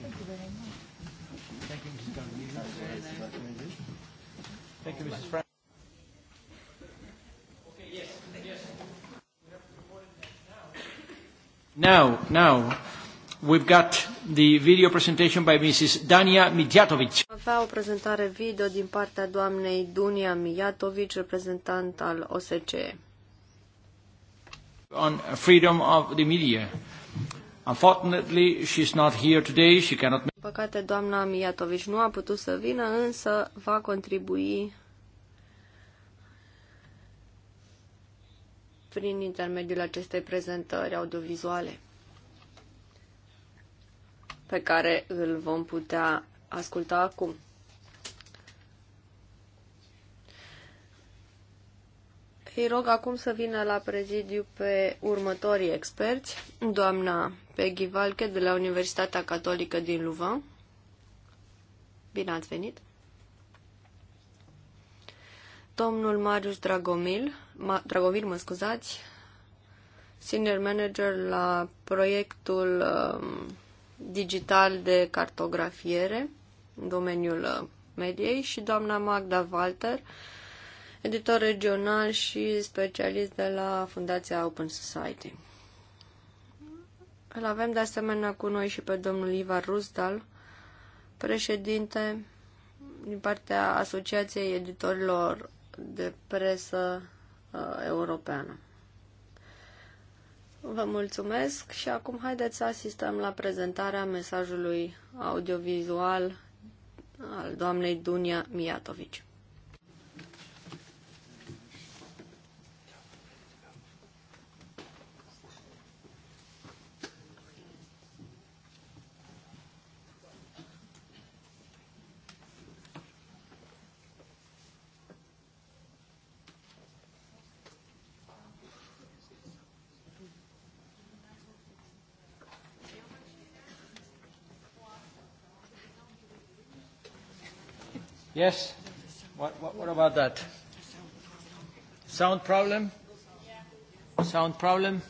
you. Thank you, Mrs. Gandhi. Thank you, Mrs. Frank. Now, now, We've got the video presentation by Mrs. Dania Mijatovic. Avea o prezentare video din partea doamnei Dunia Mijatovic, reprezentant al OSCE. On freedom of the media. Unfortunately, she's not here today. She cannot păcate, doamna Mijatovic nu a putut să vină, însă va contribui prin intermediul acestei prezentări audiovizuale pe care îl vom putea asculta acum. Îi rog acum să vină la prezidiu pe următorii experți, doamna Peggy Valche de la Universitatea Catolică din Louvain. Bine ați venit! Domnul Marius Dragomil, Ma, Dragomil, mă scuzați, senior manager la proiectul um, digital de cartografiere în domeniul uh, mediei și doamna Magda Walter, editor regional și specialist de la Fundația Open Society. Îl avem de asemenea cu noi și pe domnul Ivar Rusdal, președinte din partea Asociației Editorilor de Presă uh, Europeană. Vă mulțumesc și acum haideți să asistăm la prezentarea mesajului audiovizual al doamnei Dunia Mijatovici. Yes? What, what, what about that? Sound problem? Sound problem?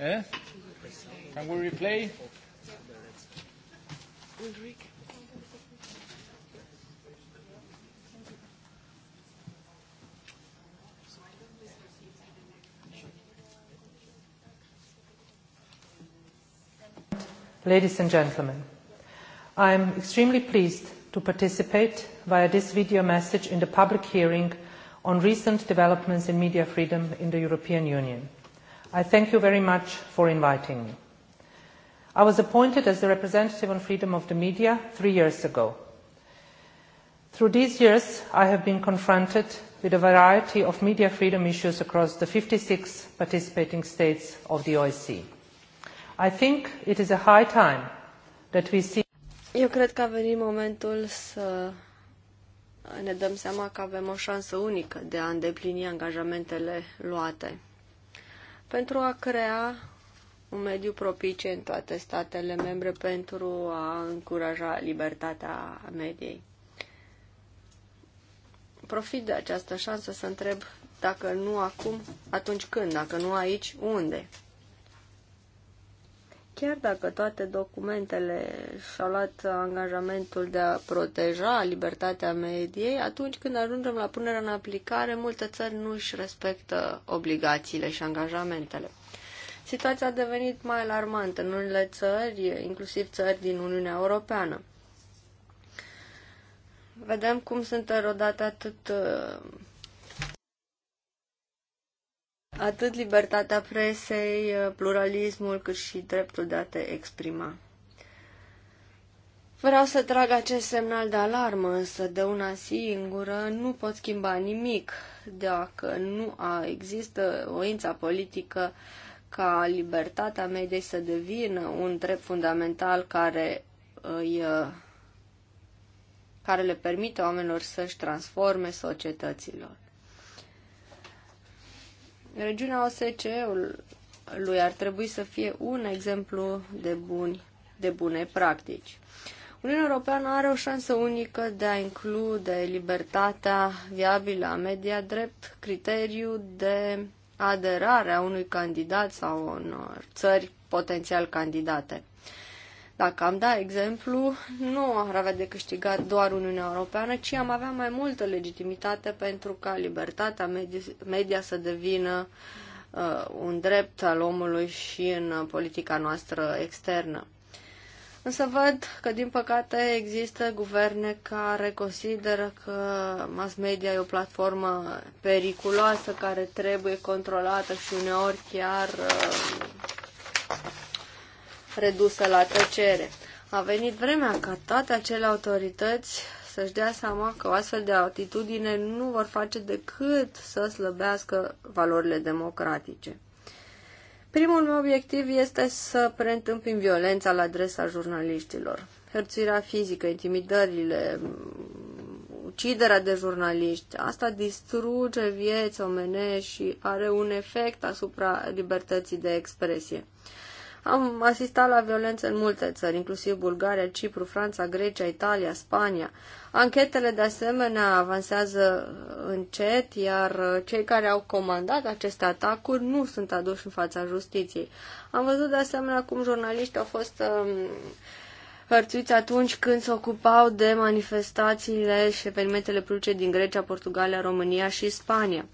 Eh? Can we replay? Ladies and gentlemen, I am extremely pleased to participate via this video message in the public hearing on recent developments in media freedom in the European Union. I thank you very much for inviting me. I was appointed as the representative on freedom of the media three years ago. Through these years, I have been confronted with a variety of media freedom issues across the 56 participating states of the OSCE. I think it is a high time that we see eu cred că a venit momentul să ne dăm seama că avem o șansă unică de a îndeplini angajamentele luate pentru a crea un mediu propice în toate statele membre pentru a încuraja libertatea mediei. Profit de această șansă să întreb dacă nu acum, atunci când, dacă nu aici, unde? Chiar dacă toate documentele și-au luat angajamentul de a proteja libertatea mediei, atunci când ajungem la punerea în aplicare, multe țări nu își respectă obligațiile și angajamentele. Situația a devenit mai alarmantă în unele țări, inclusiv țări din Uniunea Europeană. Vedem cum sunt erodate atât atât libertatea presei, pluralismul, cât și dreptul de a te exprima. Vreau să trag acest semnal de alarmă, însă de una singură nu pot schimba nimic dacă nu a, există voința politică ca libertatea mediei să devină un drept fundamental care, îi, uh, care le permite oamenilor să-și transforme societăților. Regiunea OSCE-ului ar trebui să fie un exemplu de, buni, de bune practici. Uniunea Europeană are o șansă unică de a include libertatea viabilă a media drept criteriu de aderare a unui candidat sau unor țări potențial candidate. Dacă am da exemplu, nu ar avea de câștigat doar Uniunea Europeană, ci am avea mai multă legitimitate pentru ca libertatea media să devină uh, un drept al omului și în politica noastră externă. Însă văd că, din păcate, există guverne care consideră că mass media e o platformă periculoasă care trebuie controlată și uneori chiar uh, redusă la tăcere. A venit vremea ca toate acele autorități să-și dea seama că o astfel de atitudine nu vor face decât să slăbească valorile democratice. Primul meu obiectiv este să preîntâmpim violența la adresa jurnaliștilor. Hărțuirea fizică, intimidările, uciderea de jurnaliști, asta distruge vieți omenești și are un efect asupra libertății de expresie. Am asistat la violențe în multe țări, inclusiv Bulgaria, Cipru, Franța, Grecia, Italia, Spania. Anchetele de asemenea avansează uh, încet, iar uh, cei care au comandat aceste atacuri nu sunt aduși în fața justiției. Am văzut de asemenea cum jurnaliști au fost um, hărțuiți atunci când se ocupau de manifestațiile și evenimentele publice din Grecia, Portugalia, România și Spania.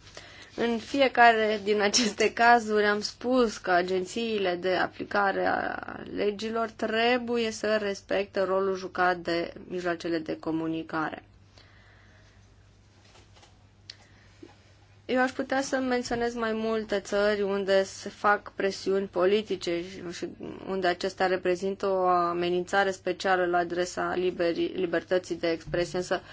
În fiecare din aceste cazuri am spus că agențiile de aplicare a legilor trebuie să respecte rolul jucat de mijloacele de comunicare. Eu aș putea să menționez mai multe țări unde se fac presiuni politice și unde acestea reprezintă o amenințare specială la adresa liberii, libertății de expresie, însă uh,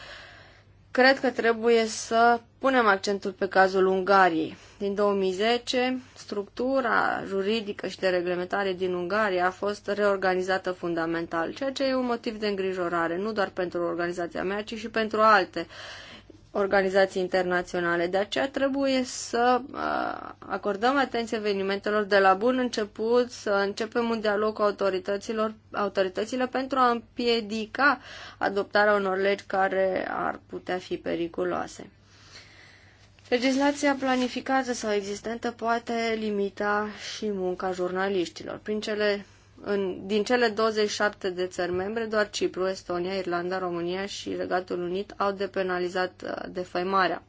Cred că trebuie să punem accentul pe cazul Ungariei. Din 2010, structura juridică și de reglementare din Ungaria a fost reorganizată fundamental, ceea ce e un motiv de îngrijorare, nu doar pentru organizația mea, ci și pentru alte uh, organizații internaționale. De aceea trebuie să uh, acordăm atenție evenimentelor de la bun început, să începem un dialog cu autorităților, autoritățile pentru a împiedica adoptarea unor legi care ar putea fi periculoase. Legislația planificată sau existentă poate limita și munca jurnaliștilor. Prin cele în, din cele 27 de țări membre, doar Cipru, Estonia, Irlanda, România și Regatul Unit au depenalizat uh, defăimarea.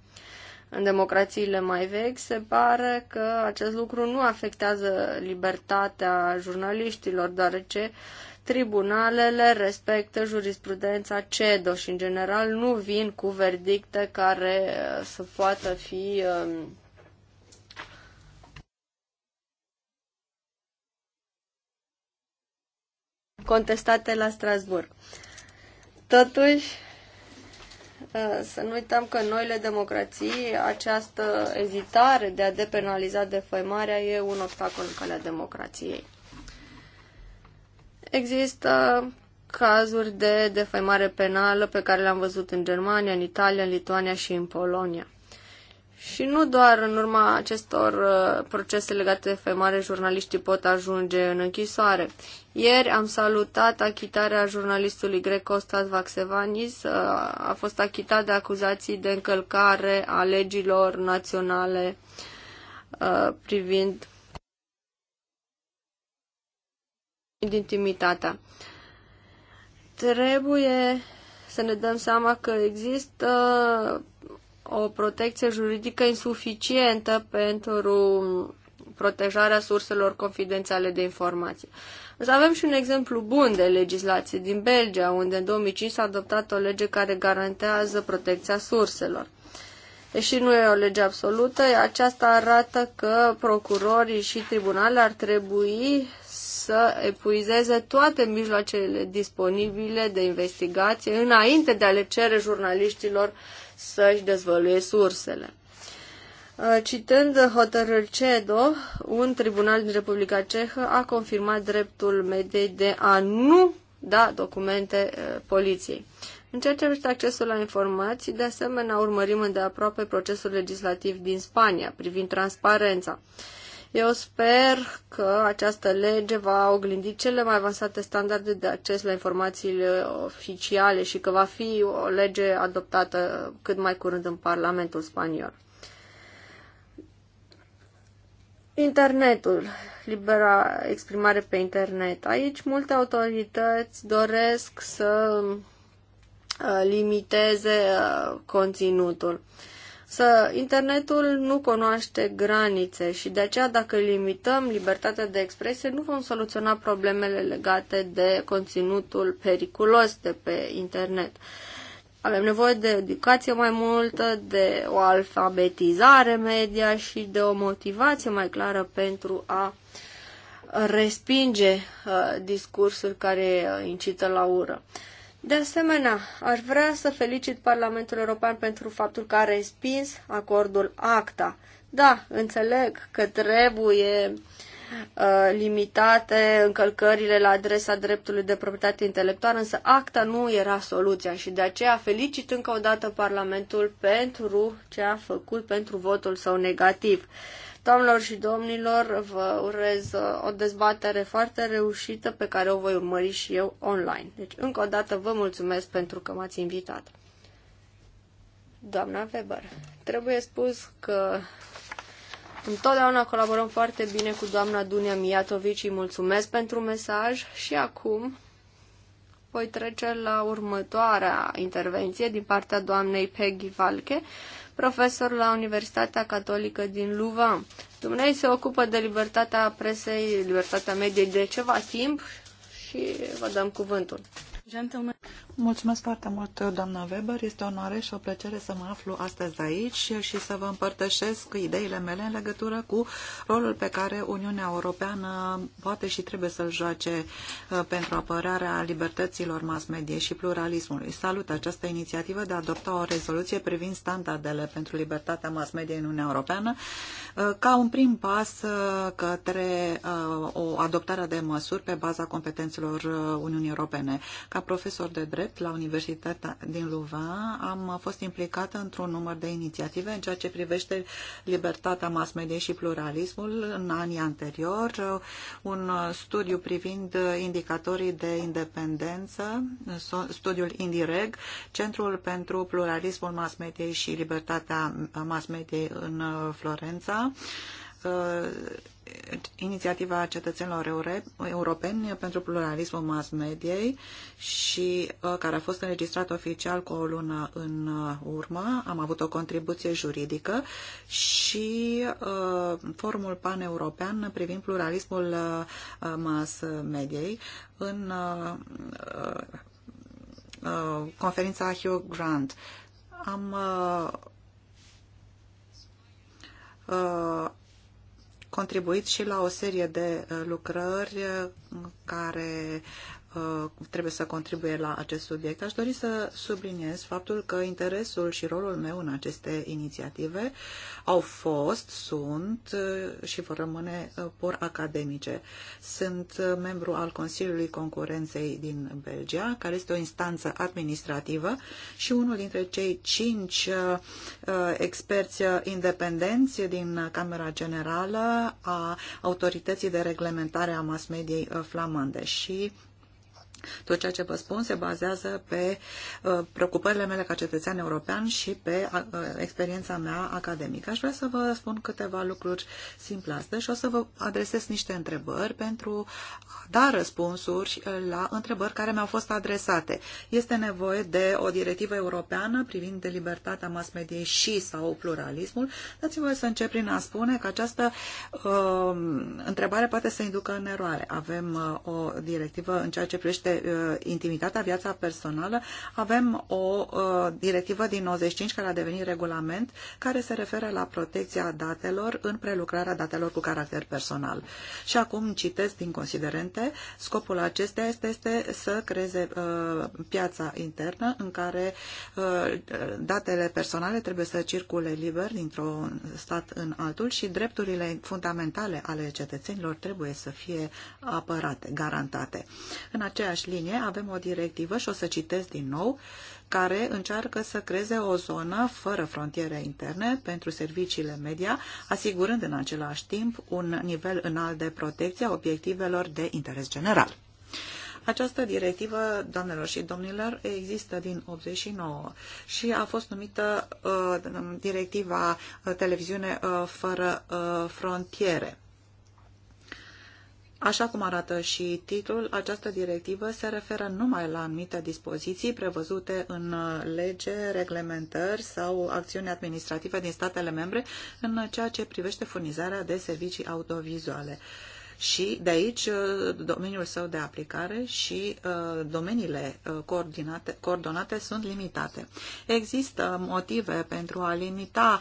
În democrațiile mai vechi se pare că acest lucru nu afectează libertatea jurnaliștilor, deoarece tribunalele respectă jurisprudența CEDO și, în general, nu vin cu verdicte care uh, să poată fi uh, contestate la Strasburg. Totuși, ă, să nu uităm că în noile democrații această ezitare de a depenaliza defăimarea e un obstacol în calea democrației. Există cazuri de defăimare penală pe care le-am văzut în Germania, în Italia, în Lituania și în Polonia. Și nu doar în urma acestor uh, procese legate de femare, jurnaliștii pot ajunge în închisoare. Ieri am salutat achitarea jurnalistului grec Costas Vaxevanis. Uh, a fost achitat de acuzații de încălcare a legilor naționale uh, privind intimitatea. Trebuie să ne dăm seama că există o protecție juridică insuficientă pentru protejarea surselor confidențiale de informații. Însă avem și un exemplu bun de legislație din Belgia, unde în 2005 s-a adoptat o lege care garantează protecția surselor. Deși nu e o lege absolută, aceasta arată că procurorii și tribunale ar trebui să epuizeze toate mijloacele disponibile de investigație înainte de a le cere jurnaliștilor uh, să-și dezvăluie sursele. Uh, citând hotărâri CEDO, un tribunal din Republica Cehă a confirmat dreptul mediei de a nu da documente uh, poliției. În ceea ce privește accesul la informații, de asemenea urmărim îndeaproape procesul legislativ din Spania privind transparența. Eu sper că această lege va oglindi cele mai avansate standarde de acces la informațiile oficiale și că va fi o lege adoptată cât mai curând în Parlamentul spaniol. Internetul, libera exprimare pe internet. Aici multe autorități doresc să uh, limiteze uh, conținutul. Să internetul nu cunoaște granițe și de aceea dacă limităm libertatea de expresie nu vom soluționa problemele legate de conținutul periculos de pe internet. Avem nevoie de educație mai multă, de o alfabetizare media și de o motivație mai clară pentru a respinge uh, discursuri care incită la ură. Uh, de asemenea, aș vrea să felicit Parlamentul European pentru faptul că a respins acordul ACTA. Da, înțeleg că trebuie uh, limitate încălcările la adresa dreptului de proprietate intelectuală, însă acta nu era soluția și de aceea felicit încă o dată Parlamentul pentru ce a făcut pentru votul său negativ. Uh, Doamnelor și domnilor, vă urez uh, o dezbatere foarte reușită pe care o voi urmări și eu online. Deci, încă o dată, vă mulțumesc pentru că m-ați invitat. Doamna Weber, trebuie spus că întotdeauna colaborăm foarte bine cu doamna Dunia Mijatovici. Îi mulțumesc pentru mesaj și acum voi trece la următoarea intervenție din partea doamnei Peggy Valche, profesor la Universitatea Catolică din Louvain. Dumnezeu se ocupă de libertatea presei, libertatea mediei de ceva timp și vă dăm cuvântul. Mulțumesc foarte mult, doamna Weber. Este o onoare și o plăcere să mă aflu astăzi aici și să vă împărtășesc ideile mele în legătură cu rolul pe care Uniunea Europeană poate și trebuie să-l joace uh, pentru apărarea libertăților mass media și pluralismului. Salut această inițiativă de a adopta o rezoluție privind standardele pentru libertatea mass media în Uniunea Europeană uh, ca un prim pas uh, către o adoptare de măsuri pe baza competențelor Uniunii Europene. Ca profesor de drept, drept, la Universitatea din Louvain am fost implicată într-un număr de inițiative în ceea ce privește libertatea mass media și pluralismul în anii anterior, un studiu privind indicatorii de independență, studiul Indireg, Centrul pentru Pluralismul Mass Mediei și Libertatea Mass Mediei în Florența, inițiativa cetățenilor europeni pentru pluralismul mass mediei și uh, care a fost înregistrat oficial cu o lună în uh, urmă. Am avut o contribuție juridică și uh, pan-european privind pluralismul uh, mass mediei în uh, uh conferința Hugh Grant. Am contribuit și la o serie de uh, lucrări uh, care Uh, trebuie să contribuie la acest subiect. Aș dori să subliniez faptul că interesul și rolul meu în aceste inițiative au fost, sunt uh, și vor rămâne uh, por academice. Sunt membru al Consiliului Concurenței din Belgia, care este o instanță administrativă și unul dintre cei cinci experți independenți din Camera Generală a Autorității de Reglementare a Mass Mediei Flamande și tot ceea ce vă spun se bazează pe uh, preocupările mele ca cetățean european și pe uh, experiența mea academică. Aș vrea să vă spun câteva lucruri simple astăzi deci și o să vă adresez niște întrebări pentru a da răspunsuri uh, la întrebări care mi-au fost adresate. Este nevoie de o directivă europeană privind de libertatea mass mediei și sau pluralismul. Dați-vă să încep prin a spune că această uh, întrebare poate să inducă în eroare. Avem uh, o directivă în ceea ce privește privește uh, intimitatea, viața personală, avem o uh, directivă din 95 care a devenit regulament, care se referă la protecția datelor în prelucrarea datelor cu caracter personal. Și acum citesc din considerente, scopul acestea este, este să creeze uh, piața internă în care datele personale trebuie să circule liber dintr-un stat în altul și drepturile fundamentale ale cetățenilor trebuie să fie apărate, garantate. În aceeași aceeași linie avem o directivă, și o să citesc din nou, care încearcă să creeze o zonă fără frontiere interne pentru serviciile media, asigurând în același timp un nivel înalt de protecție a obiectivelor de interes general. Această directivă, doamnelor și domnilor, există din 89 și a fost numită uh, directiva uh, televiziune uh, fără uh, frontiere. Așa cum arată și titlul, această directivă se referă numai la anumite dispoziții prevăzute în lege, reglementări sau acțiuni administrative din statele membre în ceea ce privește furnizarea de servicii audiovizuale și de aici uh, domeniul său de aplicare și uh, domeniile uh, coordonate, coordonate sunt limitate. Există motive pentru a limita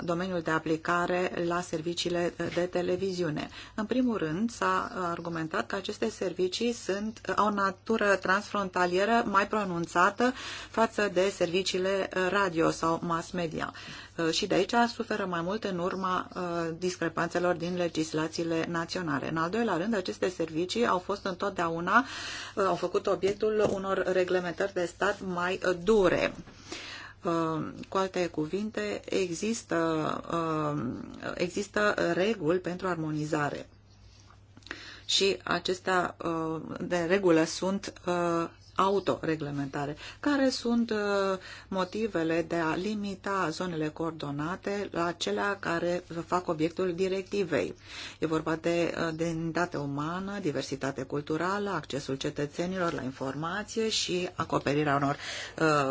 domeniul de aplicare la serviciile de televiziune. În primul rând, s-a argumentat că aceste servicii sunt, au natură transfrontalieră mai pronunțată față de serviciile radio sau mass media. Uh, și de aici suferă mai mult în urma uh, discrepanțelor din legislațiile naționale. În al doilea rând, aceste servicii au fost întotdeauna, uh, au făcut obiectul unor reglementări de stat mai dure. Cu alte cuvinte, există, există reguli pentru armonizare și acestea de regulă sunt autoreglementare. Care sunt uh, motivele de a limita zonele coordonate la cele care fac obiectul directivei? E vorba de identitate uh, umană, diversitate culturală, accesul cetățenilor la informație și acoperirea unor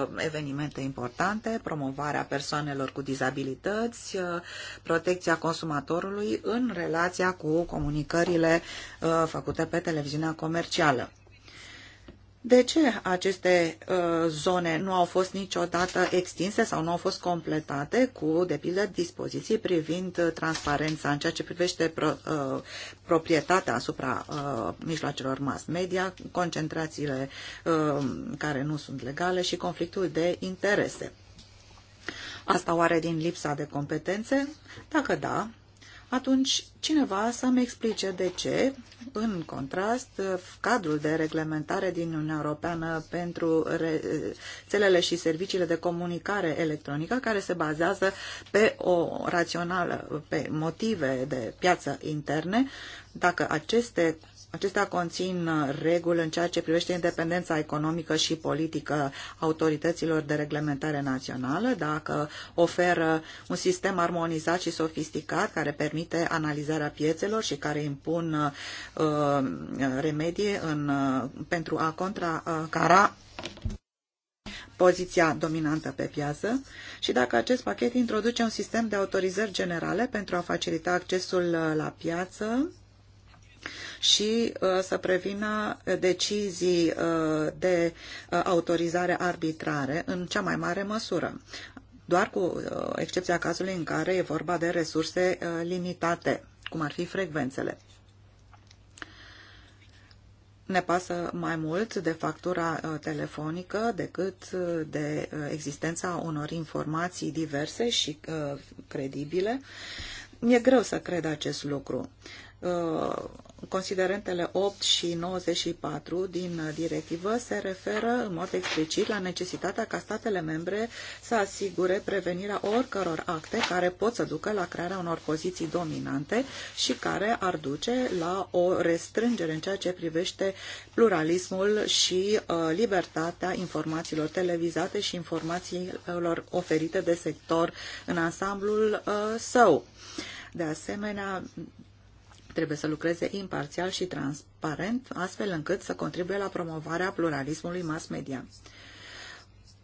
uh, evenimente importante, promovarea persoanelor cu dizabilități, protecția consumatorului în relația cu comunicările făcute pe televiziunea comercială. De ce aceste uh, zone nu au fost niciodată extinse sau nu au fost completate cu, de pildă, dispoziții privind uh, transparența în ceea ce privește pro, uh, proprietatea asupra uh, mijloacelor mass media, concentrațiile uh, care nu sunt legale și conflictul de interese? Asta oare din lipsa de competențe? Dacă da, atunci cineva să-mi explice de ce, în contrast, cadrul de reglementare din Uniunea Europeană pentru rețelele și serviciile de comunicare electronică, care se bazează pe o rațională, pe motive de piață interne, dacă aceste Acestea conțin uh, reguli în ceea ce privește independența economică și politică autorităților de reglementare națională, dacă oferă un sistem armonizat și sofisticat care permite analizarea piețelor și care impun uh, uh remedii în, uh, pentru a contracara uh, poziția dominantă pe piață și dacă acest pachet introduce un sistem de autorizări generale pentru a facilita accesul uh, la piață și uh, să prevină decizii uh, de uh, autorizare arbitrare în cea mai mare măsură doar cu excepția cazului în care e vorba de resurse limitate, cum ar fi frecvențele. Ne pasă mai mult de factura telefonică decât de existența unor informații diverse și credibile. E greu să cred acest lucru Considerentele 8 și 94 din directivă se referă în mod explicit la necesitatea ca statele membre să asigure prevenirea oricăror acte care pot să ducă la crearea unor poziții dominante și care ar duce la o restrângere în ceea ce privește pluralismul și uh, libertatea informațiilor televizate și informațiilor oferite de sector în ansamblul uh, său. De asemenea, trebuie să lucreze imparțial și transparent, astfel încât să contribuie la promovarea pluralismului mass media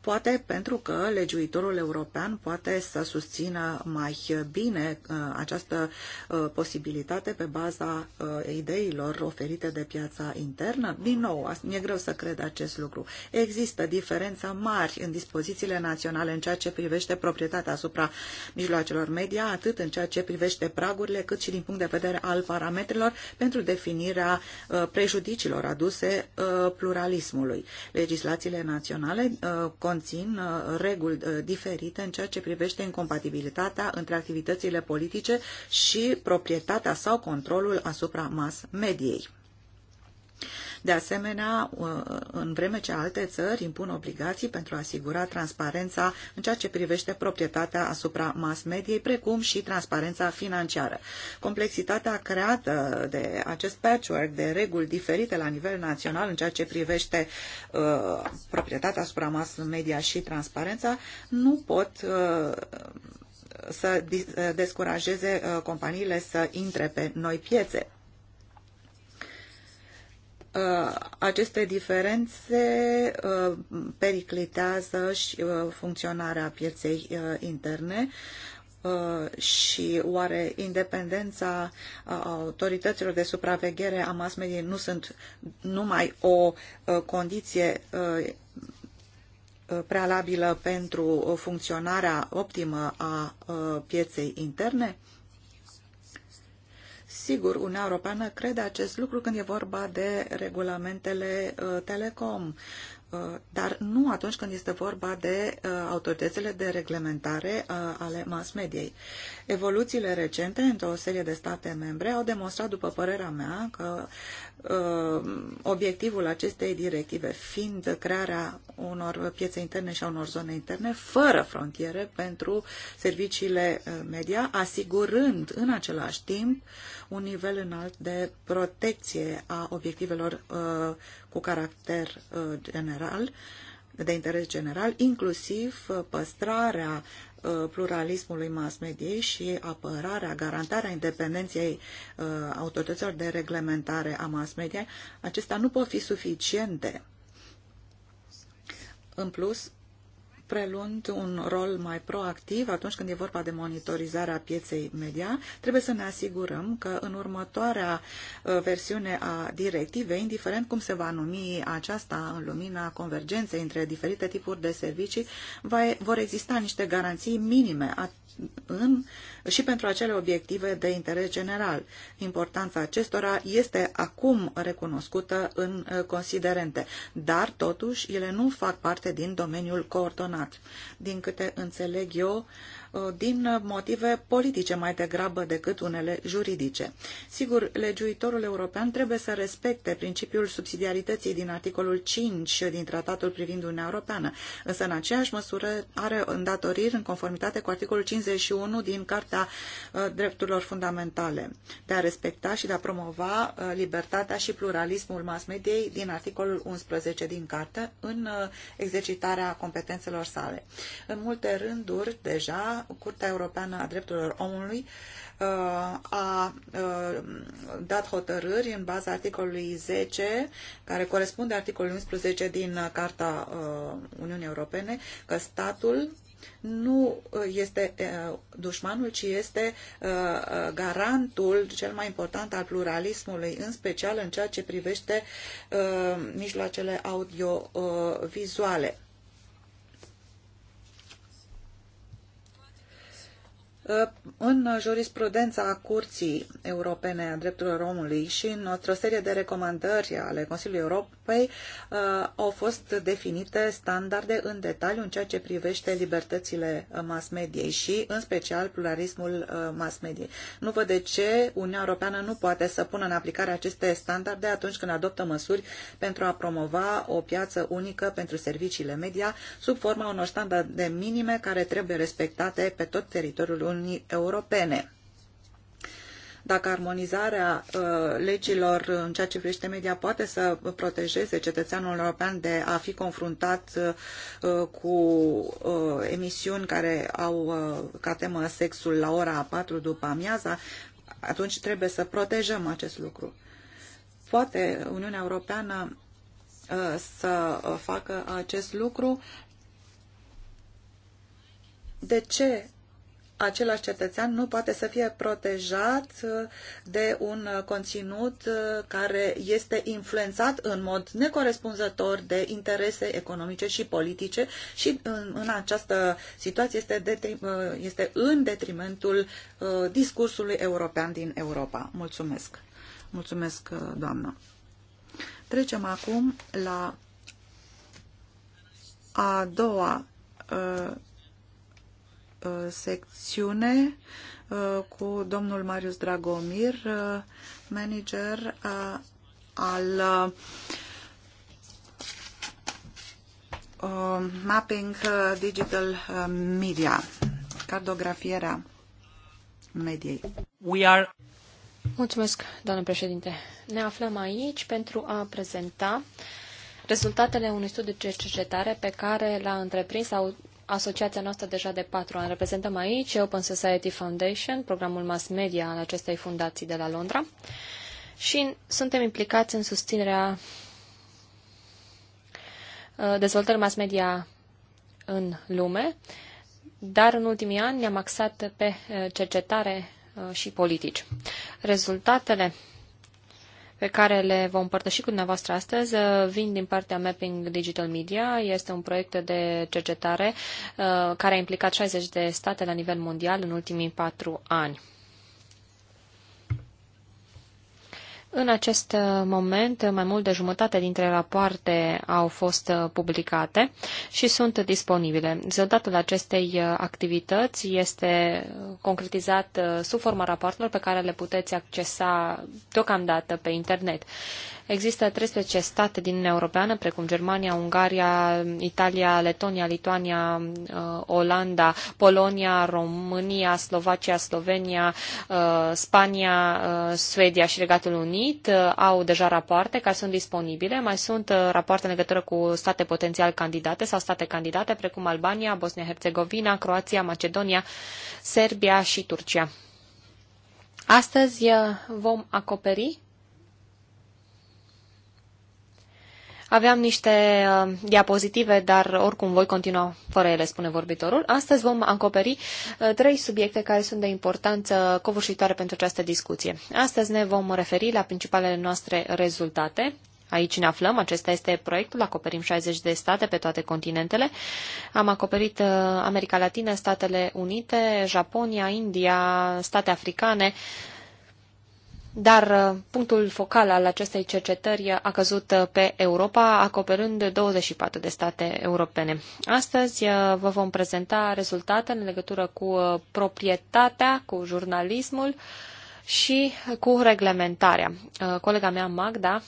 poate pentru că legiuitorul european poate să susțină mai bine uh, această uh, posibilitate pe baza uh, ideilor oferite de piața internă? Din nou, mi-e greu să cred acest lucru. Există diferența mari în dispozițiile naționale în ceea ce privește proprietatea asupra mijloacelor media, atât în ceea ce privește pragurile, cât și din punct de vedere al parametrilor pentru definirea prejudiciilor aduse pluralismului. Legislațiile naționale conțin uh, reguli uh, diferite în ceea ce privește incompatibilitatea între activitățile politice și proprietatea sau controlul asupra mass mediei. De asemenea, în vreme ce alte țări impun obligații pentru a asigura transparența în ceea ce privește proprietatea asupra mass mediei, precum și transparența financiară. Complexitatea creată de acest patchwork de reguli diferite la nivel național în ceea ce privește uh, proprietatea asupra mass media și transparența nu pot uh, să uh, descurajeze uh, companiile să intre pe noi piețe. Uh, aceste diferențe uh, periclitează și uh, funcționarea pieței interne și oare independența autorităților de supraveghere a mass media nu sunt numai o condiție prealabilă pentru funcționarea optimă a pieței interne? Sigur, Uniunea Europeană crede acest lucru când e vorba de regulamentele uh, telecom, uh, dar nu atunci când este vorba de uh, autoritățile de reglementare ale mass mediei. Evoluțiile recente într-o serie de state membre au demonstrat, după părerea mea, că obiectivul acestei directive fiind crearea unor piețe interne și a unor zone interne fără frontiere pentru serviciile media, asigurând în același timp uh, un nivel înalt de protecție a obiectivelor uh, cu caracter uh, general, de interes general, inclusiv uh, păstrarea pluralismului mass mediei și apărarea, garantarea independenței autorităților de reglementare a mass media, acestea nu pot fi suficiente. În plus, preluând un rol mai proactiv atunci când e vorba de monitorizarea pieței media, trebuie să ne asigurăm că în următoarea uh, versiune a directivei, indiferent cum se va numi aceasta în lumina convergenței între diferite tipuri de servicii, va, vor exista niște garanții minime a, în, și pentru acele obiective de interes general. Importanța acestora este acum recunoscută în uh, considerente, dar totuși ele nu fac parte din domeniul coordonat menționat. Din câte înțeleg eu, uh, din motive politice mai degrabă decât unele juridice. Sigur, legiuitorul european trebuie să respecte principiul subsidiarității din articolul 5 din tratatul privind Uniunea Europeană, însă în aceeași măsură are îndatoriri în conformitate cu articolul 51 din Carta uh, Drepturilor Fundamentale de a respecta și de a promova uh, libertatea și pluralismul mass mediei din articolul 11 din Carte în exercitarea competențelor sale. În multe rânduri, deja, Curtea Europeană a Drepturilor Omului uh, a uh, dat hotărâri în baza articolului 10, care corespunde articolului 11 din uh, Carta Uniunii Europene, că statul nu este dușmanul, ci este garantul cel mai important al pluralismului, în special în ceea ce privește mijloacele audio-vizuale. Ă, în jurisprudența Curții Europene a Drepturilor Omului și în o serie de recomandări ale Consiliului Europei ă, au fost definite standarde în detaliu în ceea ce privește libertățile mass mediei și, în special, pluralismul ă, mass mediei. Nu văd de ce Uniunea Europeană nu poate să pună în aplicare aceste standarde atunci când adoptă măsuri pentru a promova o piață unică pentru serviciile media sub forma unor standarde minime care trebuie respectate pe tot teritoriul Uniunii Uniunii Europene. Dacă armonizarea uh, legilor în ceea ce privește media poate să protejeze cetățeanul european de a fi confruntat uh, cu uh, emisiuni care au ca temă sexul la ora 4 după amiaza, atunci trebuie să protejăm acest lucru. Poate Uniunea Europeană să facă acest lucru. De ce același cetățean nu poate să fie protejat uh, de un uh, conținut uh, care este influențat în mod necorespunzător de interese economice și politice și în, în această situație este, detrim, este în detrimentul discursului european din Europa. Mulțumesc! Mulțumesc, doamnă! Trecem acum la a doua Uh, secțiune uh, cu domnul Marius Dragomir, uh, manager al Mapping Digital Media, cartografierea mediei. We are... Mulțumesc, doamnă președinte. Ne aflăm aici pentru a prezenta rezultatele unui studiu de cercetare pe care l-a întreprins asociația noastră deja de patru ani. Reprezentăm aici Open Society Foundation, programul mass media al acestei fundații de la Londra și suntem implicați în susținerea uh, dezvoltării mass media în lume, dar în ultimii ani ne-am axat pe uh, cercetare uh, și politici. Rezultatele pe care le vom împărtăși cu dumneavoastră astăzi uh, vin din partea Mapping Digital Media. Este un proiect de cercetare uh, care a implicat 60 de state la nivel mondial în ultimii patru ani. În acest uh, moment, mai mult de jumătate dintre rapoarte au fost uh, publicate și sunt disponibile. Rezultatul acestei uh, activități este concretizat sub forma rapoartelor pe care le puteți accesa deocamdată pe internet. Există 13 state din Uniunea Europeană, precum Germania, Ungaria, Italia, Letonia, Lituania, uh, Olanda, Polonia, România, Slovacia, Slovenia, uh, Spania, uh, Suedia și Regatul Unit au deja rapoarte care sunt disponibile. Mai sunt rapoarte în legătură cu state potențial candidate sau state candidate, precum Albania, Bosnia-Herzegovina, Croația, Macedonia, Serbia și Turcia. Astăzi vom acoperi Aveam niște uh, diapozitive, dar oricum voi continua fără ele, spune vorbitorul. Astăzi vom acoperi uh, trei subiecte care sunt de importanță covârșitoare pentru această discuție. Astăzi ne vom referi la principalele noastre rezultate, Aici ne aflăm, acesta este proiectul, acoperim 60 de state pe toate continentele. Am acoperit uh, America Latină, Statele Unite, Japonia, India, state africane, uh, dar uh, punctul focal al acestei cercetări a căzut uh, pe Europa, acoperând 24 de state europene. Astăzi uh, vă vom prezenta rezultate în legătură cu proprietatea, cu jurnalismul și cu reglementarea. Colega mea, Magda,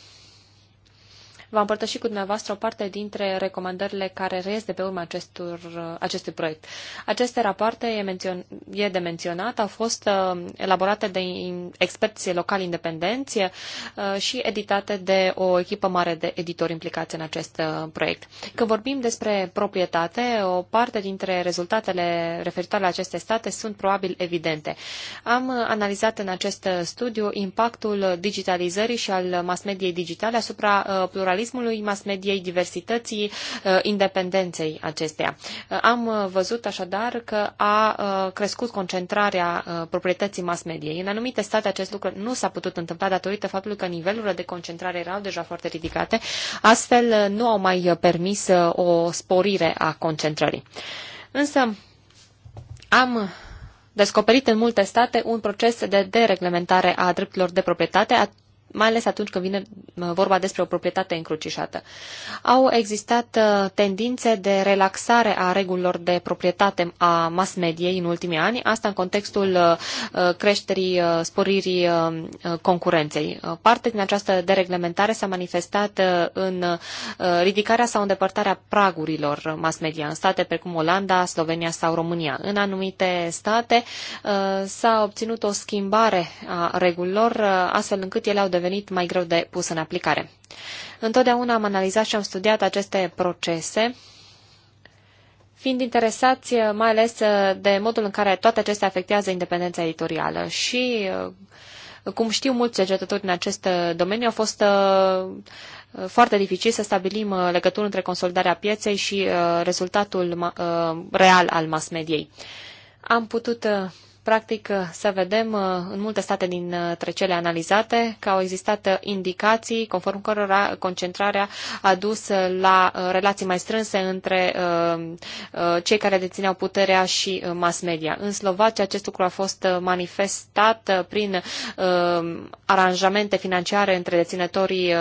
va împărtăși cu dumneavoastră o parte dintre recomandările care reiesc de pe urma acestor, acestui proiect. Aceste rapoarte, e, mențion, e de menționat, au fost uh, elaborate de experți locali independenți uh, și editate de o echipă mare de editori implicați în acest uh, proiect. Când vorbim despre proprietate, o parte dintre rezultatele referitoare la aceste state sunt probabil evidente. Am analizat în acest studiu impactul digitalizării și al mass-mediei digitale asupra pluralismului pluralismului, mass mediei, diversității, uh, independenței acesteia. Uh, am uh, văzut așadar că a crescut concentrarea proprietății mass mediei. În anumite state acest lucru nu s-a putut întâmpla datorită faptului că nivelurile de concentrare erau deja foarte ridicate, astfel nu au mai permis o sporire a concentrării. Însă am descoperit în multe state un proces de dereglementare a drepturilor de proprietate, mai ales atunci când vine vorba despre o proprietate încrucișată. Au existat uh, tendințe de relaxare a regulilor de proprietate a mass mediei în ultimii ani, asta în contextul uh, uh, creșterii, sporirii concurenței. Parte din această dereglementare s-a manifestat în ridicarea sau îndepărtarea pragurilor mass media în state precum Olanda, Slovenia sau România. În anumite state s-a obținut o schimbare a regulilor astfel încât ele au devenit devenit mai greu de pus în aplicare. Întotdeauna am analizat și am studiat aceste procese, fiind interesați uh, mai ales uh, de modul în care toate acestea afectează independența editorială și uh, cum știu mulți cercetători în acest domeniu, a fost foarte dificil să stabilim legături între consolidarea pieței și rezultatul real al mass mediei. Am putut Practic, uh, să vedem uh, în multe state dintre uh, cele analizate că au existat indicații conform cărora concentrarea a dus la relații mai strânse între cei care dețineau puterea și mass media. În Slovacia acest lucru a fost manifestat prin aranjamente financiare între deținătorii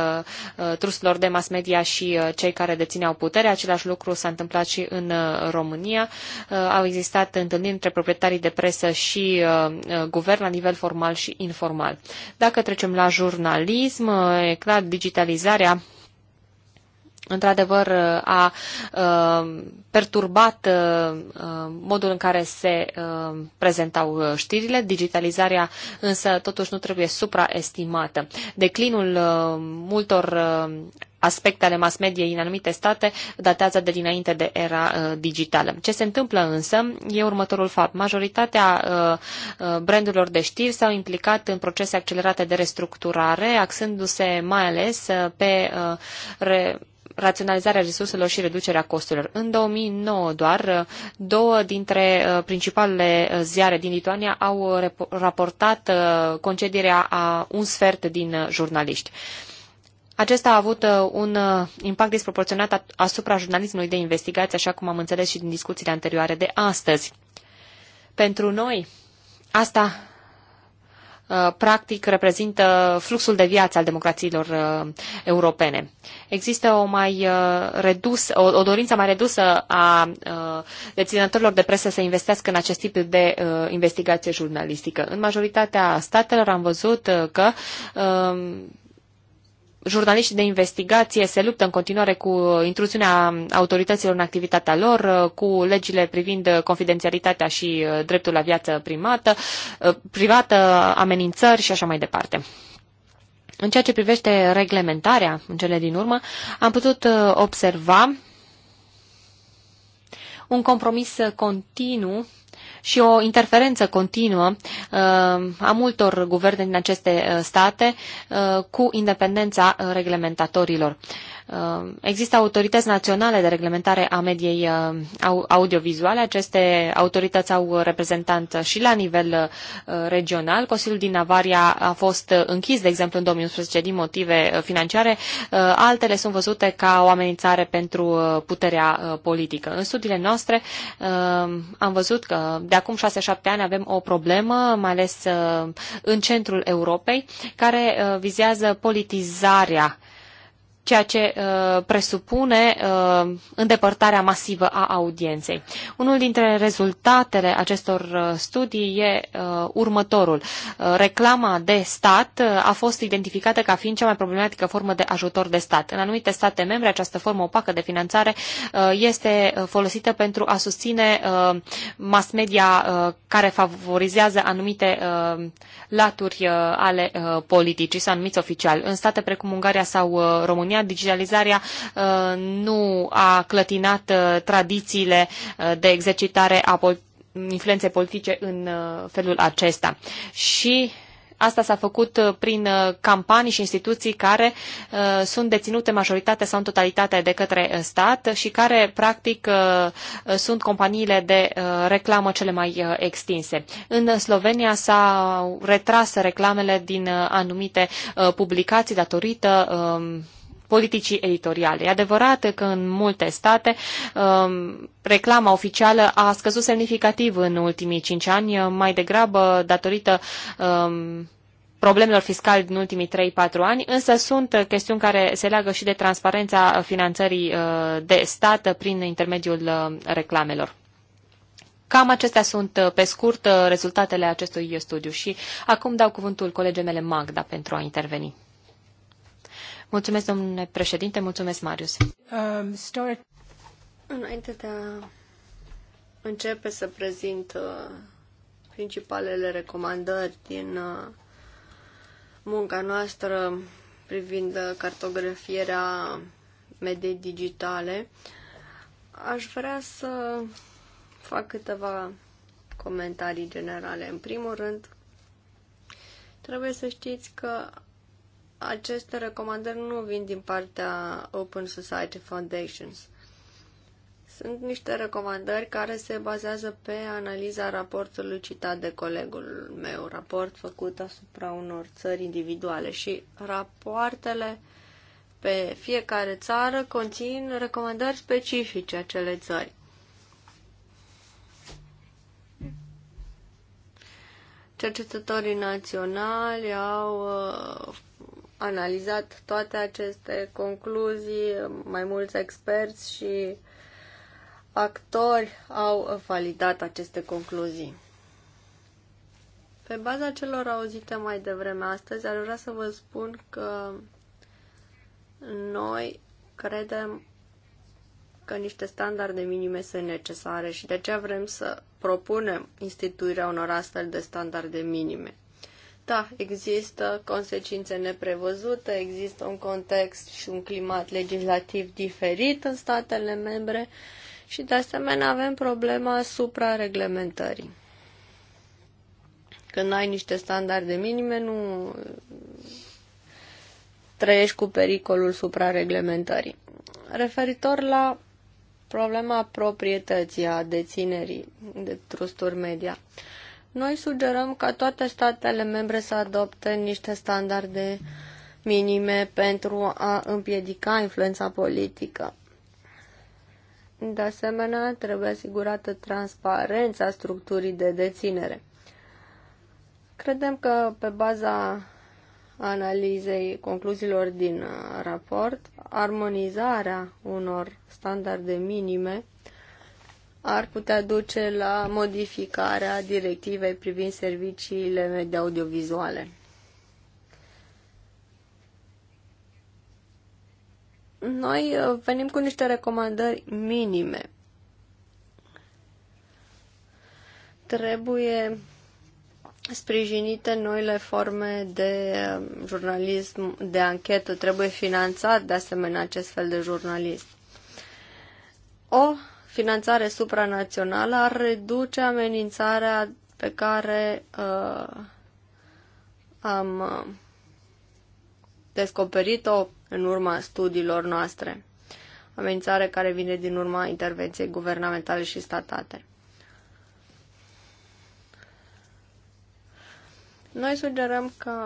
truselor de mass media și cei care dețineau puterea. Același lucru s-a întâmplat și în România. Au existat întâlniri între proprietarii de presă și și uh, uh, guvern la nivel formal și informal. Dacă trecem la jurnalism, uh, e clar, digitalizarea într-adevăr uh, a uh, perturbat uh, modul în care se prezentau știrile. Digitalizarea însă totuși nu trebuie supraestimată. Declinul multor aspecte ale mass mediei în anumite state datează de dinainte de era uh, digitală. Ce se întâmplă însă e următorul fapt. Majoritatea uh, brandurilor de știri s-au implicat în procese accelerate de restructurare, axându-se mai ales uh, pe re raționalizarea resurselor și reducerea costurilor. În 2009 doar, uh, două dintre uh, principalele uh, ziare din Lituania au raportat concedierea a un sfert din jurnaliști. Acesta a avut un impact disproporționat asupra jurnalismului de investigație, așa cum am înțeles și din discuțiile anterioare de astăzi. Pentru noi, asta Uh, practic reprezintă fluxul de viață al democrațiilor uh, europene. Există o mai uh, redus, o, o dorință mai redusă a deținătorilor de presă să investească în acest tip de investigație jurnalistică. În majoritatea statelor am văzut că jurnaliștii de investigație se luptă în continuare cu intruziunea autorităților în activitatea lor, uh, cu legile privind confidențialitatea și uh, dreptul la viață primată, uh, privată, amenințări și așa mai departe. În ceea ce privește reglementarea, în cele din urmă, am putut observa un compromis continuu și o interferență continuă uh, a multor guverne din aceste uh, state uh, cu independența reglementatorilor. Uh, există autorități naționale de reglementare a mediei uh, audiovizuale. Aceste autorități au reprezentant și la nivel uh, regional. Consiliul din Avaria a fost închis, de exemplu, în 2011 din motive financiare. Altele sunt văzute ca o amenințare pentru puterea politică. În studiile noastre am văzut că de acum 6-7 ani avem o problemă, mai ales în centrul Europei, care vizează politizarea ceea ce uh, presupune uh, îndepărtarea masivă a audienței. Unul dintre rezultatele acestor uh, studii e uh, următorul. Uh, reclama de stat uh, a fost identificată ca fiind cea mai problematică formă de ajutor de stat. În anumite state membre, această formă opacă de finanțare uh, este uh, folosită pentru a susține uh, mass media uh, care favorizează anumite uh, laturi uh, ale uh, politicii sau anumiți oficiali. În state precum Ungaria sau uh, România, România digitalizarea uh, nu a clătinat uh, tradițiile uh, de exercitare a influenței politice în felul acesta. Și Asta s-a făcut prin campanii și instituții care sunt deținute majoritatea sau în totalitate de către stat și care, practic, sunt companiile de reclamă cele mai extinse. În Slovenia s-au retras reclamele din anumite publicații datorită um, politicii editoriale. E adevărat că în multe state um, reclama oficială a scăzut semnificativ în ultimii cinci ani, mai degrabă datorită um, problemelor fiscale din ultimii 3-4 ani, însă sunt chestiuni care se leagă și de transparența finanțării uh, de stat prin intermediul uh, reclamelor. Cam acestea sunt, uh, pe scurt, rezultatele acestui studiu și acum dau cuvântul colegii mele Magda pentru a interveni. Mulțumesc, domnule președinte, mulțumesc, Marius. Um, start... Înainte de a începe să prezint uh, principalele recomandări din uh, munca noastră privind uh, cartografierea mediei digitale, aș vrea să fac câteva comentarii generale. În primul rând, trebuie să știți că aceste recomandări nu vin din partea Open Society Foundations. Sunt niște recomandări care se bazează pe analiza raportului citat de colegul meu, raport făcut asupra unor țări individuale și rapoartele pe fiecare țară conțin recomandări specifice acele țări. Cercetătorii naționali au uh, analizat toate aceste concluzii, mai mulți experți și actori au validat aceste concluzii. Pe baza celor auzite mai devreme astăzi, ar vrea să vă spun că noi credem că niște standarde minime sunt necesare și de aceea vrem să propunem instituirea unor astfel de standarde minime. Da, există consecințe neprevăzute, există un context și un climat legislativ diferit în statele membre și de asemenea avem problema suprareglementării. Când ai niște standarde minime, nu trăiești cu pericolul suprareglementării. Referitor la problema proprietății a deținerii de trusturi media. Uh, noi sugerăm ca toate statele membre să adopte niște standarde minime pentru a împiedica influența politică. De asemenea, trebuie asigurată transparența structurii de deținere. Credem că pe baza analizei concluziilor din raport, armonizarea unor standarde minime ar putea duce la modificarea directivei privind serviciile de audiovizuale. Noi uh, venim cu niște recomandări minime. Trebuie sprijinite noile forme de um, jurnalism, de anchetă, trebuie finanțat de asemenea acest fel de jurnalism. O finanțare supranațională ar reduce amenințarea pe care uh, am uh, descoperit-o în urma studiilor noastre. Amenințare care vine din urma intervenției guvernamentale și statate. Noi sugerăm că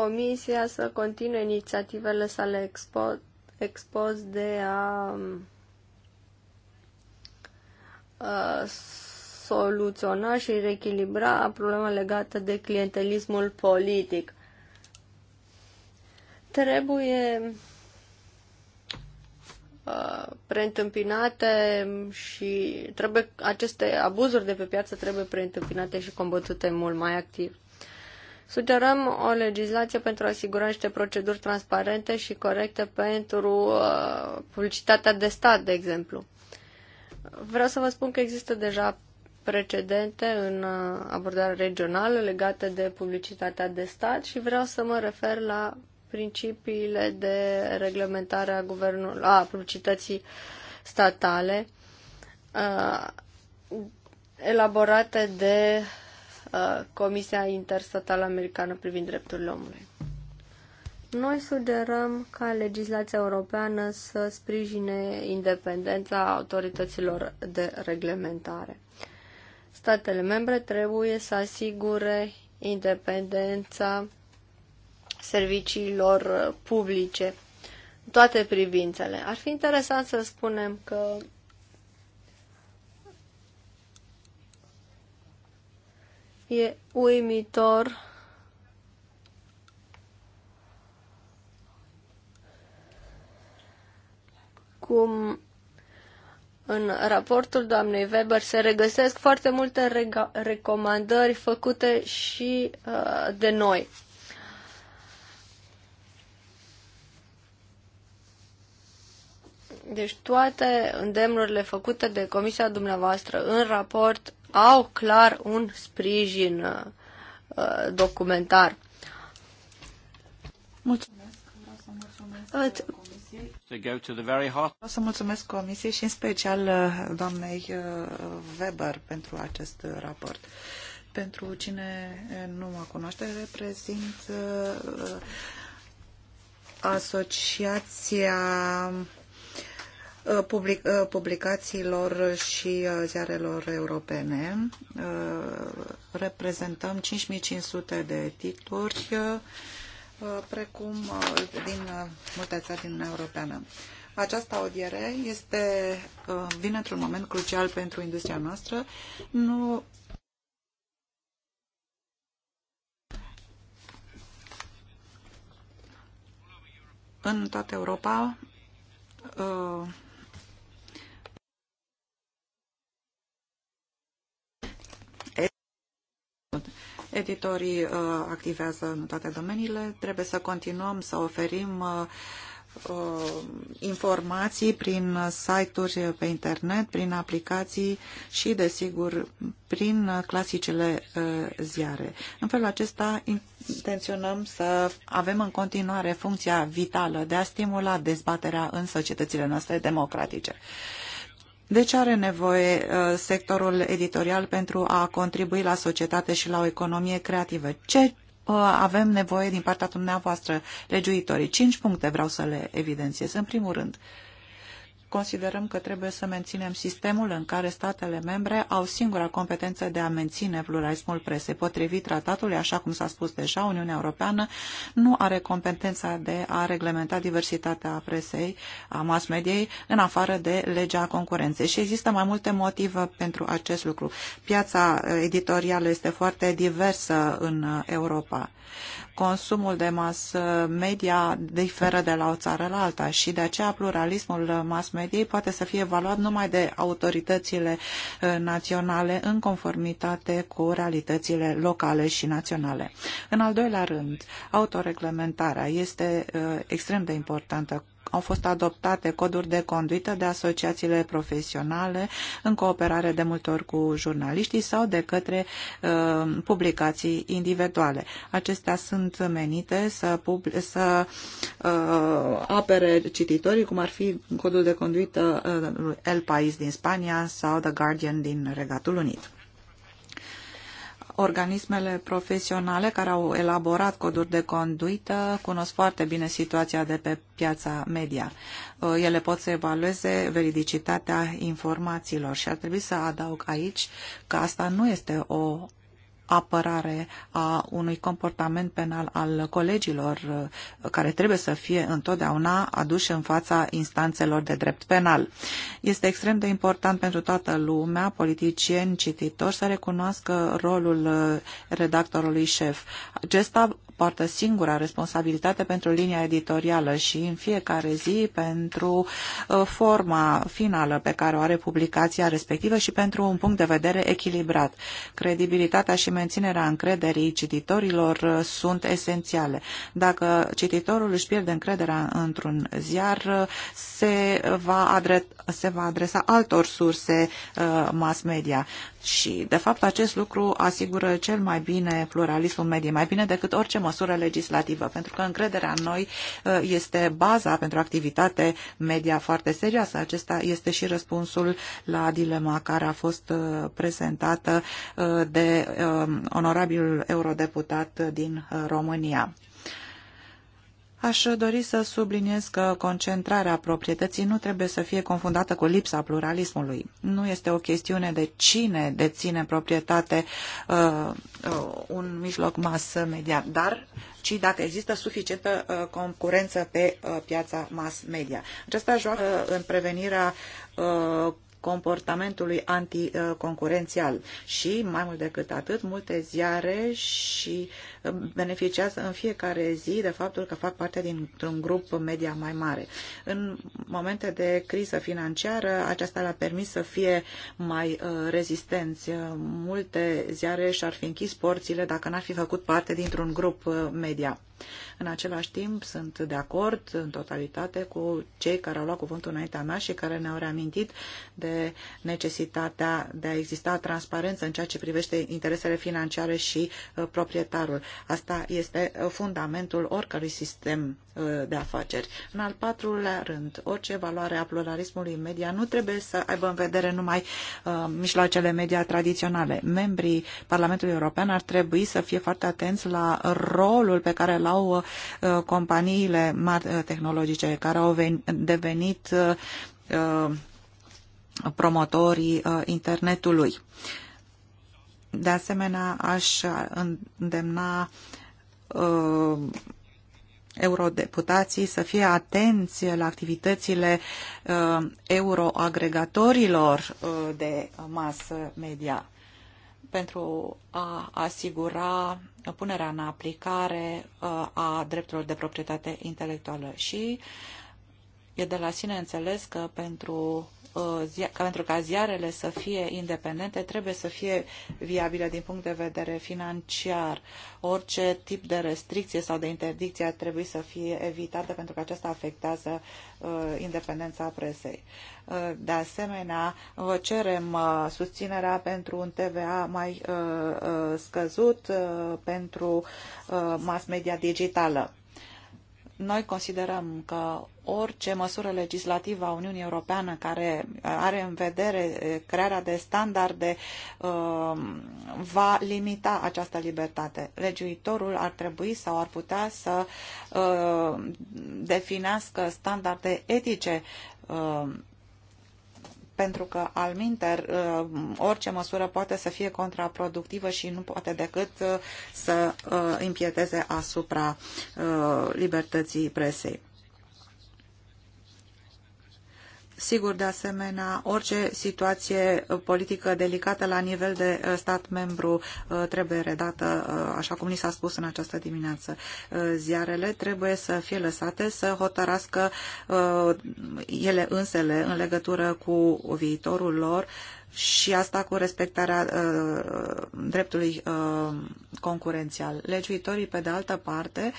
Comisia să continue inițiativele sale expo- expos de a, a soluționa și reechilibra problema legată de clientelismul politic. Trebuie preîntâmpinate și trebuie aceste abuzuri de pe piață trebuie preîntâmpinate și combătute mult mai activ. Sugerăm o legislație pentru a asigura niște proceduri transparente și corecte pentru uh, publicitatea de stat, de exemplu. Vreau să vă spun că există deja precedente în uh, abordare regională legate de publicitatea de stat și vreau să mă refer la principiile de reglementare a, guvernul, a publicității statale uh, elaborate de Uh, Comisia Interstatală Americană privind drepturile omului. Noi sugerăm ca legislația europeană să sprijine independența autorităților de reglementare. Statele membre trebuie să asigure independența serviciilor publice în toate privințele. Ar fi interesant să spunem că E uimitor cum în raportul doamnei Weber se regăsesc foarte multe recomandări făcute și uh, de noi. Deci toate îndemnurile făcute de comisia dumneavoastră în raport au clar un sprijin uh, uh documentar. Mulțumesc. mulțumesc Vreau hot... să mulțumesc Comisiei și în special uh, doamnei uh, Weber pentru acest raport. Pentru cine nu mă cunoaște, reprezint Asociația Uh, public, uh, publicațiilor și uh, ziarelor europene. Reprezentăm 5500 de titluri precum din multe țări din Uniunea Europeană. Această audiere este, vine într-un moment crucial pentru industria noastră. Nu În toată Europa, Editorii uh, activează în toate domeniile. Trebuie să continuăm să oferim uh, uh, informații prin site-uri pe internet, prin aplicații și, desigur, prin clasicele ziare. În felul acesta intenționăm să avem în continuare funcția vitală de a stimula dezbaterea în societățile noastre democratice. De ce are nevoie uh, sectorul editorial pentru a contribui la societate și la o economie creativă? Ce uh, avem nevoie din partea dumneavoastră, legiuitorii? Cinci puncte vreau să le evidențiez. În primul rând, considerăm că trebuie să menținem sistemul în care statele membre au singura competență de a menține pluralismul presei. Potrivit tratatului, așa cum s-a spus deja, Uniunea Europeană nu are competența de a reglementa diversitatea presei, a mass mediei, în afară de legea concurenței. Și există mai multe motive pentru acest lucru. Piața editorială este foarte diversă în Europa consumul de mass media diferă de la o țară la alta și de aceea pluralismul mass mediei poate să fie evaluat numai de autoritățile uh, naționale în conformitate cu realitățile locale și naționale. În al doilea rând, autoreglementarea este uh, extrem de importantă au fost adoptate coduri de conduită de asociațiile profesionale în cooperare de multe ori cu jurnaliștii sau de către uh, publicații individuale. Acestea sunt menite să, pub- să uh, apere cititorii, cum ar fi codul de conduită uh, El País din Spania sau The Guardian din Regatul Unit organismele profesionale care au elaborat coduri de conduită cunosc foarte bine situația de pe piața media. Uh, ele pot să evalueze veridicitatea informațiilor și ar trebui să adaug aici că asta nu este o apărare a unui comportament penal al colegilor uh, care trebuie să fie întotdeauna aduși în fața instanțelor de drept penal. Este extrem de important pentru toată lumea, politicieni, cititori, să recunoască rolul uh, redactorului șef. Acesta poartă singura responsabilitate pentru linia editorială și în fiecare zi pentru uh, forma finală pe care o are publicația respectivă și pentru un punct de vedere echilibrat. Credibilitatea și menținerea încrederii cititorilor uh, sunt esențiale. Dacă cititorul își pierde încrederea într-un ziar, uh, se va, adre- se va adresa altor surse mass media. Și, de fapt, acest lucru asigură cel mai bine pluralismul mediei, mai bine decât orice măsură legislativă, pentru că încrederea în noi uh, este baza pentru activitate media foarte serioasă. Acesta este și răspunsul la dilema care a fost uh, prezentată uh, de onorabilul eurodeputat din România. Aș dori să subliniez că concentrarea proprietății nu trebuie să fie confundată cu lipsa pluralismului. Nu este o chestiune de cine deține proprietate uh, uh un mijloc mass media, dar ci dacă există suficientă uh, concurență pe uh, piața mass media. Acesta joacă uh, în prevenirea uh, comportamentului anticoncurențial. Și, mai mult decât atât, multe ziare și uh, beneficiază în fiecare zi de faptul că fac parte dintr-un grup media mai mare. În momente de criză financiară, aceasta le-a permis să fie mai uh, rezistenți. Uh, multe ziare și-ar fi închis porțile dacă n-ar fi făcut parte dintr-un grup media. În același timp, sunt de acord în totalitate cu cei care au luat cuvântul înaintea mea și care ne-au reamintit de necesitatea de a exista transparență în ceea ce privește interesele financiare și uh, proprietarul. Asta este uh, fundamentul oricărui sistem Uh, de afaceri. În al patrulea rând, orice valoare a pluralismului media nu trebuie să aibă în vedere numai uh, mijloacele media tradiționale. Membrii Parlamentului European ar trebui să fie foarte atenți la rolul pe care îl au uh, companiile mari uh, tehnologice care au devenit uh, uh, promotorii uh, internetului. De asemenea, aș îndemna uh, eurodeputații să fie atenți la activitățile uh, euroagregatorilor uh, de masă media pentru a asigura punerea în aplicare uh, a drepturilor de proprietate intelectuală și e de la sine înțeles că pentru Uh, ca pentru ca ziarele să fie independente, trebuie să fie viabile din punct de vedere financiar. Orice tip de restricție sau de interdicție ar trebui să fie evitată pentru că aceasta afectează uh, independența presei. Uh, de asemenea, vă cerem susținerea pentru un TVA mai scăzut pentru mass media digitală noi considerăm că orice măsură legislativă a Uniunii Europeană care are în vedere eh, crearea de standarde ehm, va limita această libertate. Legiuitorul ar trebui sau ar putea să ehm, definească standarde etice ehm, pentru că, al minter, uh, orice măsură poate să fie contraproductivă și nu poate decât uh, să impieteze uh, asupra libertății presei. Sigur, de asemenea, orice situație politică delicată la nivel de uh, stat membru uh, trebuie redată, uh, așa cum ni s-a spus în această dimineață. Ziarele trebuie să fie lăsate să hotărască ele însele în legătură cu viitorul lor și asta cu respectarea uh, dreptului uh, concurențial. Legiuitorii, pe de altă parte,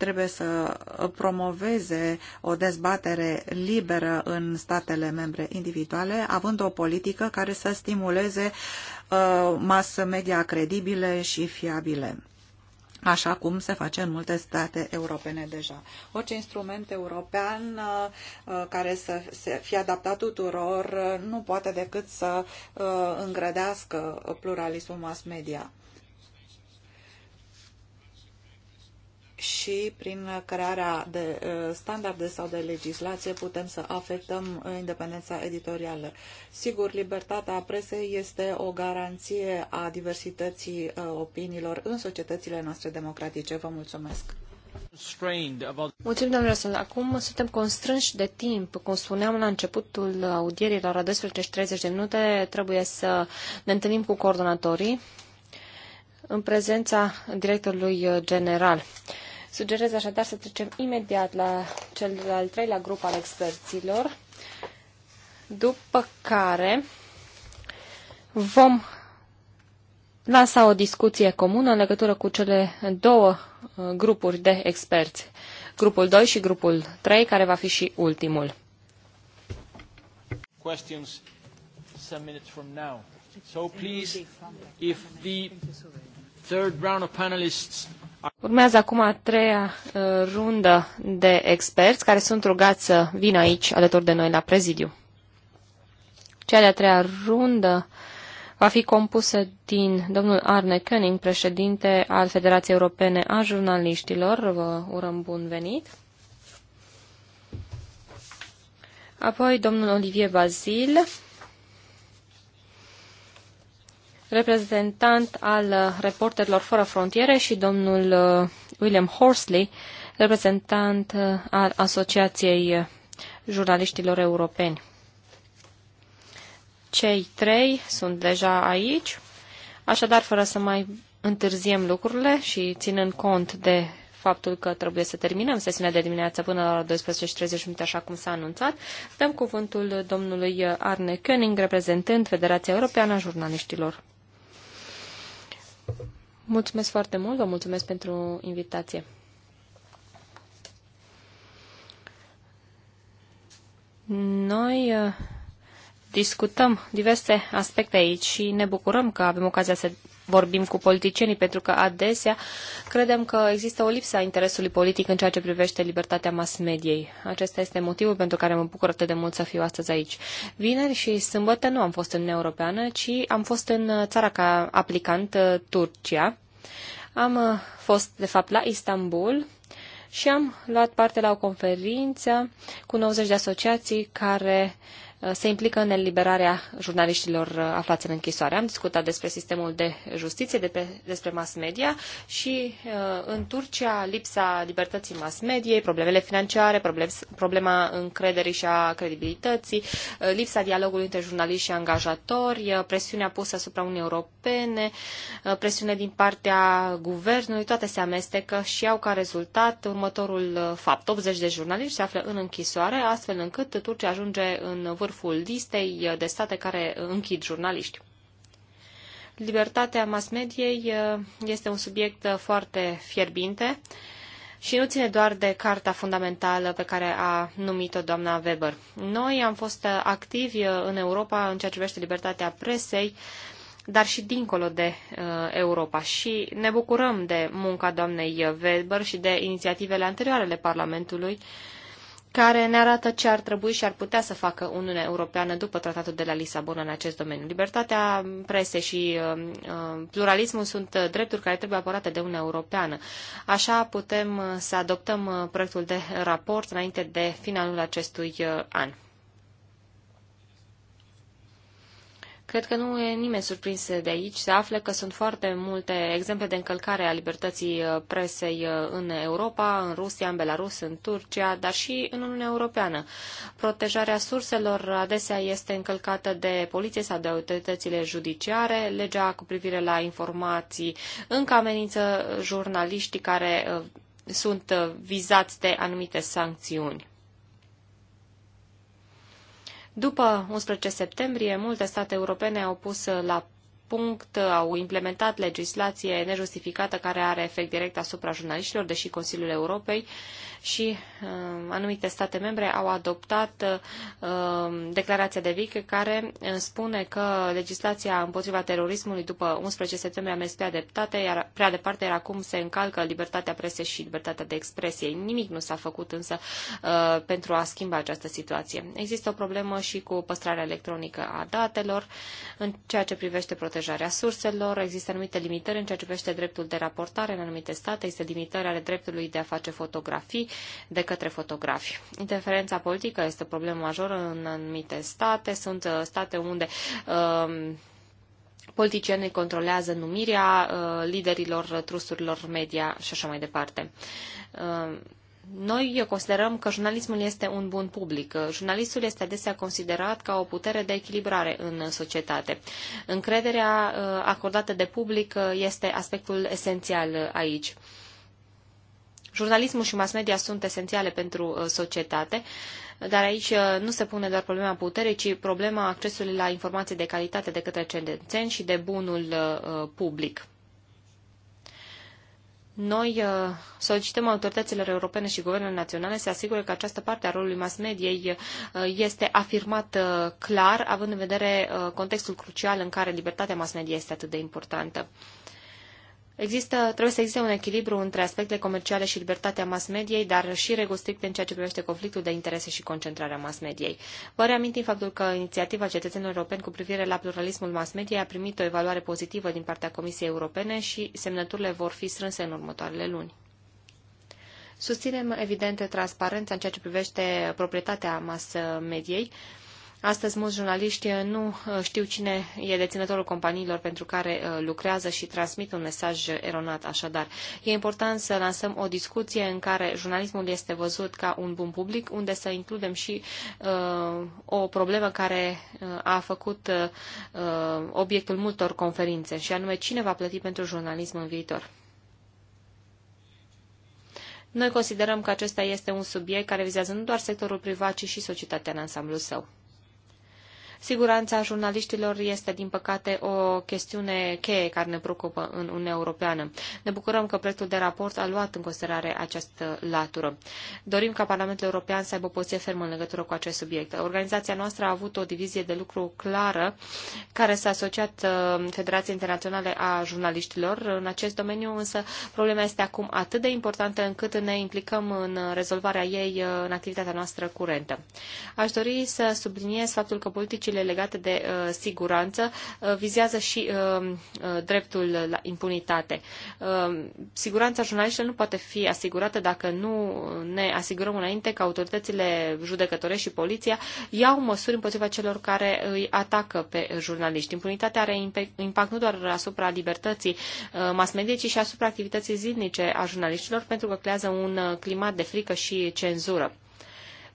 trebuie să promoveze o dezbatere liberă în statele membre individuale, având o politică care să stimuleze uh, mass media credibile și fiabile așa cum se face în multe state europene deja. Orice instrument european uh, uh, care să fie adaptat tuturor nu poate decât să îngrădească pluralismul mass media. și prin crearea de uh, standarde sau de legislație putem să afectăm uh, independența editorială. Sigur, libertatea presei este o garanție a diversității uh, opiniilor în societățile noastre democratice. Vă mulțumesc! Mulțumim, domnule Răsân. Acum suntem constrânși de timp. Cum spuneam la începutul audierii, la ora 30 de minute, trebuie să ne întâlnim cu coordonatorii în prezența directorului general. Sugerez așadar să trecem imediat la cel al treilea grup al experților, după care vom lansa o discuție comună în legătură cu cele două uh, grupuri de experți, grupul 2 și grupul 3, care va fi și ultimul. Questions some minutes from now. So please, if the third round of panelists Urmează acum a treia uh, rundă de experți care sunt rugați să vină aici alături de noi la prezidiu. Cea de-a treia rundă va fi compusă din domnul Arne König, președinte al Federației Europene a Jurnaliștilor. Vă urăm bun venit! Apoi domnul Olivier Bazil, reprezentant al uh, Reporterilor Fără Frontiere și domnul uh, William Horsley, reprezentant uh, al Asociației Jurnaliștilor Europeni. Cei trei sunt deja aici, așadar, fără să mai întârziem lucrurile și ținând cont de faptul că trebuie să terminăm sesiunea de dimineață până la 12.30 așa cum s-a anunțat, dăm cuvântul domnului Arne König, reprezentând Federația Europeană a Jurnaliștilor Mulțumesc foarte mult, vă mulțumesc pentru invitație. Noi uh, discutăm diverse aspecte aici și ne bucurăm că avem ocazia să vorbim cu politicienii, pentru că adesea credem că există o lipsă a interesului politic în ceea ce privește libertatea mass mediei. Acesta este motivul pentru care mă bucur atât de mult să fiu astăzi aici. Vineri și sâmbătă nu am fost în Uniunea Europeană, ci am fost în uh, țara ca aplicant, uh, Turcia. Am uh, fost, de fapt, la Istanbul, și am luat parte la o conferință cu 90 de asociații care uh, Uh, se implică în eliberarea jurnaliștilor uh, aflați în închisoare. Am discutat despre sistemul de justiție, de despre mass media și uh, în Turcia lipsa libertății mass mediei, problemele financiare, problema încrederii și a credibilității, lipsa dialogului între jurnaliști și angajatori, presiunea pusă asupra Uniunii Europene, presiune din partea guvernului, toate se amestecă și au ca rezultat următorul fapt. 80 de jurnaliști se află în închisoare, astfel încât Turcia ajunge în vârf vârful listei de state care închid jurnaliști. Libertatea mass mediei uh, este un subiect uh, foarte fierbinte și nu ține doar de Carta Fundamentală pe care a numit-o doamna Weber. Noi am fost uh, activi în Europa în ceea ce privește libertatea presei, dar și dincolo de Europa. Și ne bucurăm de munca doamnei Weber și de inițiativele anterioare ale Parlamentului care ne arată ce ar trebui și ar putea să facă Uniunea Europeană după tratatul de la Lisabona în acest domeniu. Libertatea presei și uh, uh pluralismul sunt drepturi care trebuie apărate de Uniunea Europeană. Așa putem să adoptăm uh, proiectul de raport înainte de finalul acestui uh, an. Cred că nu e nimeni surprins de aici. Se află că sunt foarte multe exemple de încălcare a libertății uh, presei uh, în Europa, în Rusia, în Belarus, în Turcia, dar și în Uniunea Europeană. Protejarea surselor adesea este încălcată de poliție sau de autoritățile judiciare. Legea cu privire la informații încă amenință jurnaliștii care uh, sunt vizați de anumite sancțiuni. După 11 septembrie, multe state europene au pus la punct, au implementat legislație nejustificată care are efect direct asupra jurnaliștilor, deși Consiliul Europei uh, și um, anumite state membre au adoptat um, declarația de Vic care uh, spune că legislația împotriva terorismului după 11 septembrie a mers prea departe, iar prea departe, iar acum se încalcă libertatea presei și libertatea de expresie. Nimic nu s-a făcut însă uh, pentru a schimba această situație. Există o problemă și cu păstrarea electronică a datelor în ceea ce privește protejarea surselor, există anumite limitări în ceea ce privește dreptul de raportare în anumite state, există limitări ale dreptului de a face fotografii de către fotografi. Interferența politică este o problemă majoră în anumite state. Sunt uh, state unde um, politicienii controlează numirea uh, liderilor trusturilor media și așa mai departe. Um, noi considerăm că jurnalismul este un bun public. Jurnalistul este adesea considerat ca o putere de echilibrare în societate. Încrederea uh, acordată de public uh, este aspectul esențial aici. Jurnalismul și mass media sunt esențiale pentru uh, societate, dar aici uh, nu se pune doar problema puterii, ci problema accesului la informații de calitate de către cetățeni și de bunul uh, public. Noi solicităm autorităților europene și guvernele naționale să asigure că această parte a rolului mass mediei este afirmată clar, având în vedere contextul crucial în care libertatea mass media este atât de importantă. Există, trebuie să existe un echilibru între aspectele comerciale și libertatea mass mediei, dar și reguli stricte în ceea ce privește conflictul de interese și concentrarea mass mediei. Vă reamintim faptul că inițiativa cetățenilor europeni cu privire la pluralismul mass mediei a primit o evaluare pozitivă din partea Comisiei Europene și semnăturile vor fi strânse în următoarele luni. Susținem, evident, transparența în ceea ce privește proprietatea mass mediei, Astăzi mulți jurnaliști eh, nu eh, știu cine e deținătorul companiilor pentru care eh, lucrează și transmit un mesaj eronat așadar. E important să lansăm o discuție în care jurnalismul este văzut ca un bun public, unde să includem și uh, o problemă care a făcut uh, obiectul multor conferințe și anume cine va plăti pentru jurnalism în viitor. Noi considerăm că acesta este un subiect care vizează nu doar sectorul privat, ci și societatea în ansamblul său. Siguranța jurnaliștilor este, din păcate, o chestiune cheie care ne preocupă în Uniunea Europeană. Ne bucurăm că proiectul de raport a luat în considerare această latură. Dorim ca Parlamentul European să aibă o poziție fermă în legătură cu acest subiect. Organizația noastră a avut o divizie de lucru clară care s-a asociat uh, Federației Internaționale a Jurnaliștilor. În acest domeniu, însă, problema este acum atât de importantă încât ne implicăm în rezolvarea ei uh, în activitatea noastră curentă. Aș dori să subliniez faptul că politicii dispozițiile legate de uh, siguranță uh, vizează și uh, uh, dreptul la impunitate. Uh, siguranța jurnaliștilor nu poate fi asigurată dacă nu ne asigurăm înainte că autoritățile judecătorești și poliția iau măsuri împotriva celor care îi atacă pe jurnaliști. Impunitatea are impact nu doar asupra libertății uh, mass media, ci și asupra activității zilnice a jurnaliștilor, pentru că creează un uh, climat de frică și cenzură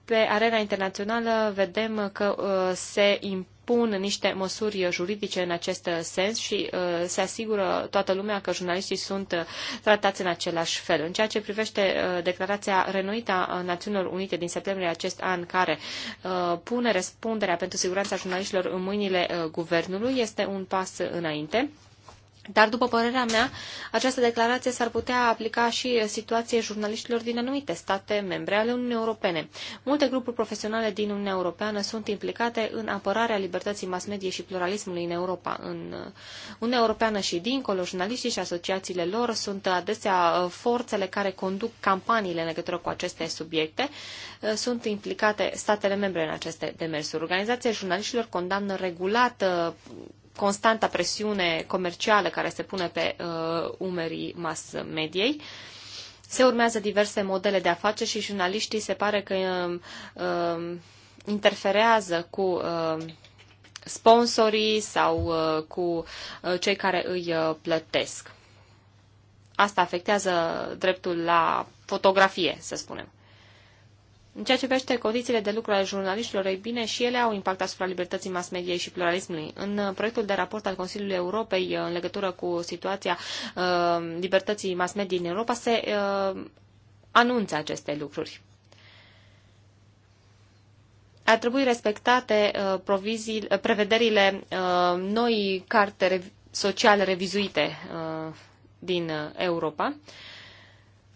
pe arena internațională vedem că uh, se impun niște măsuri juridice în acest uh, sens și uh, se asigură toată lumea că jurnaliștii sunt tratați în același fel. În ceea ce privește declarația renuită a Națiunilor Unite din septembrie acest an, care pune răspunderea pentru siguranța jurnaliștilor în mâinile guvernului, este un pas înainte dar, după părerea mea, această declarație s-ar putea aplica și situației jurnaliștilor din anumite state membre ale Uniunii Europene. Multe grupuri profesionale din Uniunea Europeană sunt implicate în apărarea libertății mass media și pluralismului în Europa. În Uniunea Europeană și dincolo, jurnaliștii și asociațiile lor sunt adesea uh, forțele care conduc campaniile în legătură cu aceste subiecte. Uh, sunt implicate statele membre în aceste demersuri. Organizația jurnaliștilor condamnă regulat uh, constanta presiune comercială care se pune pe uh, umerii mass mediei. Se urmează diverse modele de afaceri și jurnaliștii se pare că uh, interferează cu uh, sponsorii sau uh, cu uh, cei care îi uh, plătesc. Asta afectează dreptul la fotografie, să spunem. În ceea ce privește condițiile de lucru ale jurnaliștilor, ei bine, și ele au impact asupra libertății mass mediei și pluralismului. În uh, proiectul de raport al Consiliului Europei uh, în legătură cu situația uh, libertății mass mediei în Europa se uh, anunță aceste lucruri. Ar trebui respectate uh, provizii, uh, prevederile uh, noi carte re- sociale revizuite uh, din uh, Europa. Uh,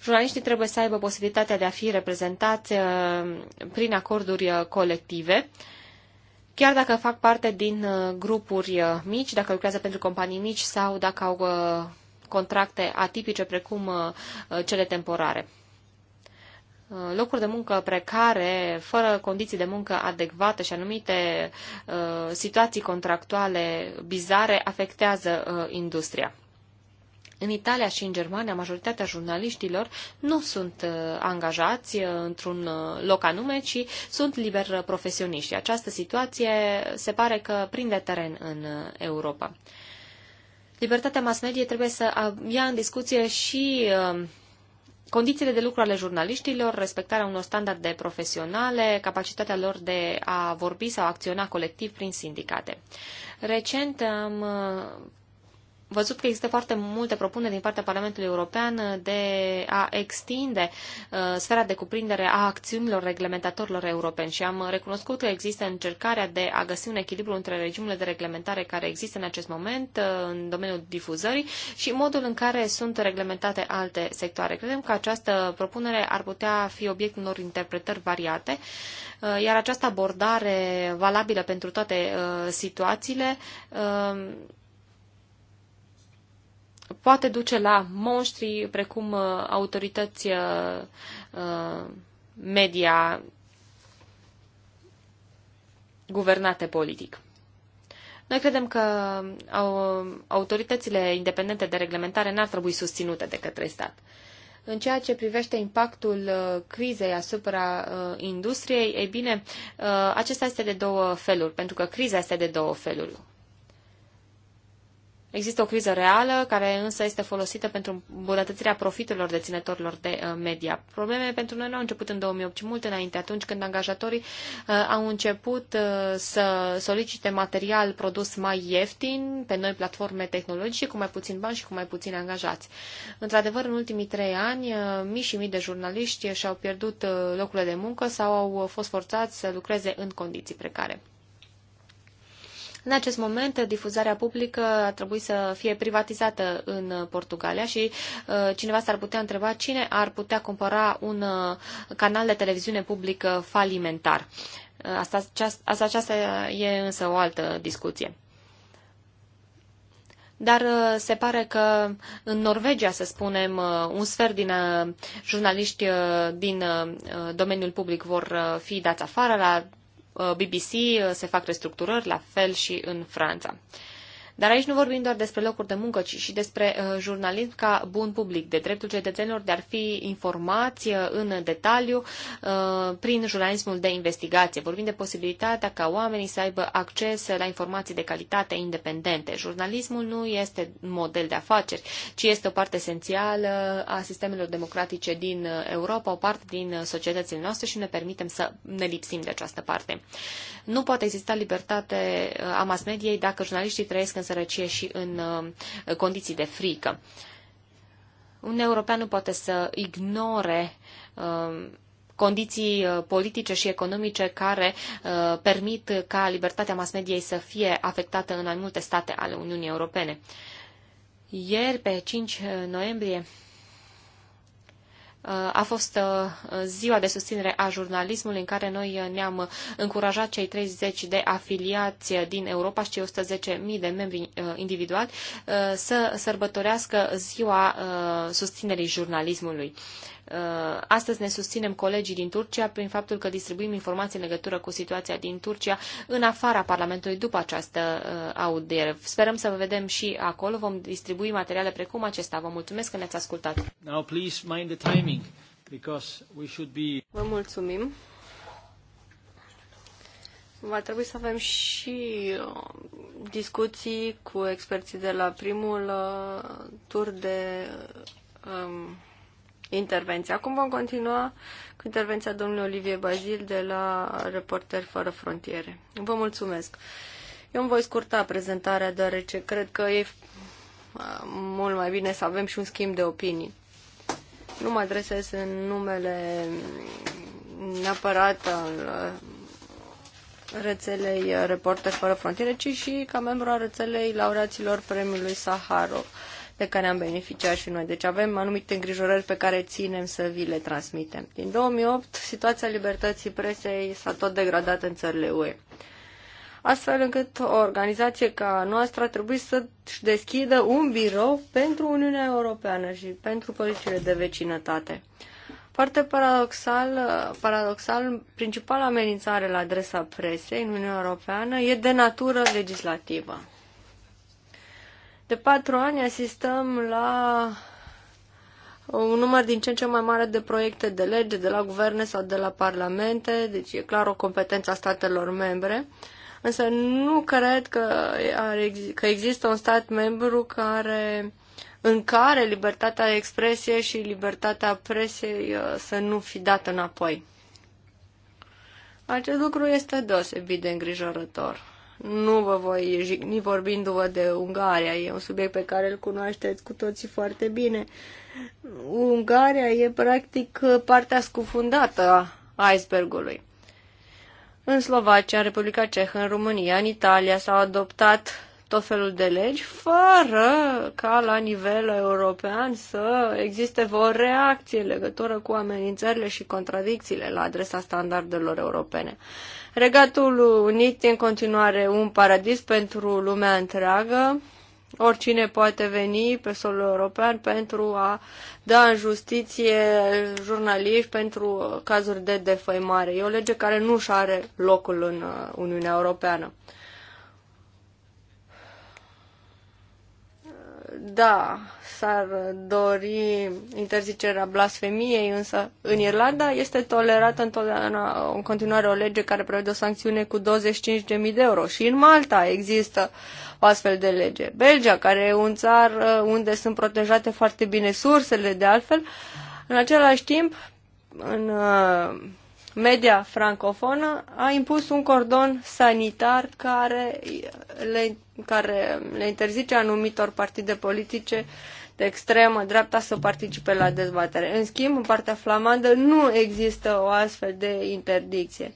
Jurnaliștii trebuie să aibă posibilitatea de a fi reprezentați uh, prin acorduri uh, colective, chiar dacă fac parte din uh, grupuri mici, dacă lucrează pentru companii mici sau dacă au contracte atipice precum cele temporare locuri de muncă precare, fără condiții de muncă adecvate și anumite situații contractuale bizare afectează industria. În Italia și în Germania, majoritatea jurnaliștilor nu sunt uh, angajați uh, într-un uh, loc anume, ci sunt liber profesioniști. Această situație se pare că prinde teren în Europa. Libertatea mass media trebuie să ia în discuție și condițiile de lucru ale jurnaliștilor, respectarea unor standarde profesionale, capacitatea lor de a vorbi sau acționa colectiv prin sindicate. Recent am văzut că există foarte multe propuneri din partea Parlamentului European de a extinde uh, sfera de cuprindere a acțiunilor reglementatorilor europeni și am recunoscut că există încercarea de a găsi un echilibru între regimurile de reglementare care există în acest moment uh, în domeniul difuzării și modul în care sunt reglementate alte sectoare. Credem că această propunere ar putea fi obiectul unor interpretări variate, uh, iar această abordare valabilă pentru toate situațiile poate duce la monștri precum uh, autorități uh, uh, media guvernate politic. Noi credem că autoritățile independente de reglementare n-ar trebui susținute de către stat. În ceea ce privește impactul crizei asupra industriei, ei bine, acesta este de două feluri, pentru că criza este de două feluri. Există o criză reală, care însă este folosită pentru îmbunătățirea profiturilor deținătorilor de uh, media. Probleme pentru noi nu au început în 2008, ci mult înainte, atunci când angajatorii uh, au început uh, să solicite material produs mai ieftin pe noi platforme tehnologice, cu mai puțin bani și cu mai puțini angajați. Într-adevăr, în ultimii trei ani, uh, mii și mii de jurnaliști și-au pierdut uh, locurile de muncă sau au uh, fost forțați să lucreze în condiții precare. În acest moment, difuzarea publică a trebuit să fie privatizată în Portugalia și uh, cineva s-ar putea întreba cine ar putea cumpăra un uh, canal de televiziune publică falimentar. Uh, asta, asta aceasta e însă o altă discuție dar se pare că în Norvegia, să spunem, un sfert din jurnaliști din domeniul public vor fi dați afară la BBC se fac restructurări, la fel și în Franța. Dar aici nu vorbim doar despre locuri de muncă, ci și despre uh, jurnalism ca bun public, de dreptul cetățenilor de a fi informați uh, în detaliu uh, prin jurnalismul de investigație. Vorbim de posibilitatea ca oamenii să aibă acces la informații de calitate independente. Jurnalismul nu este un model de afaceri, ci este o parte esențială a sistemelor democratice din uh, Europa, o parte din uh, societățile noastre și ne permitem să ne lipsim de această parte. Nu poate exista libertate a mass mediei dacă jurnaliștii trăiesc în sărăcie și în uh, condiții de frică. Un european nu poate să ignore uh, condiții uh, politice și economice care permit ca libertatea mass mediei să fie afectată în mai multe state ale Uniunii Europene. Ieri, pe 5 noiembrie, Uh, a fost uh, ziua de susținere a jurnalismului în care noi uh, ne-am încurajat cei 30 de afiliați din Europa și cei 110.000 de membri individuali să sărbătorească ziua susținerii jurnalismului. Uh, astăzi ne susținem colegii din Turcia prin faptul că distribuim informații în legătură cu situația din Turcia în afara Parlamentului după această uh, audiere. Sperăm să vă vedem și acolo. Vom distribui materiale precum acesta. Vă mulțumesc că ne-ați ascultat. Now, please mind the timing, because we should be... Vă mulțumim. Va trebui să avem și uh, discuții cu experții de la primul tur de um, Intervenția. Acum vom continua cu intervenția domnului Olivier Bazil de la Reporteri Fără Frontiere. Vă mulțumesc. Eu îmi voi scurta prezentarea deoarece cred că e mult mai bine să avem și un schimb de opinii. Nu mă adresez în numele neapărat al rețelei Reporter Fără Frontiere, ci și ca membru al rețelei laureaților premiului Saharov de care am beneficiat și noi. Deci avem anumite îngrijorări pe care ținem să vi le transmitem. Din 2008, situația libertății presei s-a tot degradat în țările UE. Astfel încât o organizație ca noastră a trebuit să-și deschidă un birou pentru Uniunea Europeană și pentru politicile de vecinătate. Foarte paradoxal, paradoxal, principala amenințare la adresa presei în Uniunea Europeană e de natură legislativă. De patru ani asistăm la un număr din ce în ce mai mare de proiecte de lege de la guverne sau de la parlamente, deci e clar o competență a statelor membre, însă nu cred că, că există un stat membru care în care libertatea de expresie și libertatea presei uh, să nu fi dată înapoi. Acest lucru este deosebit de îngrijorător. Nu vă voi jigni vorbindu-vă de Ungaria, e un subiect pe care îl cunoașteți cu toții foarte bine. Ungaria e practic partea scufundată a icebergului. În Slovacia, Republica Cehă, în România, în Italia s-au adoptat tot felul de legi, fără ca la nivel european să existe o reacție în legătură cu amenințările și contradicțiile la adresa standardelor europene. Regatul Unit în continuare un paradis pentru lumea întreagă. Oricine poate veni pe solul european pentru a da în justiție jurnaliști pentru cazuri de defăimare. E o lege care nu și are locul în uh, Uniunea Europeană. da, s-ar dori interzicerea blasfemiei, însă în Irlanda este tolerată întotdeauna în continuare o lege care prevede o sancțiune cu 25.000 de euro și în Malta există o astfel de lege. Belgia, care e un țar uh, unde sunt protejate foarte bine sursele de altfel, în același timp, în uh, media francofonă a impus un cordon sanitar care uh, le, care le interzice anumitor partide politice de extremă dreapta să participe la dezbatere. În schimb, în partea flamandă nu există o astfel de interdicție.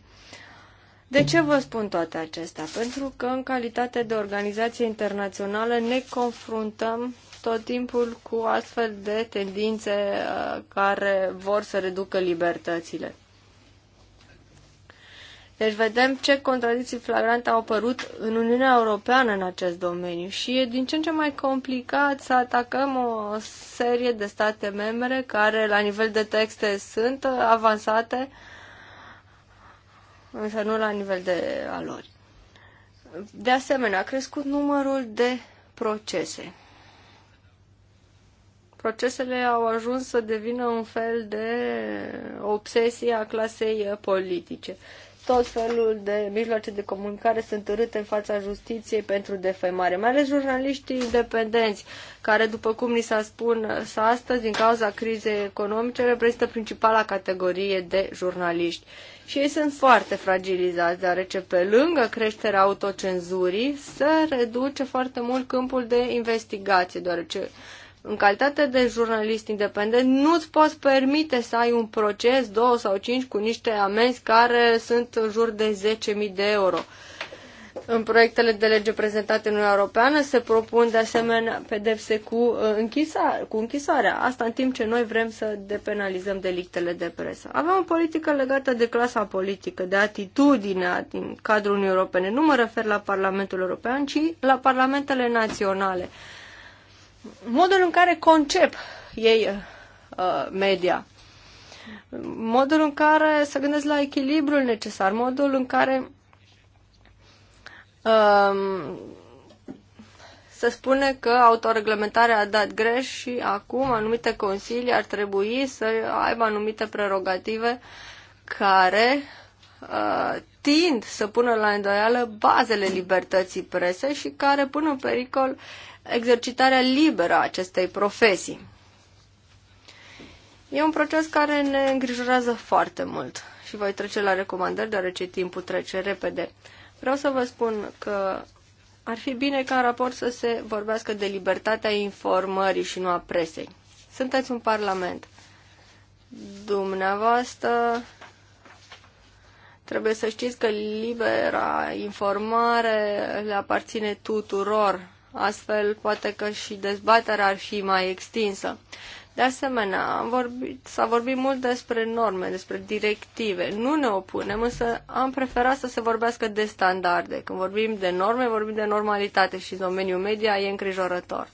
De ce vă spun toate acestea? Pentru că în calitate de organizație internațională ne confruntăm tot timpul cu astfel de tendințe uh, care vor să reducă libertățile. Deci vedem ce contradicții flagrante au apărut în Uniunea Europeană în acest domeniu și e din ce în ce mai complicat să atacăm o serie de state membre care la nivel de texte sunt avansate, însă nu la nivel de alori. De asemenea, a crescut numărul de procese. Procesele au ajuns să devină un fel de obsesie a clasei politice. Uh, tot felul de mijloace de comunicare sunt târâte în fața justiției pentru defăimare, mai ales jurnaliștii independenți, care, după cum ni s-a spus astăzi, din cauza crizei economice, reprezintă principala categorie de jurnaliști. Și ei sunt foarte fragilizați, deoarece pe lângă creșterea autocenzurii se reduce foarte mult câmpul de investigație, deoarece în calitate de jurnalist independent, nu-ți poți permite să ai un proces, două sau cinci, cu niște amenzi care sunt în jur de 10.000 de euro. În proiectele de lege prezentate în Uniunea Europeană se propun de asemenea pedepse cu, uh, închisa, cu închisoarea. Asta în timp ce noi vrem să depenalizăm delictele de presă. Avem o politică legată de clasa politică, de atitudinea din cadrul Uniunii Europene. Nu mă refer la Parlamentul European, ci la parlamentele naționale modul în care concep ei uh, media, modul în care să gândesc la echilibrul necesar, modul în care uh, se spune că autoreglementarea a dat greș și acum anumite consilii ar trebui să aibă anumite prerogative care uh, tind să pună la îndoială bazele libertății presei și care pun în pericol exercitarea liberă a acestei profesii. E un proces care ne îngrijorează foarte mult și voi trece la recomandări, deoarece timpul trece repede. Vreau să vă spun că ar fi bine ca în raport să se vorbească de libertatea informării și nu a presei. Sunteți un parlament. Dumneavoastră trebuie să știți că libera informare le aparține tuturor Astfel, poate că și dezbaterea ar fi mai extinsă. De asemenea, am vorbit, s-a vorbit mult despre norme, despre directive. Nu ne opunem, însă am preferat să se vorbească de standarde. Când vorbim de norme, vorbim de normalitate și domeniul media e îngrijorător.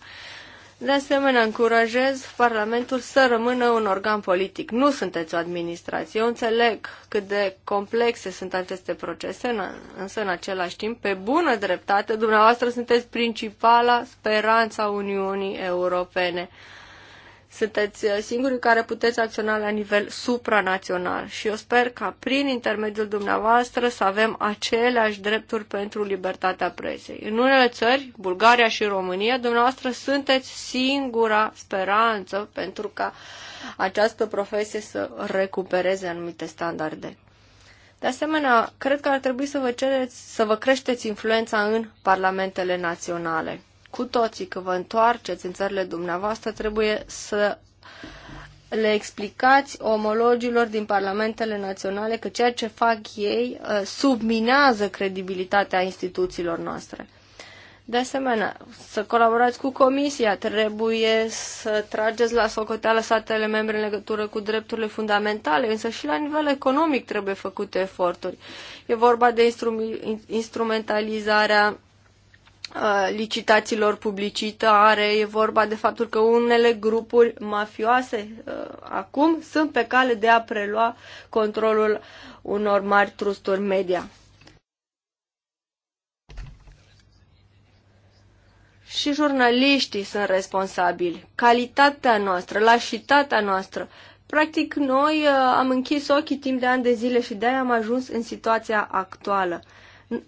De asemenea, încurajez Parlamentul să rămână un organ politic. Nu sunteți o administrație. Eu înțeleg cât de complexe sunt aceste procese, însă în același timp, pe bună dreptate, dumneavoastră sunteți principala speranța Uniunii Europene sunteți uh, singurii care puteți acționa la nivel supranațional și eu sper ca prin intermediul dumneavoastră să avem aceleași drepturi pentru libertatea presei. În unele țări, Bulgaria și România, dumneavoastră sunteți singura speranță pentru ca această profesie să recupereze anumite standarde. De asemenea, cred că ar trebui să vă, cereți, să vă creșteți influența în parlamentele naționale cu toții că vă întoarceți în țările dumneavoastră, trebuie să le explicați omologilor din parlamentele naționale că ceea ce fac ei uh, subminează credibilitatea instituțiilor noastre. De asemenea, să colaborați cu Comisia, trebuie să trageți la socoteală statele membre în legătură cu drepturile fundamentale, însă și la nivel economic trebuie făcute eforturi. E vorba de instrumentalizarea Uh, licitațiilor publicitare, e vorba de faptul că unele grupuri mafioase uh, acum sunt pe cale de a prelua controlul unor mari trusturi media. Și jurnaliștii sunt responsabili. Calitatea noastră, lașitatea noastră. Practic, noi uh, am închis ochii timp de ani de zile și de-aia am ajuns în situația actuală.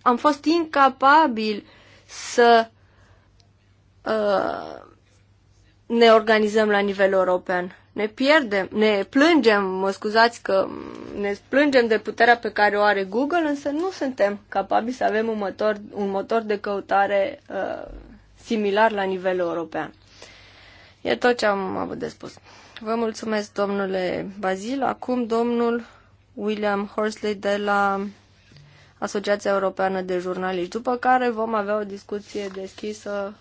Am fost incapabili uh, să uh, ne organizăm la nivel european. Ne pierdem, ne plângem, mă scuzați că ne plângem de puterea pe care o are Google, însă nu suntem capabili să avem un motor, un motor de căutare uh, similar la nivel european. E tot ce am avut de spus. Vă mulțumesc, domnule Bazil. Acum, domnul William Horsley de la Asociația Europeană de Jurnaliști, după care vom avea o discuție deschisă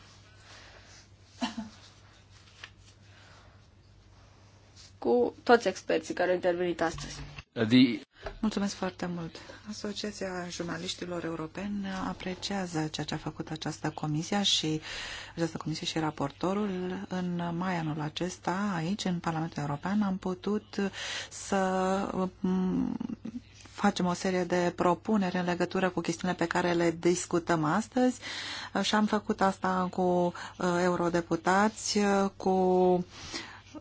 cu toți experții care au intervenit astăzi. The... Mulțumesc foarte mult. Asociația Jurnaliștilor Europeni apreciază ceea ce a făcut această comisie și această comisie și raportorul. În mai anul acesta, aici, în Parlamentul European, am putut să facem o serie de propuneri în legătură cu chestiunile pe care le discutăm astăzi și am făcut asta cu uh, eurodeputați, uh, cu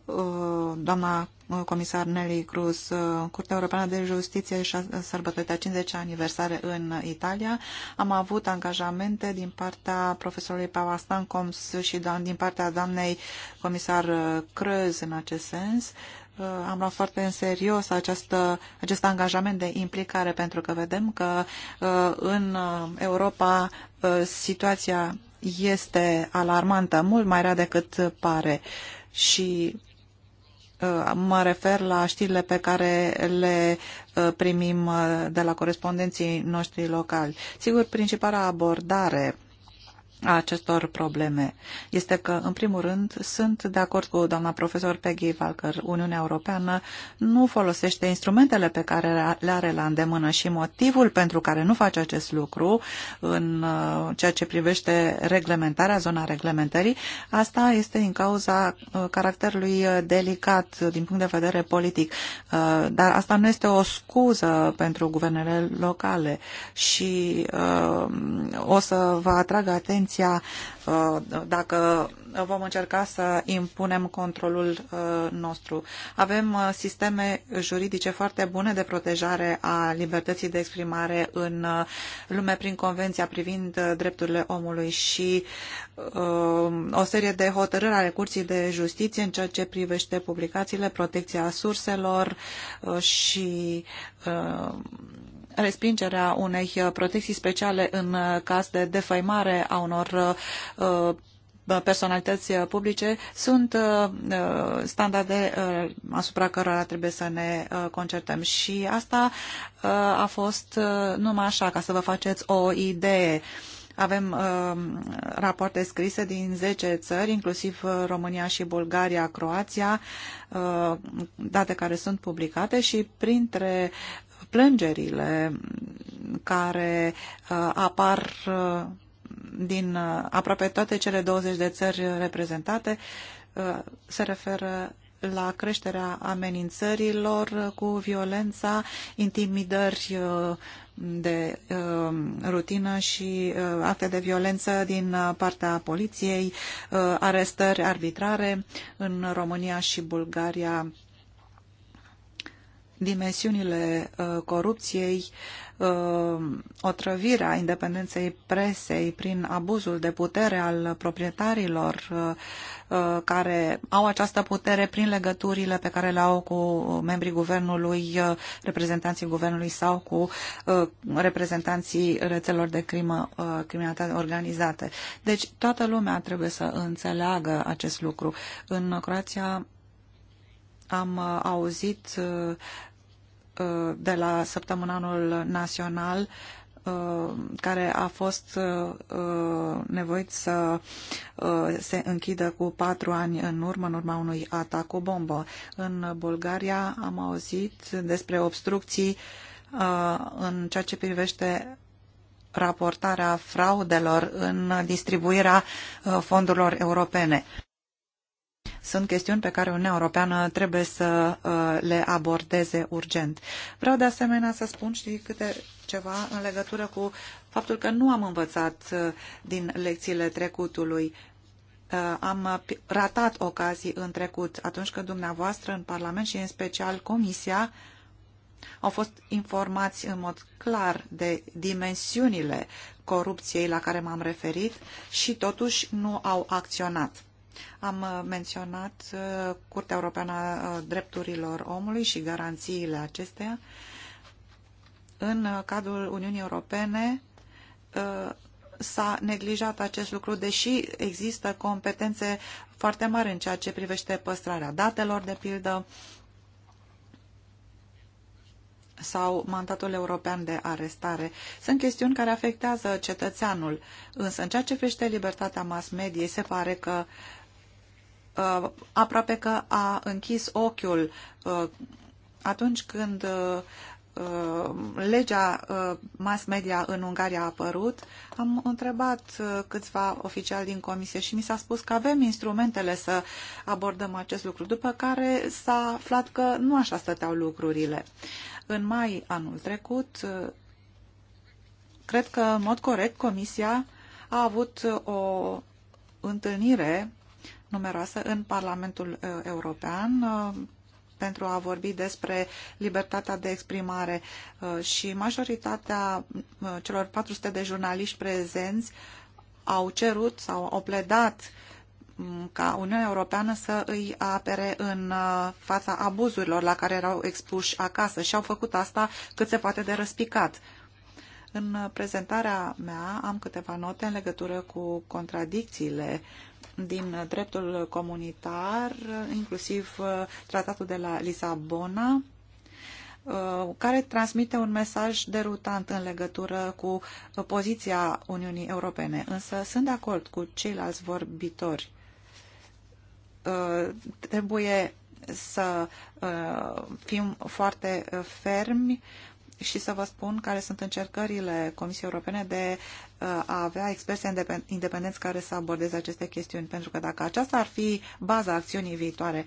uh, doamna comisar Nelly Cruz, Curtea Europeană de Justiție și-a sărbătorit 50 aniversare în Italia. Am avut angajamente din partea profesorului Pavastan Stancoms și din partea doamnei comisar Cruz în acest sens. Uh, am luat foarte în serios acest, acest angajament de implicare, pentru că vedem că uh, în uh, Europa uh, situația este alarmantă, mult mai rea decât pare și mă refer la știrile pe care le primim de la corespondenții noștri locali. Sigur, principala abordare a acestor probleme este că, în primul rând, sunt de acord cu doamna profesor Peggy Walker. Uniunea Europeană nu folosește instrumentele pe care le are la îndemână și motivul pentru care nu face acest lucru în uh, ceea ce privește reglementarea, zona reglementării, asta este în cauza uh, caracterului uh, delicat din punct de vedere politic. Dar asta nu este o scuză pentru guvernele locale și o să vă atrag atenția atenția uh, dacă vom încerca să impunem controlul uh, nostru. Avem uh, sisteme juridice foarte bune de protejare a libertății de exprimare în lume prin Convenția privind drepturile omului și o serie de hotărâri ale Curții de Justiție în ceea ce privește publicațiile, protecția surselor și respingerea unei uh, protecții speciale în uh, caz de defăimare a unor uh, personalități publice sunt standarde asupra cărora trebuie să ne concertăm și asta a fost numai așa, ca să vă faceți o idee. Avem rapoarte scrise din 10 țări, inclusiv România și Bulgaria, Croația, date care sunt publicate și printre plângerile care uh, apar uh, din uh, aproape toate cele 20 de țări reprezentate se referă la creșterea amenințărilor cu violența, intimidări de rutină și acte de violență din partea poliției, arestări arbitrare în România și Bulgaria dimensiunile uh, corupției, uh, otrăvirea independenței presei prin abuzul de putere al proprietarilor uh, care au această putere prin legăturile pe care le au cu membrii guvernului, reprezentanții guvernului sau cu reprezentanții rețelor de crimă, criminalitate organizate. Deci toată lumea trebuie să înțeleagă acest lucru. În Croația am auzit Uh, de la săptămânanul național uh, care a fost uh, nevoit să se închidă cu patru ani în urmă, în urma unui atac cu bombă. În Bulgaria am auzit despre obstrucții în ceea ce privește raportarea fraudelor în distribuirea fondurilor europene sunt chestiuni pe care Uniunea Europeană trebuie să uh, le abordeze urgent. Vreau de asemenea să spun și câte ceva în legătură cu faptul că nu am învățat uh, din lecțiile trecutului uh, am ratat ocazii în trecut, atunci când dumneavoastră în Parlament și în special Comisia au fost informați în mod clar de dimensiunile corupției la care m-am referit și totuși nu au acționat. Am uh, menționat uh, Curtea Europeană a uh, Drepturilor Omului și garanțiile acesteia. În cadrul Uniunii Europene s-a neglijat acest lucru, deși există competențe foarte mari în ceea ce privește păstrarea datelor, de pildă, sau mandatul european de arestare. Sunt chestiuni care afectează cetățeanul, însă în ceea ce privește libertatea mass mediei, se pare că uh, Uh, aproape că a închis ochiul uh, atunci când uh, legea mass media în Ungaria a apărut, am întrebat câțiva oficiali din comisie și mi s-a spus că avem instrumentele să abordăm acest lucru, după care s-a aflat că nu așa stăteau lucrurile. În mai anul trecut, cred că în mod corect, comisia a avut o întâlnire numeroase în Parlamentul uh, European uh, pentru a vorbi despre libertatea de exprimare uh, și majoritatea celor 400 de jurnaliști prezenți au cerut sau au pledat mm, ca Uniunea Europeană să îi apere în fața abuzurilor la care erau expuși acasă și au făcut asta cât se poate de răspicat. În prezentarea mea am câteva note în legătură cu contradicțiile uh, din dreptul comunitar, inclusiv uh, tratatul de la Lisabona, uh, care transmite un mesaj derutant în legătură cu poziția Uniunii Europene. Însă sunt de acord cu ceilalți vorbitori. Uh, trebuie să fim foarte fermi și să vă spun care sunt încercările Comisiei Europene de uh, a avea experți independenți care să abordeze aceste chestiuni. Pentru că dacă aceasta ar fi baza acțiunii viitoare,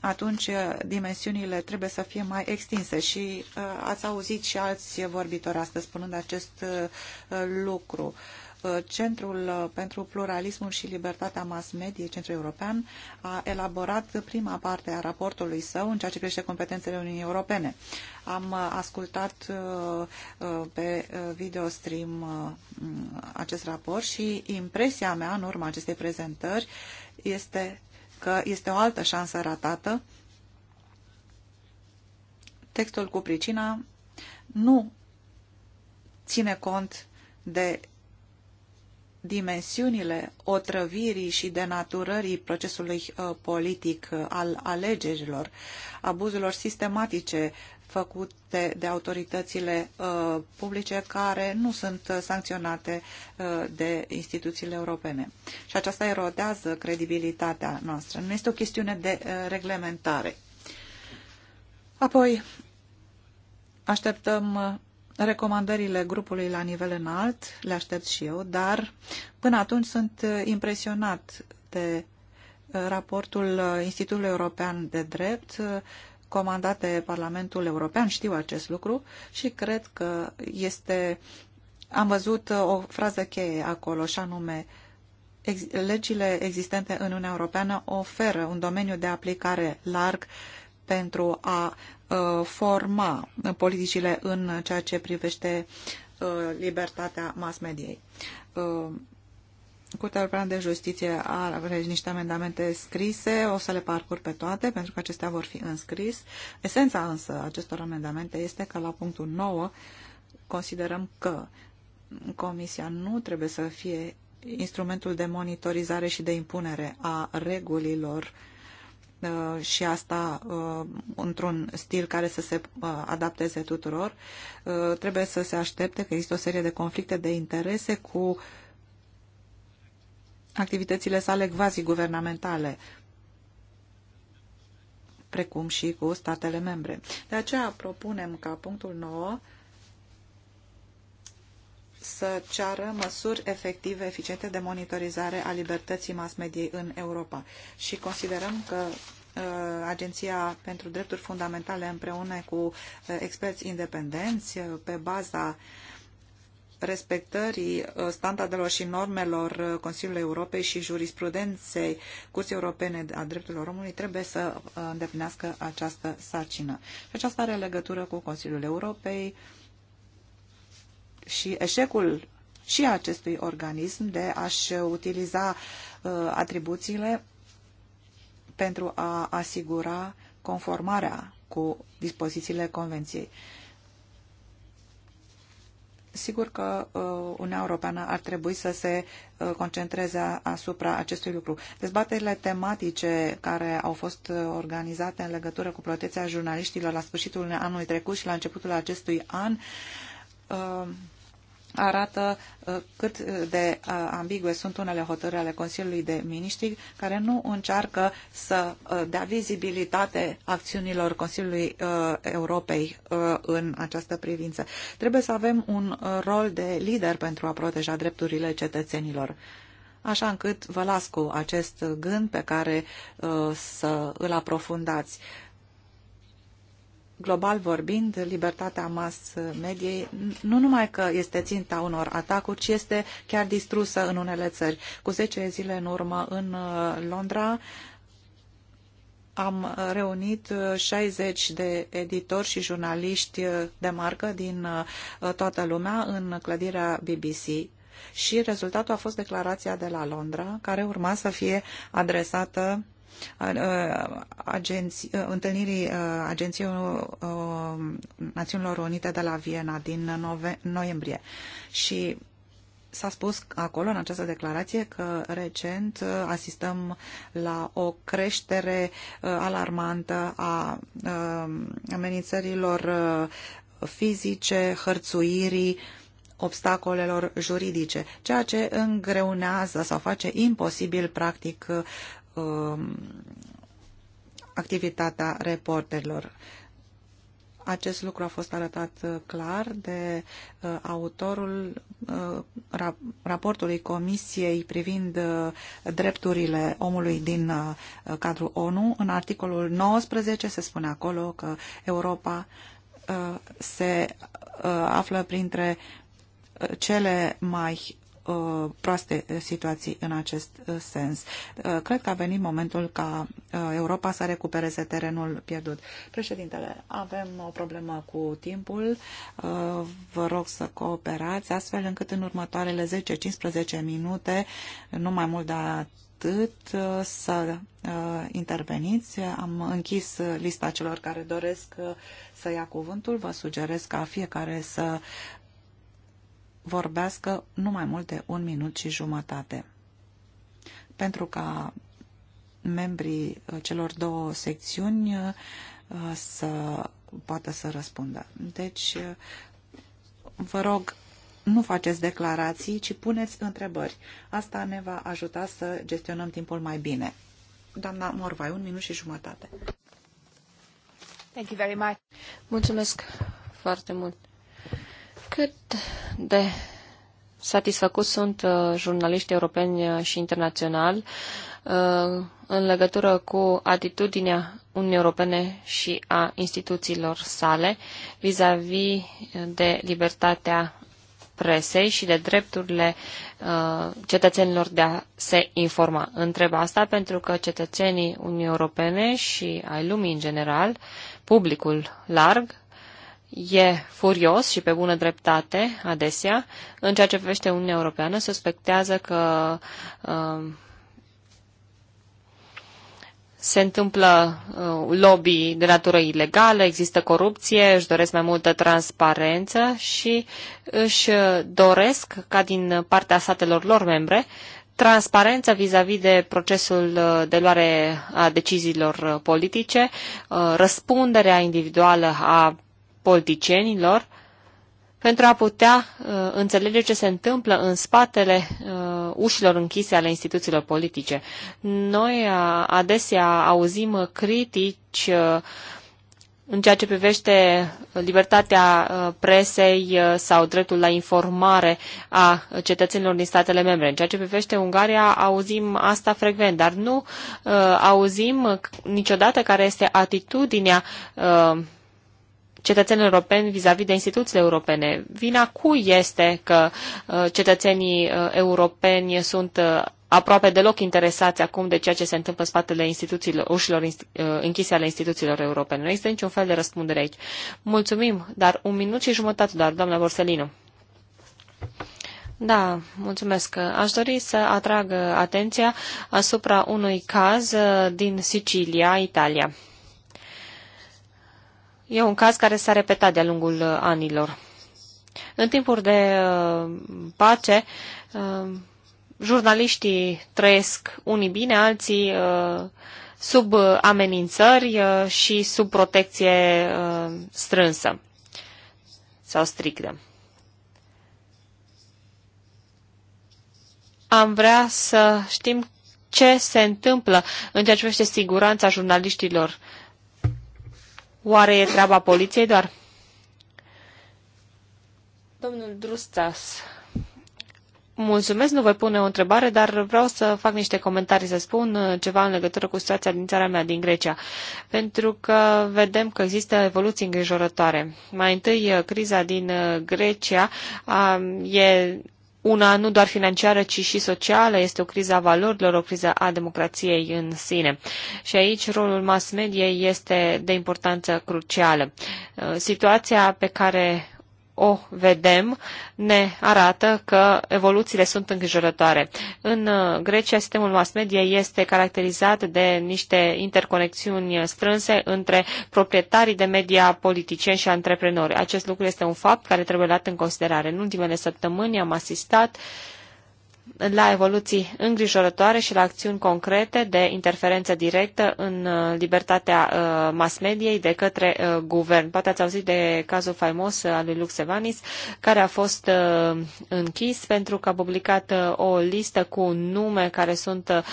atunci uh, dimensiunile trebuie să fie mai extinse și uh, ați auzit și alți vorbitori astăzi spunând acest lucru. Uh, Centrul uh, pentru Pluralismul și Libertatea Mass Media, Centrul European, a elaborat prima parte a raportului său în ceea ce privește competențele Uniunii Europene. Am uh, ascultat pe video stream mm, acest raport și impresia mea în urma acestei prezentări este că este o altă șansă ratată. Textul cu pricina nu ține cont de dimensiunile otrăvirii și denaturării procesului uh, politic uh, al alegerilor, abuzurilor sistematice făcute de autoritățile uh, publice care nu sunt sancționate de instituțiile europene. Și aceasta erodează credibilitatea noastră. Nu este o chestiune de reglementare. Apoi, așteptăm recomandările grupului la nivel înalt, le aștept și eu, dar până atunci sunt uh, impresionat de uh, raportul uh, Institutului European de Drept, comandat de Parlamentul European, știu acest lucru și cred că este... Am văzut o frază cheie acolo și anume legile existente în Uniunea Europeană oferă un domeniu de aplicare larg pentru a uh, forma politicile în ceea ce privește uh, libertatea mass-mediei. Uh, Curtea Europeană de Justiție are niște amendamente scrise, o să le parcurg pe toate, pentru că acestea vor fi înscris. Esența însă acestor amendamente este că la punctul 9 considerăm că Comisia nu trebuie să fie instrumentul de monitorizare și de impunere a regulilor uh, Uh, și asta uh, într-un stil care să se uh, adapteze tuturor, trebuie să se aștepte că există o serie de conflicte de interese cu activitățile sale quasi-guvernamentale, precum și cu statele membre. De aceea propunem ca punctul 9 să ceară măsuri efective, eficiente de monitorizare a libertății mass-mediei în Europa. Și considerăm că uh, Agenția pentru Drepturi Fundamentale împreună cu uh, experți independenți uh, pe baza respectării standardelor și normelor Consiliului Europei și jurisprudenței Curții Europene a Drepturilor Omului trebuie să îndeplinească această sarcină. Și aceasta are legătură cu Consiliul Europei, și eșecul și acestui organism de a-și utiliza uh, atribuțiile pentru a asigura conformarea cu dispozițiile Convenției. Sigur că uh, Uniunea Europeană ar trebui să se uh, concentreze asupra acestui lucru. Dezbaterile tematice care au fost uh, organizate în legătură cu protecția jurnaliștilor la sfârșitul anului trecut și la începutul acestui an uh, arată uh, cât uh, de uh, ambigue sunt unele hotărâri ale Consiliului de Miniștri care nu încearcă să dea vizibilitate acțiunilor Consiliului Europei în această privință. Trebuie să avem un rol de lider pentru a proteja drepturile cetățenilor așa încât vă las cu acest gând pe care să îl aprofundați global vorbind, libertatea mass mediei nu numai că este ținta unor atacuri, ci este chiar distrusă în unele țări. Cu 10 zile în urmă în uh, Londra am reunit 60 uh, de editori și jurnaliști uh, de marcă din toată lumea în clădirea BBC și rezultatul a fost declarația de la Londra, care urma să fie adresată Uh, agenții, uh, întâlnirii uh, Agenției Națiunilor Unite de la Viena din noiembrie. Și S-a spus acolo, în această declarație, că recent asistăm la o creștere alarmantă a amenințărilor fizice, hărțuirii, obstacolelor juridice, ceea ce îngreunează sau face imposibil, practic, Um, activitatea reporterilor. Acest lucru a fost arătat uh, clar de uh, autorul uh, ra raportului Comisiei privind uh, drepturile omului din uh, cadrul ONU. În articolul 19 se spune acolo că Europa uh, se uh, află printre uh, cele mai Uh, proaste uh, situații în acest uh, sens. cred că a venit momentul ca Europa să recupereze terenul pierdut. Președintele, avem o problemă cu timpul. vă rog să cooperați astfel încât în următoarele 10-15 minute, nu mai mult de atât, să interveniți. Am închis lista celor care doresc să ia cuvântul. Vă sugerez ca fiecare să vorbească nu mai mult de un minut și jumătate. Pentru ca membrii uh, celor două secțiuni uh, să poată să răspundă. Deci, uh, vă rog, nu faceți declarații, ci puneți întrebări. Asta ne va ajuta să gestionăm timpul mai bine. Doamna Morvai, un minut și jumătate. Thank you very much. Mulțumesc foarte mult. Cât de satisfăcuți sunt uh, jurnaliștii europeni uh, și internaționali uh, în legătură cu atitudinea Uniunii Europene și a instituțiilor sale vis-a-vis -vis de libertatea presei și de drepturile cetățenilor de a se informa. Întreb asta pentru că cetățenii Uniunii Europene și ai lumii în general, publicul larg, e furios și pe bună dreptate adesea în ceea ce privește Uniunea Europeană, suspectează că uh, se întâmplă uh, lobby de natură ilegală, există corupție, își doresc mai multă transparență și își doresc ca din partea statelor lor membre transparență vis-a-vis -vis de procesul uh, de luare a deciziilor uh, politice, uh, răspunderea individuală a politicienilor pentru a putea uh, înțelege ce se întâmplă în spatele uh, ușilor închise ale instituțiilor politice. Noi uh, adesea auzim critici uh, în ceea ce privește libertatea uh, presei uh, sau dreptul la informare a cetățenilor din statele membre. În ceea ce privește Ungaria, auzim asta frecvent, dar nu uh, auzim niciodată care este atitudinea uh, cetățenii europeni vis-a-vis -vis de instituțiile europene. Vina cui este că uh, cetățenii uh, europeni sunt uh, aproape deloc interesați acum de ceea ce se întâmplă în spatele instituțiilor, ușilor închise ale instituțiilor europene. Nu există niciun fel de răspundere aici. Mulțumim, dar un minut și jumătate doar, doamna Borsellino. Da, mulțumesc. Aș dori să atrag atenția asupra unui caz din Sicilia, Italia. E un caz care s-a repetat de-a lungul uh, anilor. În timpuri de uh, pace, uh, jurnaliștii trăiesc unii bine, alții sub amenințări și sub protecție strânsă sau strictă. Am vrea să știm ce se întâmplă în ceea ce privește siguranța jurnaliștilor Oare e treaba poliției doar? Domnul Drustas, mulțumesc, nu voi pune o întrebare, dar vreau să fac niște comentarii, să spun uh, ceva în legătură cu situația din țara mea, din Grecia, pentru că vedem că există evoluții îngrijorătoare. Mai întâi, uh, criza din uh, Grecia a, e una nu doar financiară, ci și socială, este o criză a valorilor, o criză a democrației în sine. Și aici rolul mass media este de importanță crucială. Uh, situația pe care o vedem ne arată că evoluțiile sunt îngrijorătoare. În uh, Grecia, sistemul mass media este caracterizat de niște interconexiuni strânse între proprietarii de media, politicieni și antreprenori. Acest lucru este un fapt care trebuie luat în considerare. În ultimele săptămâni am asistat uh, la evoluții îngrijorătoare și la acțiuni concrete de interferență directă în uh, libertatea uh, mass mediei de către uh, guvern. Poate ați auzit de cazul faimos al lui Luxevanis, care a fost închis pentru că a publicat o listă cu nume care sunt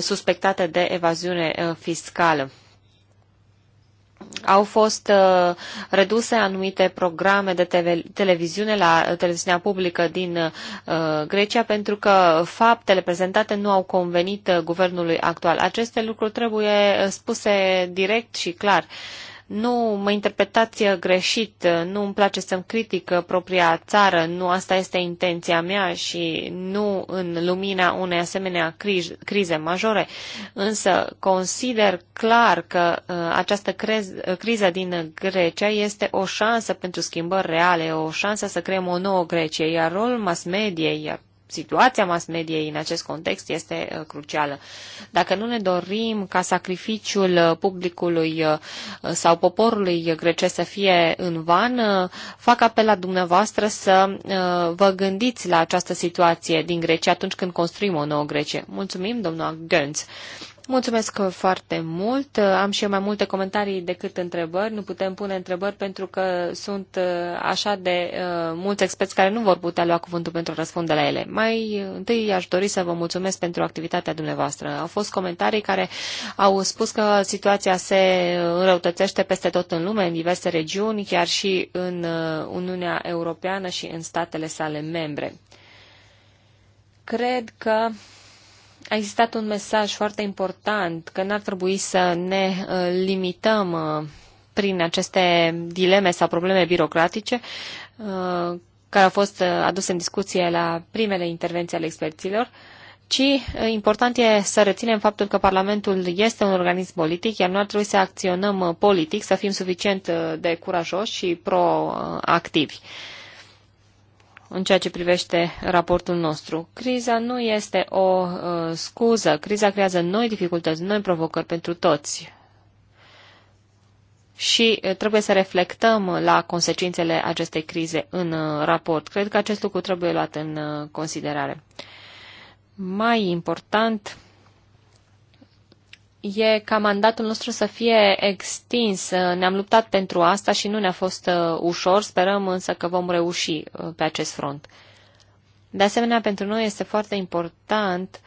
suspectate de evaziune fiscală au fost uh, reduse anumite programe de TV, televiziune la televiziunea publică din uh, Grecia pentru că faptele prezentate nu au convenit uh, guvernului actual. Aceste lucruri trebuie uh, spuse direct și clar. Uh, nu mă interpretați greșit, nu îmi place să-mi critic propria țară, nu asta este intenția mea și nu în lumina unei asemenea criz, crize majore, însă consider clar că uh, această crez, criză din Grecia este o șansă pentru schimbări reale, o șansă să creăm o nouă Grecie, iar rolul mass mediei, iar situația mass mediei în acest context este uh, crucială. Dacă nu ne dorim ca sacrificiul uh, publicului uh, sau poporului grecesc să fie în van, fac apel la dumneavoastră să vă gândiți la această situație din Grecia atunci când construim o nouă Grecie. Mulțumim, domnul Gönz. Mulțumesc foarte mult. Am și eu mai multe comentarii decât întrebări. Nu putem pune întrebări pentru că sunt uh, așa de uh, mulți experți care nu vor putea lua cuvântul pentru a răspunde la ele. Mai întâi aș dori să vă mulțumesc pentru activitatea dumneavoastră. Au fost comentarii care au spus că situația se înrăutățește peste tot în lume, în diverse regiuni, chiar și în uh, Uniunea Europeană și în statele sale membre. Cred că a existat un mesaj foarte important că n-ar trebui să ne uh, limităm uh, prin aceste dileme sau probleme birocratice uh, care au fost aduse în discuție la primele intervenții ale experților, ci important e să reținem faptul că Parlamentul este un organism politic, iar nu ar trebui să acționăm politic, să fim suficient de curajoși și proactivi în ceea ce privește raportul nostru. Criza nu este o uh, scuză. Criza creează noi dificultăți, noi provocări pentru toți. Și uh, trebuie să reflectăm la consecințele acestei crize în uh, raport. Cred că acest lucru trebuie luat în uh, considerare. Mai important, e ca mandatul nostru să fie extins. Ne-am luptat pentru asta și nu ne-a fost uh, ușor, sperăm însă că vom reuși uh, pe acest front. De asemenea, pentru noi este foarte important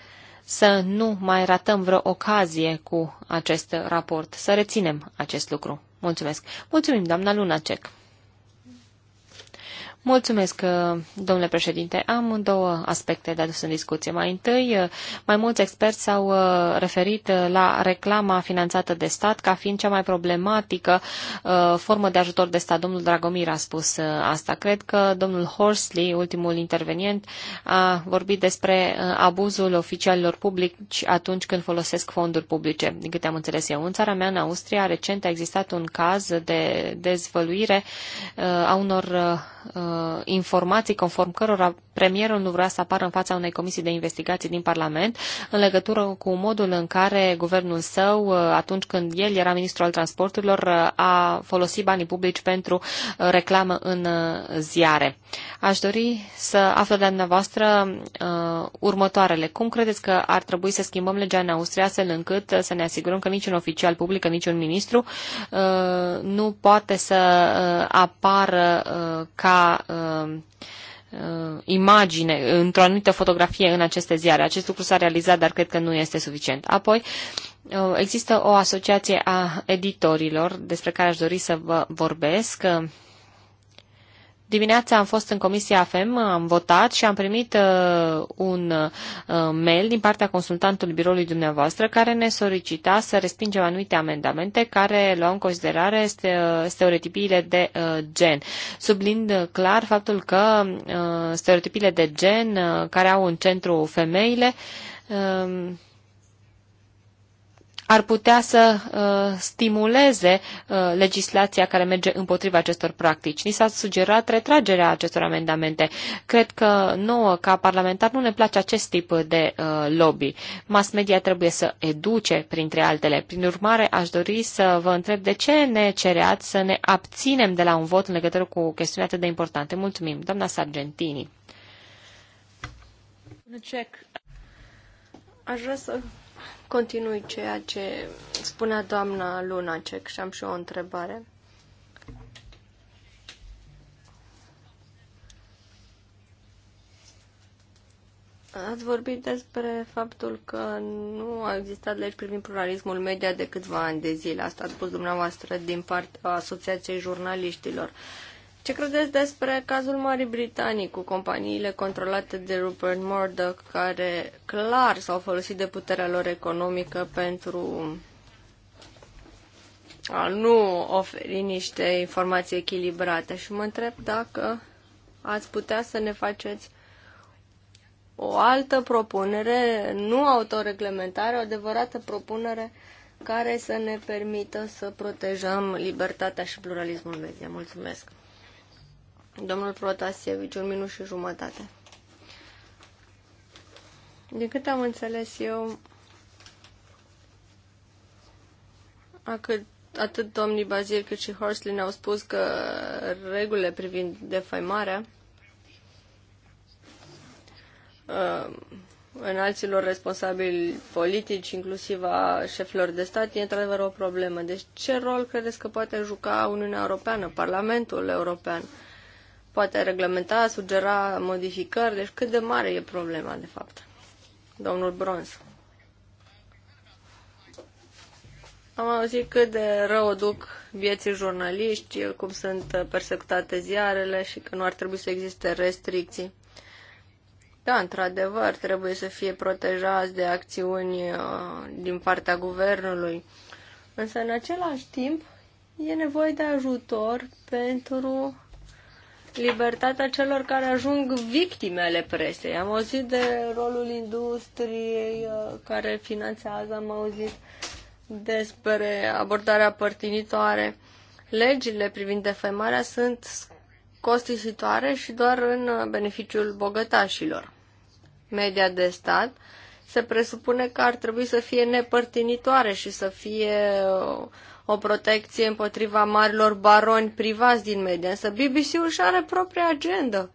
să nu mai ratăm vreo ocazie cu acest raport, să reținem acest lucru. Mulțumesc. Mulțumim, doamna Cec. Mulțumesc, uh, domnule președinte. Am două aspecte de adus în discuție. Mai întâi, uh, mai mulți experți s-au uh, referit la reclama finanțată de stat ca fiind cea mai problematică formă de ajutor de stat. Domnul Dragomir a spus asta. Cred că domnul Horsley, ultimul intervenient, a vorbit despre abuzul oficialilor publici atunci când folosesc fonduri publice. Din câte am înțeles eu, în țara mea, în Austria, recent a existat un caz de dezvăluire a unor Uh, informații conform cărora premierul nu vrea să apară în fața unei comisii de investigații din Parlament în legătură cu modul în care guvernul său, uh, atunci când el era ministru al transporturilor, uh, a folosit banii publici pentru uh, reclamă în ziare. Aș dori să află de dumneavoastră uh, următoarele. Cum credeți că ar trebui să schimbăm legea în Austria astfel încât să ne asigurăm că niciun oficial public, niciun ministru uh, nu poate să uh, apară uh, ca uh, uh, imagine, într-o anumită fotografie în aceste ziare. Acest lucru s-a realizat, dar cred că nu este suficient. Apoi, uh, există o asociație a editorilor despre care aș dori să vă vorbesc. Uh, Dimineața am fost în Comisia fem, am votat și am primit uh, un uh, mail din partea consultantului biroului dumneavoastră care ne solicita să respingem anumite amendamente care luau în considerare uh, stereotipiile de uh, gen, sublind clar faptul că uh, stereotipiile de gen uh, care au în centru femeile uh, ar putea să uh, stimuleze uh, legislația care merge împotriva acestor practici. Ni s-a sugerat retragerea acestor amendamente. Cred că nouă, ca parlamentar, nu ne place acest tip de uh, lobby. Mass media trebuie să educe, printre altele. Prin urmare, aș dori să vă întreb de ce ne cereați să ne abținem de la un vot în legătură cu chestiuni atât de importante. Mulțumim, doamna Sargentini. Check. Aș vrea să continui ceea ce spunea doamna Lunacek și am și o întrebare. Ați vorbit despre faptul că nu a existat legi privind pluralismul media de câțiva ani de zile. Asta a spus dumneavoastră din partea Asociației Jurnaliștilor. Uh, ce credeți despre cazul Marii Britanii cu companiile controlate de Rupert Murdoch, care clar s-au folosit de puterea lor economică pentru a nu oferi niște informații echilibrate? Și mă întreb dacă ați putea să ne faceți o altă propunere, nu autoreglementare, o adevărată propunere care să ne permită să protejăm libertatea și pluralismul media. Mulțumesc! Domnul Protasevici, un minut și jumătate. Din câte am înțeles eu, atât domnii Bazir cât și Horsley ne-au spus că regulile privind defaimarea uh, alților responsabili politici, inclusiv a șefilor de stat, e într-adevăr o problemă. Deci ce rol credeți că poate juca Uniunea Europeană, Parlamentul European? Uh, poate reglementa, sugera modificări, deci cât de mare e problema, de fapt. Domnul Bronz. Am auzit cât de rău o duc vieții jurnaliști, cum sunt persecutate ziarele și că nu ar trebui să existe restricții. Da, într-adevăr, trebuie să fie protejați de acțiuni uh, din partea guvernului. Însă, în același timp, e nevoie de ajutor pentru libertatea celor care ajung victime ale presei. Am auzit de rolul industriei uh, care finanțează, am auzit despre abordarea părtinitoare. Legile privind defăimarea sunt costisitoare și doar în uh, beneficiul bogătașilor. Media de stat se presupune că ar trebui să fie nepărtinitoare și să fie uh, o protecție împotriva marilor baroni privați din media, însă BBC-ul și are propria agendă.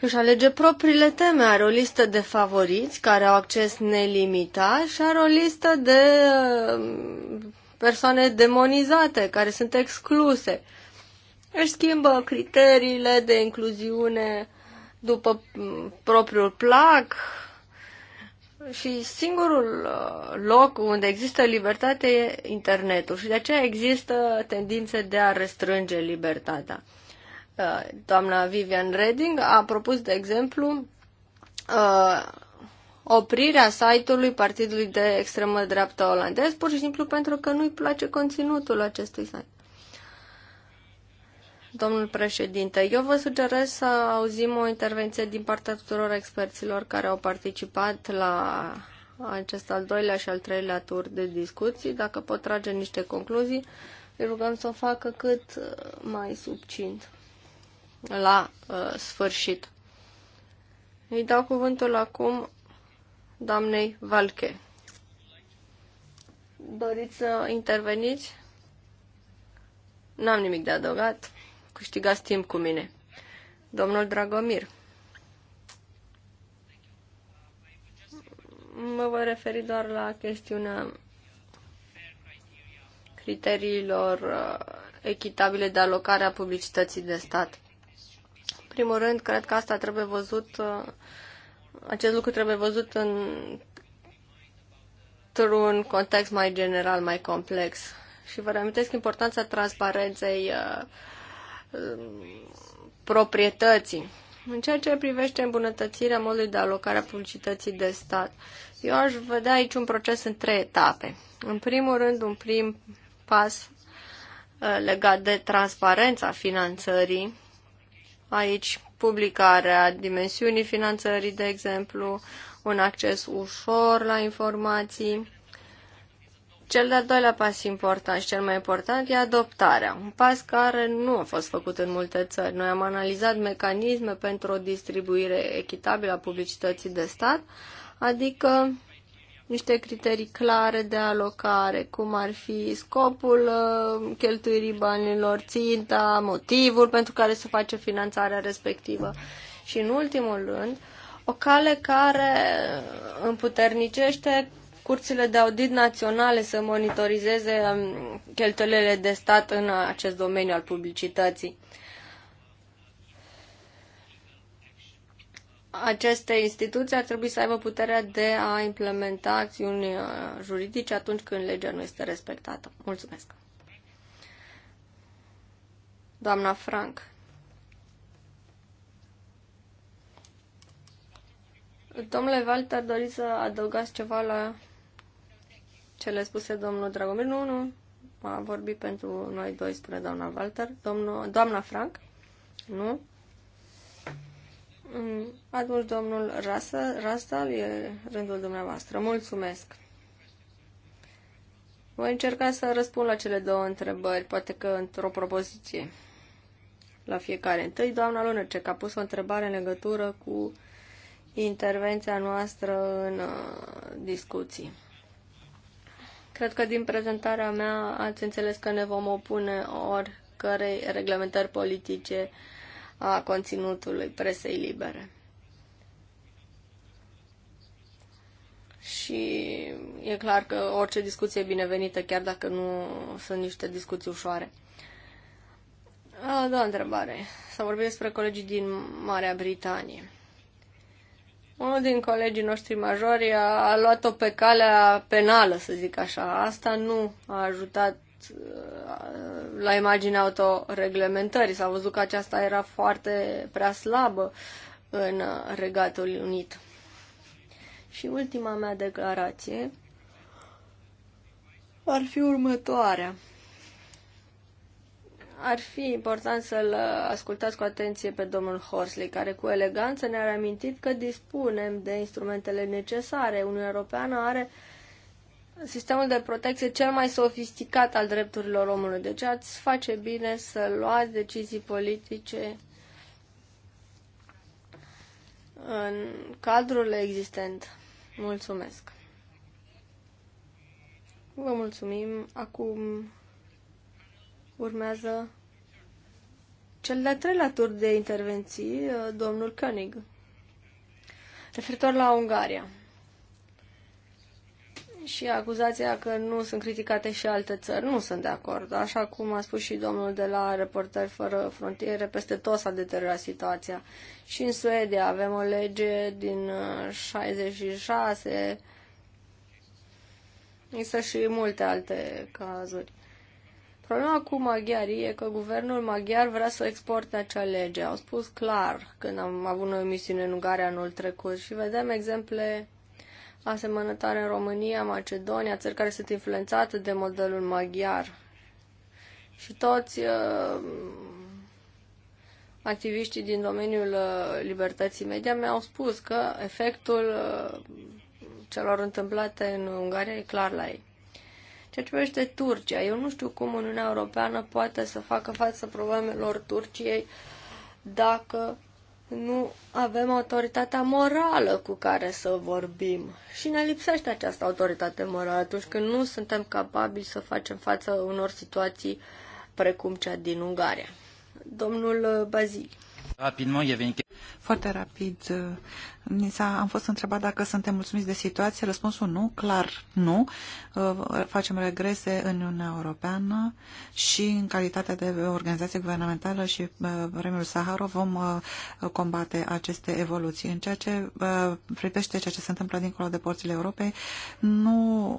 Își alege propriile teme, are o listă de favoriți care au acces nelimitat și are o listă de uh, persoane demonizate care sunt excluse. Își schimbă criteriile de incluziune după mm, propriul plac, și singurul uh, loc unde există libertate e internetul și de aceea există tendințe de a restrânge libertatea. Uh, doamna Vivian Redding a propus, de exemplu, uh, oprirea site-ului partidului de extremă dreaptă olandez, pur și simplu pentru că nu-i place conținutul acestui site domnul președinte. Eu vă sugerez să auzim o intervenție din partea tuturor experților care au participat la acest al doilea și al treilea tur de discuții. Dacă pot trage niște concluzii, îi rugăm să o facă cât mai subcint la uh, sfârșit. Îi dau cuvântul acum doamnei Valche. Doriți să interveniți? N-am nimic de adăugat câștigați timp cu mine. Domnul Dragomir. Mă voi referi doar la chestiunea criteriilor uh, echitabile de alocare a publicității de stat. În primul rând, cred că asta trebuie văzut, uh, acest lucru trebuie văzut în într-un context mai general, mai complex. Și vă reamintesc importanța transparenței uh, proprietății. În ceea ce privește îmbunătățirea modului de alocare a publicității de stat, eu aș vedea aici un proces în trei etape. În primul rând, un prim pas uh, legat de transparența finanțării. Aici, publicarea dimensiunii finanțării, de exemplu, un acces ușor la informații, cel de-al doilea pas important și cel mai important e adoptarea, un pas care nu a fost făcut în multe țări. Noi am analizat mecanisme pentru o distribuire echitabilă a publicității de stat, adică niște criterii clare de alocare, cum ar fi scopul uh, cheltuirii banilor, ținta, motivul pentru care se face finanțarea respectivă. Și în ultimul rând, o cale care împuternicește curțile de audit naționale să monitorizeze um, cheltuielile de stat în acest domeniu al publicității. Aceste instituții ar trebui să aibă puterea de a implementa acțiuni uh, juridice atunci când legea nu este respectată. Mulțumesc. Doamna Frank. Domnule Walter, doriți să adăugați ceva la ce le spuse domnul Dragomir. Nu, nu. A vorbit pentru noi doi, spune doamna Walter. Domnul, doamna Frank? Nu. Mm, atunci, domnul Rasa, Rastal, e rândul dumneavoastră. Mulțumesc. Voi încerca să răspund la cele două întrebări, poate că într-o propoziție la fiecare. Întâi, doamna Lunecek a pus o întrebare în legătură cu intervenția noastră în uh, discuții. Cred că din prezentarea mea ați înțeles că ne vom opune oricărei reglementări politice a conținutului presei libere. Și e clar că orice discuție e binevenită, chiar dacă nu sunt niște discuții ușoare. A doua întrebare. S-a vorbit despre colegii din Marea Britanie. Unul din colegii noștri majori a, a luat-o pe calea penală, să zic așa. Asta nu a ajutat uh, la imaginea autoreglementării. S-a văzut că aceasta era foarte prea slabă în Regatul Unit. Și ultima mea declarație ar fi următoarea ar fi important să-l ascultați cu atenție pe domnul Horsley, care cu eleganță ne-a reamintit că dispunem de instrumentele necesare. Uniunea Europeană are sistemul de protecție cel mai sofisticat al drepturilor omului. Deci ați face bine să luați decizii politice în cadrul existent. Mulțumesc! Vă mulțumim. Acum Urmează cel de-al treilea tur de intervenții, uh, domnul König. Referitor la Ungaria și acuzația că nu sunt criticate și alte țări. Nu sunt de acord. Așa cum a spus și domnul de la Reporteri Fără Frontiere, peste tot s-a deteriorat situația. Și în Suedia avem o lege din 66. Uh, Există și multe alte cazuri. Problema cu maghiarii e că guvernul maghiar vrea să exporte acea lege. Au spus clar când am avut noi o misiune în Ungaria anul trecut și vedem exemple asemănătoare în România, Macedonia, țări care sunt influențate de modelul maghiar. Și toți uh, activiștii din domeniul uh, libertății media mi-au spus că efectul uh, celor întâmplate în Ungaria e clar la ei. Ceea ce privește Turcia, eu nu știu cum Uniunea Europeană poate să facă față problemelor Turciei dacă nu avem autoritatea morală cu care să vorbim. Și ne lipsește această autoritate morală atunci când nu suntem capabili să facem față unor situații precum cea din Ungaria. Domnul Bazil. Foarte rapid, uh, am fost întrebat dacă suntem mulțumiți de situație. Răspunsul nu, clar nu. Uh, facem regrese în Uniunea Europeană și în calitate de organizație guvernamentală și uh, premiul Saharov vom combate aceste evoluții. În ceea ce privește ceea ce se întâmplă dincolo de porțile Europei, nu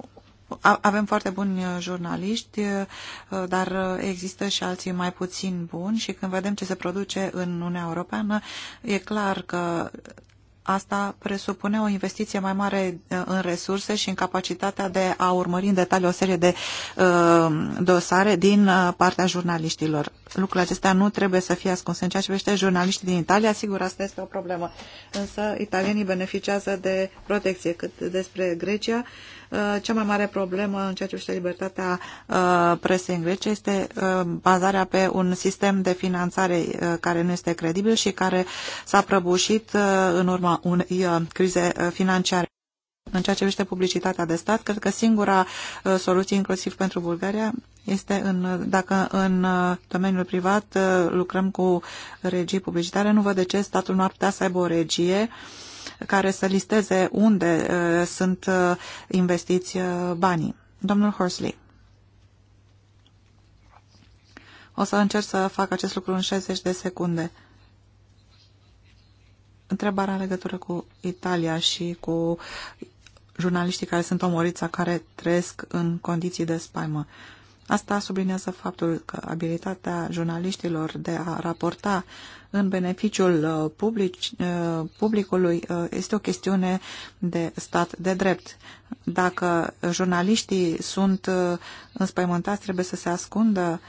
avem foarte buni uh, jurnaliști, uh, dar uh, există și alții mai puțin buni și când vedem ce se produce în Uniunea Europeană, e clar că asta presupune o investiție mai mare în resurse și în capacitatea de a urmări în detaliu o serie de dosare din partea jurnaliștilor lucrul acesta nu trebuie să fie ascuns. În ceea ce privește jurnaliștii din Italia, sigur, asta este o problemă. Însă italienii beneficiază de protecție. Cât despre Grecia, uh, cea mai mare problemă în ceea ce privește libertatea uh, presei în Grecia este uh, bazarea pe un sistem de finanțare care nu este credibil și care s-a prăbușit în urma unei crize financiare. În ceea ce privește publicitatea de stat, cred că singura soluție, inclusiv pentru Bulgaria, este în, dacă în uh, domeniul privat uh, lucrăm cu regii publicitare, nu văd de ce statul nu ar putea să aibă o regie care să listeze unde uh, sunt investiți banii. Domnul Horsley. O să încerc să fac acest lucru în 60 de secunde. Întrebarea în legătură cu Italia și cu jurnaliștii care sunt omoriți, care trăiesc în condiții de spaimă. Uh, Asta sublinează faptul că abilitatea jurnaliștilor de a raporta în beneficiul uh, public, uh, publicului uh, este o chestiune de stat de drept. Dacă jurnaliștii sunt înspăimântați, trebuie să se ascundă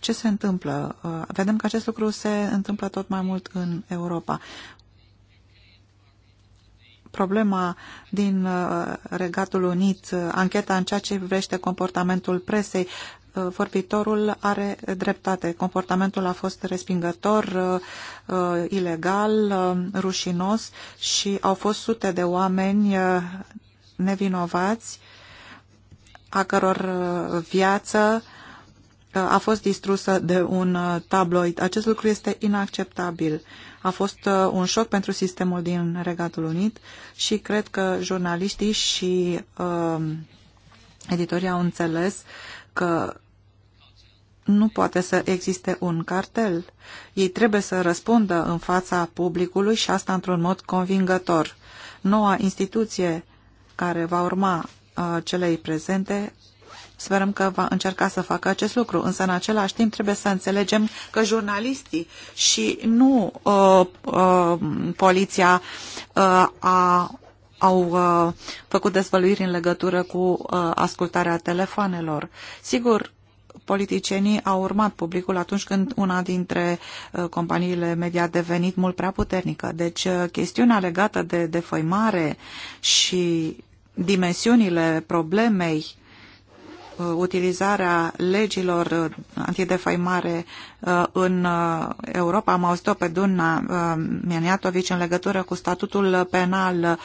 ce se întâmplă? Vedem că acest lucru se întâmplă tot mai mult în Europa problema din uh, Regatul Unit, uh, ancheta în ceea ce privește comportamentul presei, uh, vorbitorul are dreptate. Comportamentul a fost respingător, ilegal, rușinos și au fost sute de oameni nevinovați a căror viață a fost distrusă de un uh, tabloid. Acest lucru este inacceptabil. A fost uh, un șoc pentru sistemul din Regatul Unit și cred că jurnaliștii și uh, editorii au înțeles că nu poate să existe un cartel. Ei trebuie să răspundă în fața publicului și asta într-un mod convingător. Noua instituție care va urma uh, celei prezente Sperăm că va încerca să facă acest lucru, însă în același timp trebuie să înțelegem că jurnaliștii și nu uh, uh, poliția uh, a, au uh, făcut dezvăluiri în legătură cu uh, ascultarea telefoanelor. Sigur, politicienii au urmat publicul atunci când una dintre uh, companiile media a devenit mult prea puternică. Deci uh, chestiunea legată de defăimare și dimensiunile problemei Uh, utilizarea legilor uh, antidefaimare uh, în Europa. Am auzit-o pe Duna Mianiatovici în legătură cu statutul penal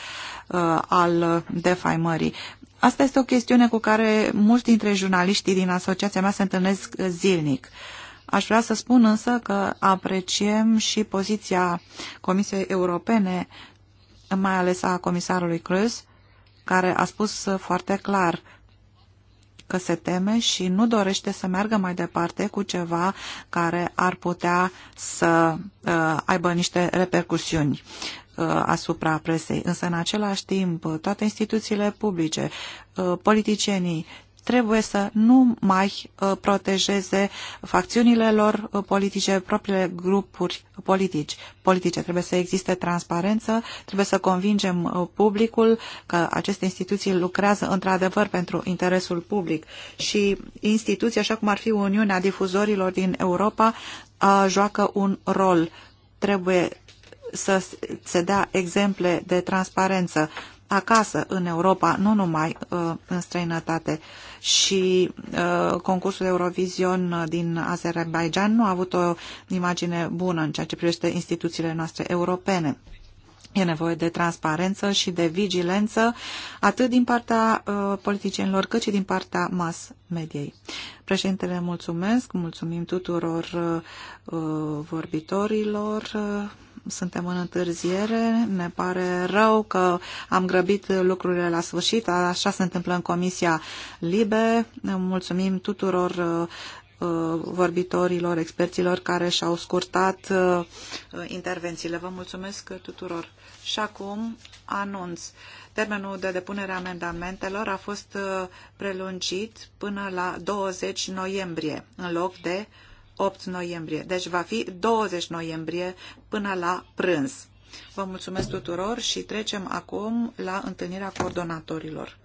al defaimării. Asta este o chestiune cu care mulți dintre jurnaliștii din asociația mea se întâlnesc zilnic. Aș vrea să spun însă că apreciem și poziția Comisiei Europene, mai ales a comisarului Cruz, care a spus foarte clar că se teme și nu dorește să meargă mai departe cu ceva care ar putea să uh, aibă niște repercusiuni uh, asupra presei. Însă, în același timp, toate instituțiile publice, uh, politicienii trebuie să nu mai uh, protejeze facțiunile lor uh, politice, propriile grupuri politici, politice. Trebuie să existe transparență, trebuie să convingem uh, publicul că aceste instituții lucrează într-adevăr pentru interesul public și instituții, așa cum ar fi Uniunea Difuzorilor din Europa, joacă un rol. Trebuie să se dea exemple de transparență acasă în Europa, nu numai uh, în străinătate. Și uh, concursul Eurovision din Azerbaijan nu a avut o imagine bună în ceea ce privește instituțiile noastre europene. E nevoie de transparență și de vigilență, atât din partea uh, politicienilor, cât și din partea mass mediei. Președintele, mulțumesc, mulțumim tuturor uh, vorbitorilor. Uh, suntem în întârziere. Ne pare rău că am grăbit lucrurile la sfârșit. Așa se întâmplă în Comisia Libe. Ne mulțumim tuturor uh, uh, vorbitorilor, experților care și-au scurtat uh, intervențiile. Vă mulțumesc tuturor. Și acum anunț. Termenul de depunere a amendamentelor a fost prelungit până la 20 noiembrie, în loc de 8 noiembrie. Deci va fi 20 noiembrie până la prânz. Vă mulțumesc tuturor și trecem acum la întâlnirea coordonatorilor.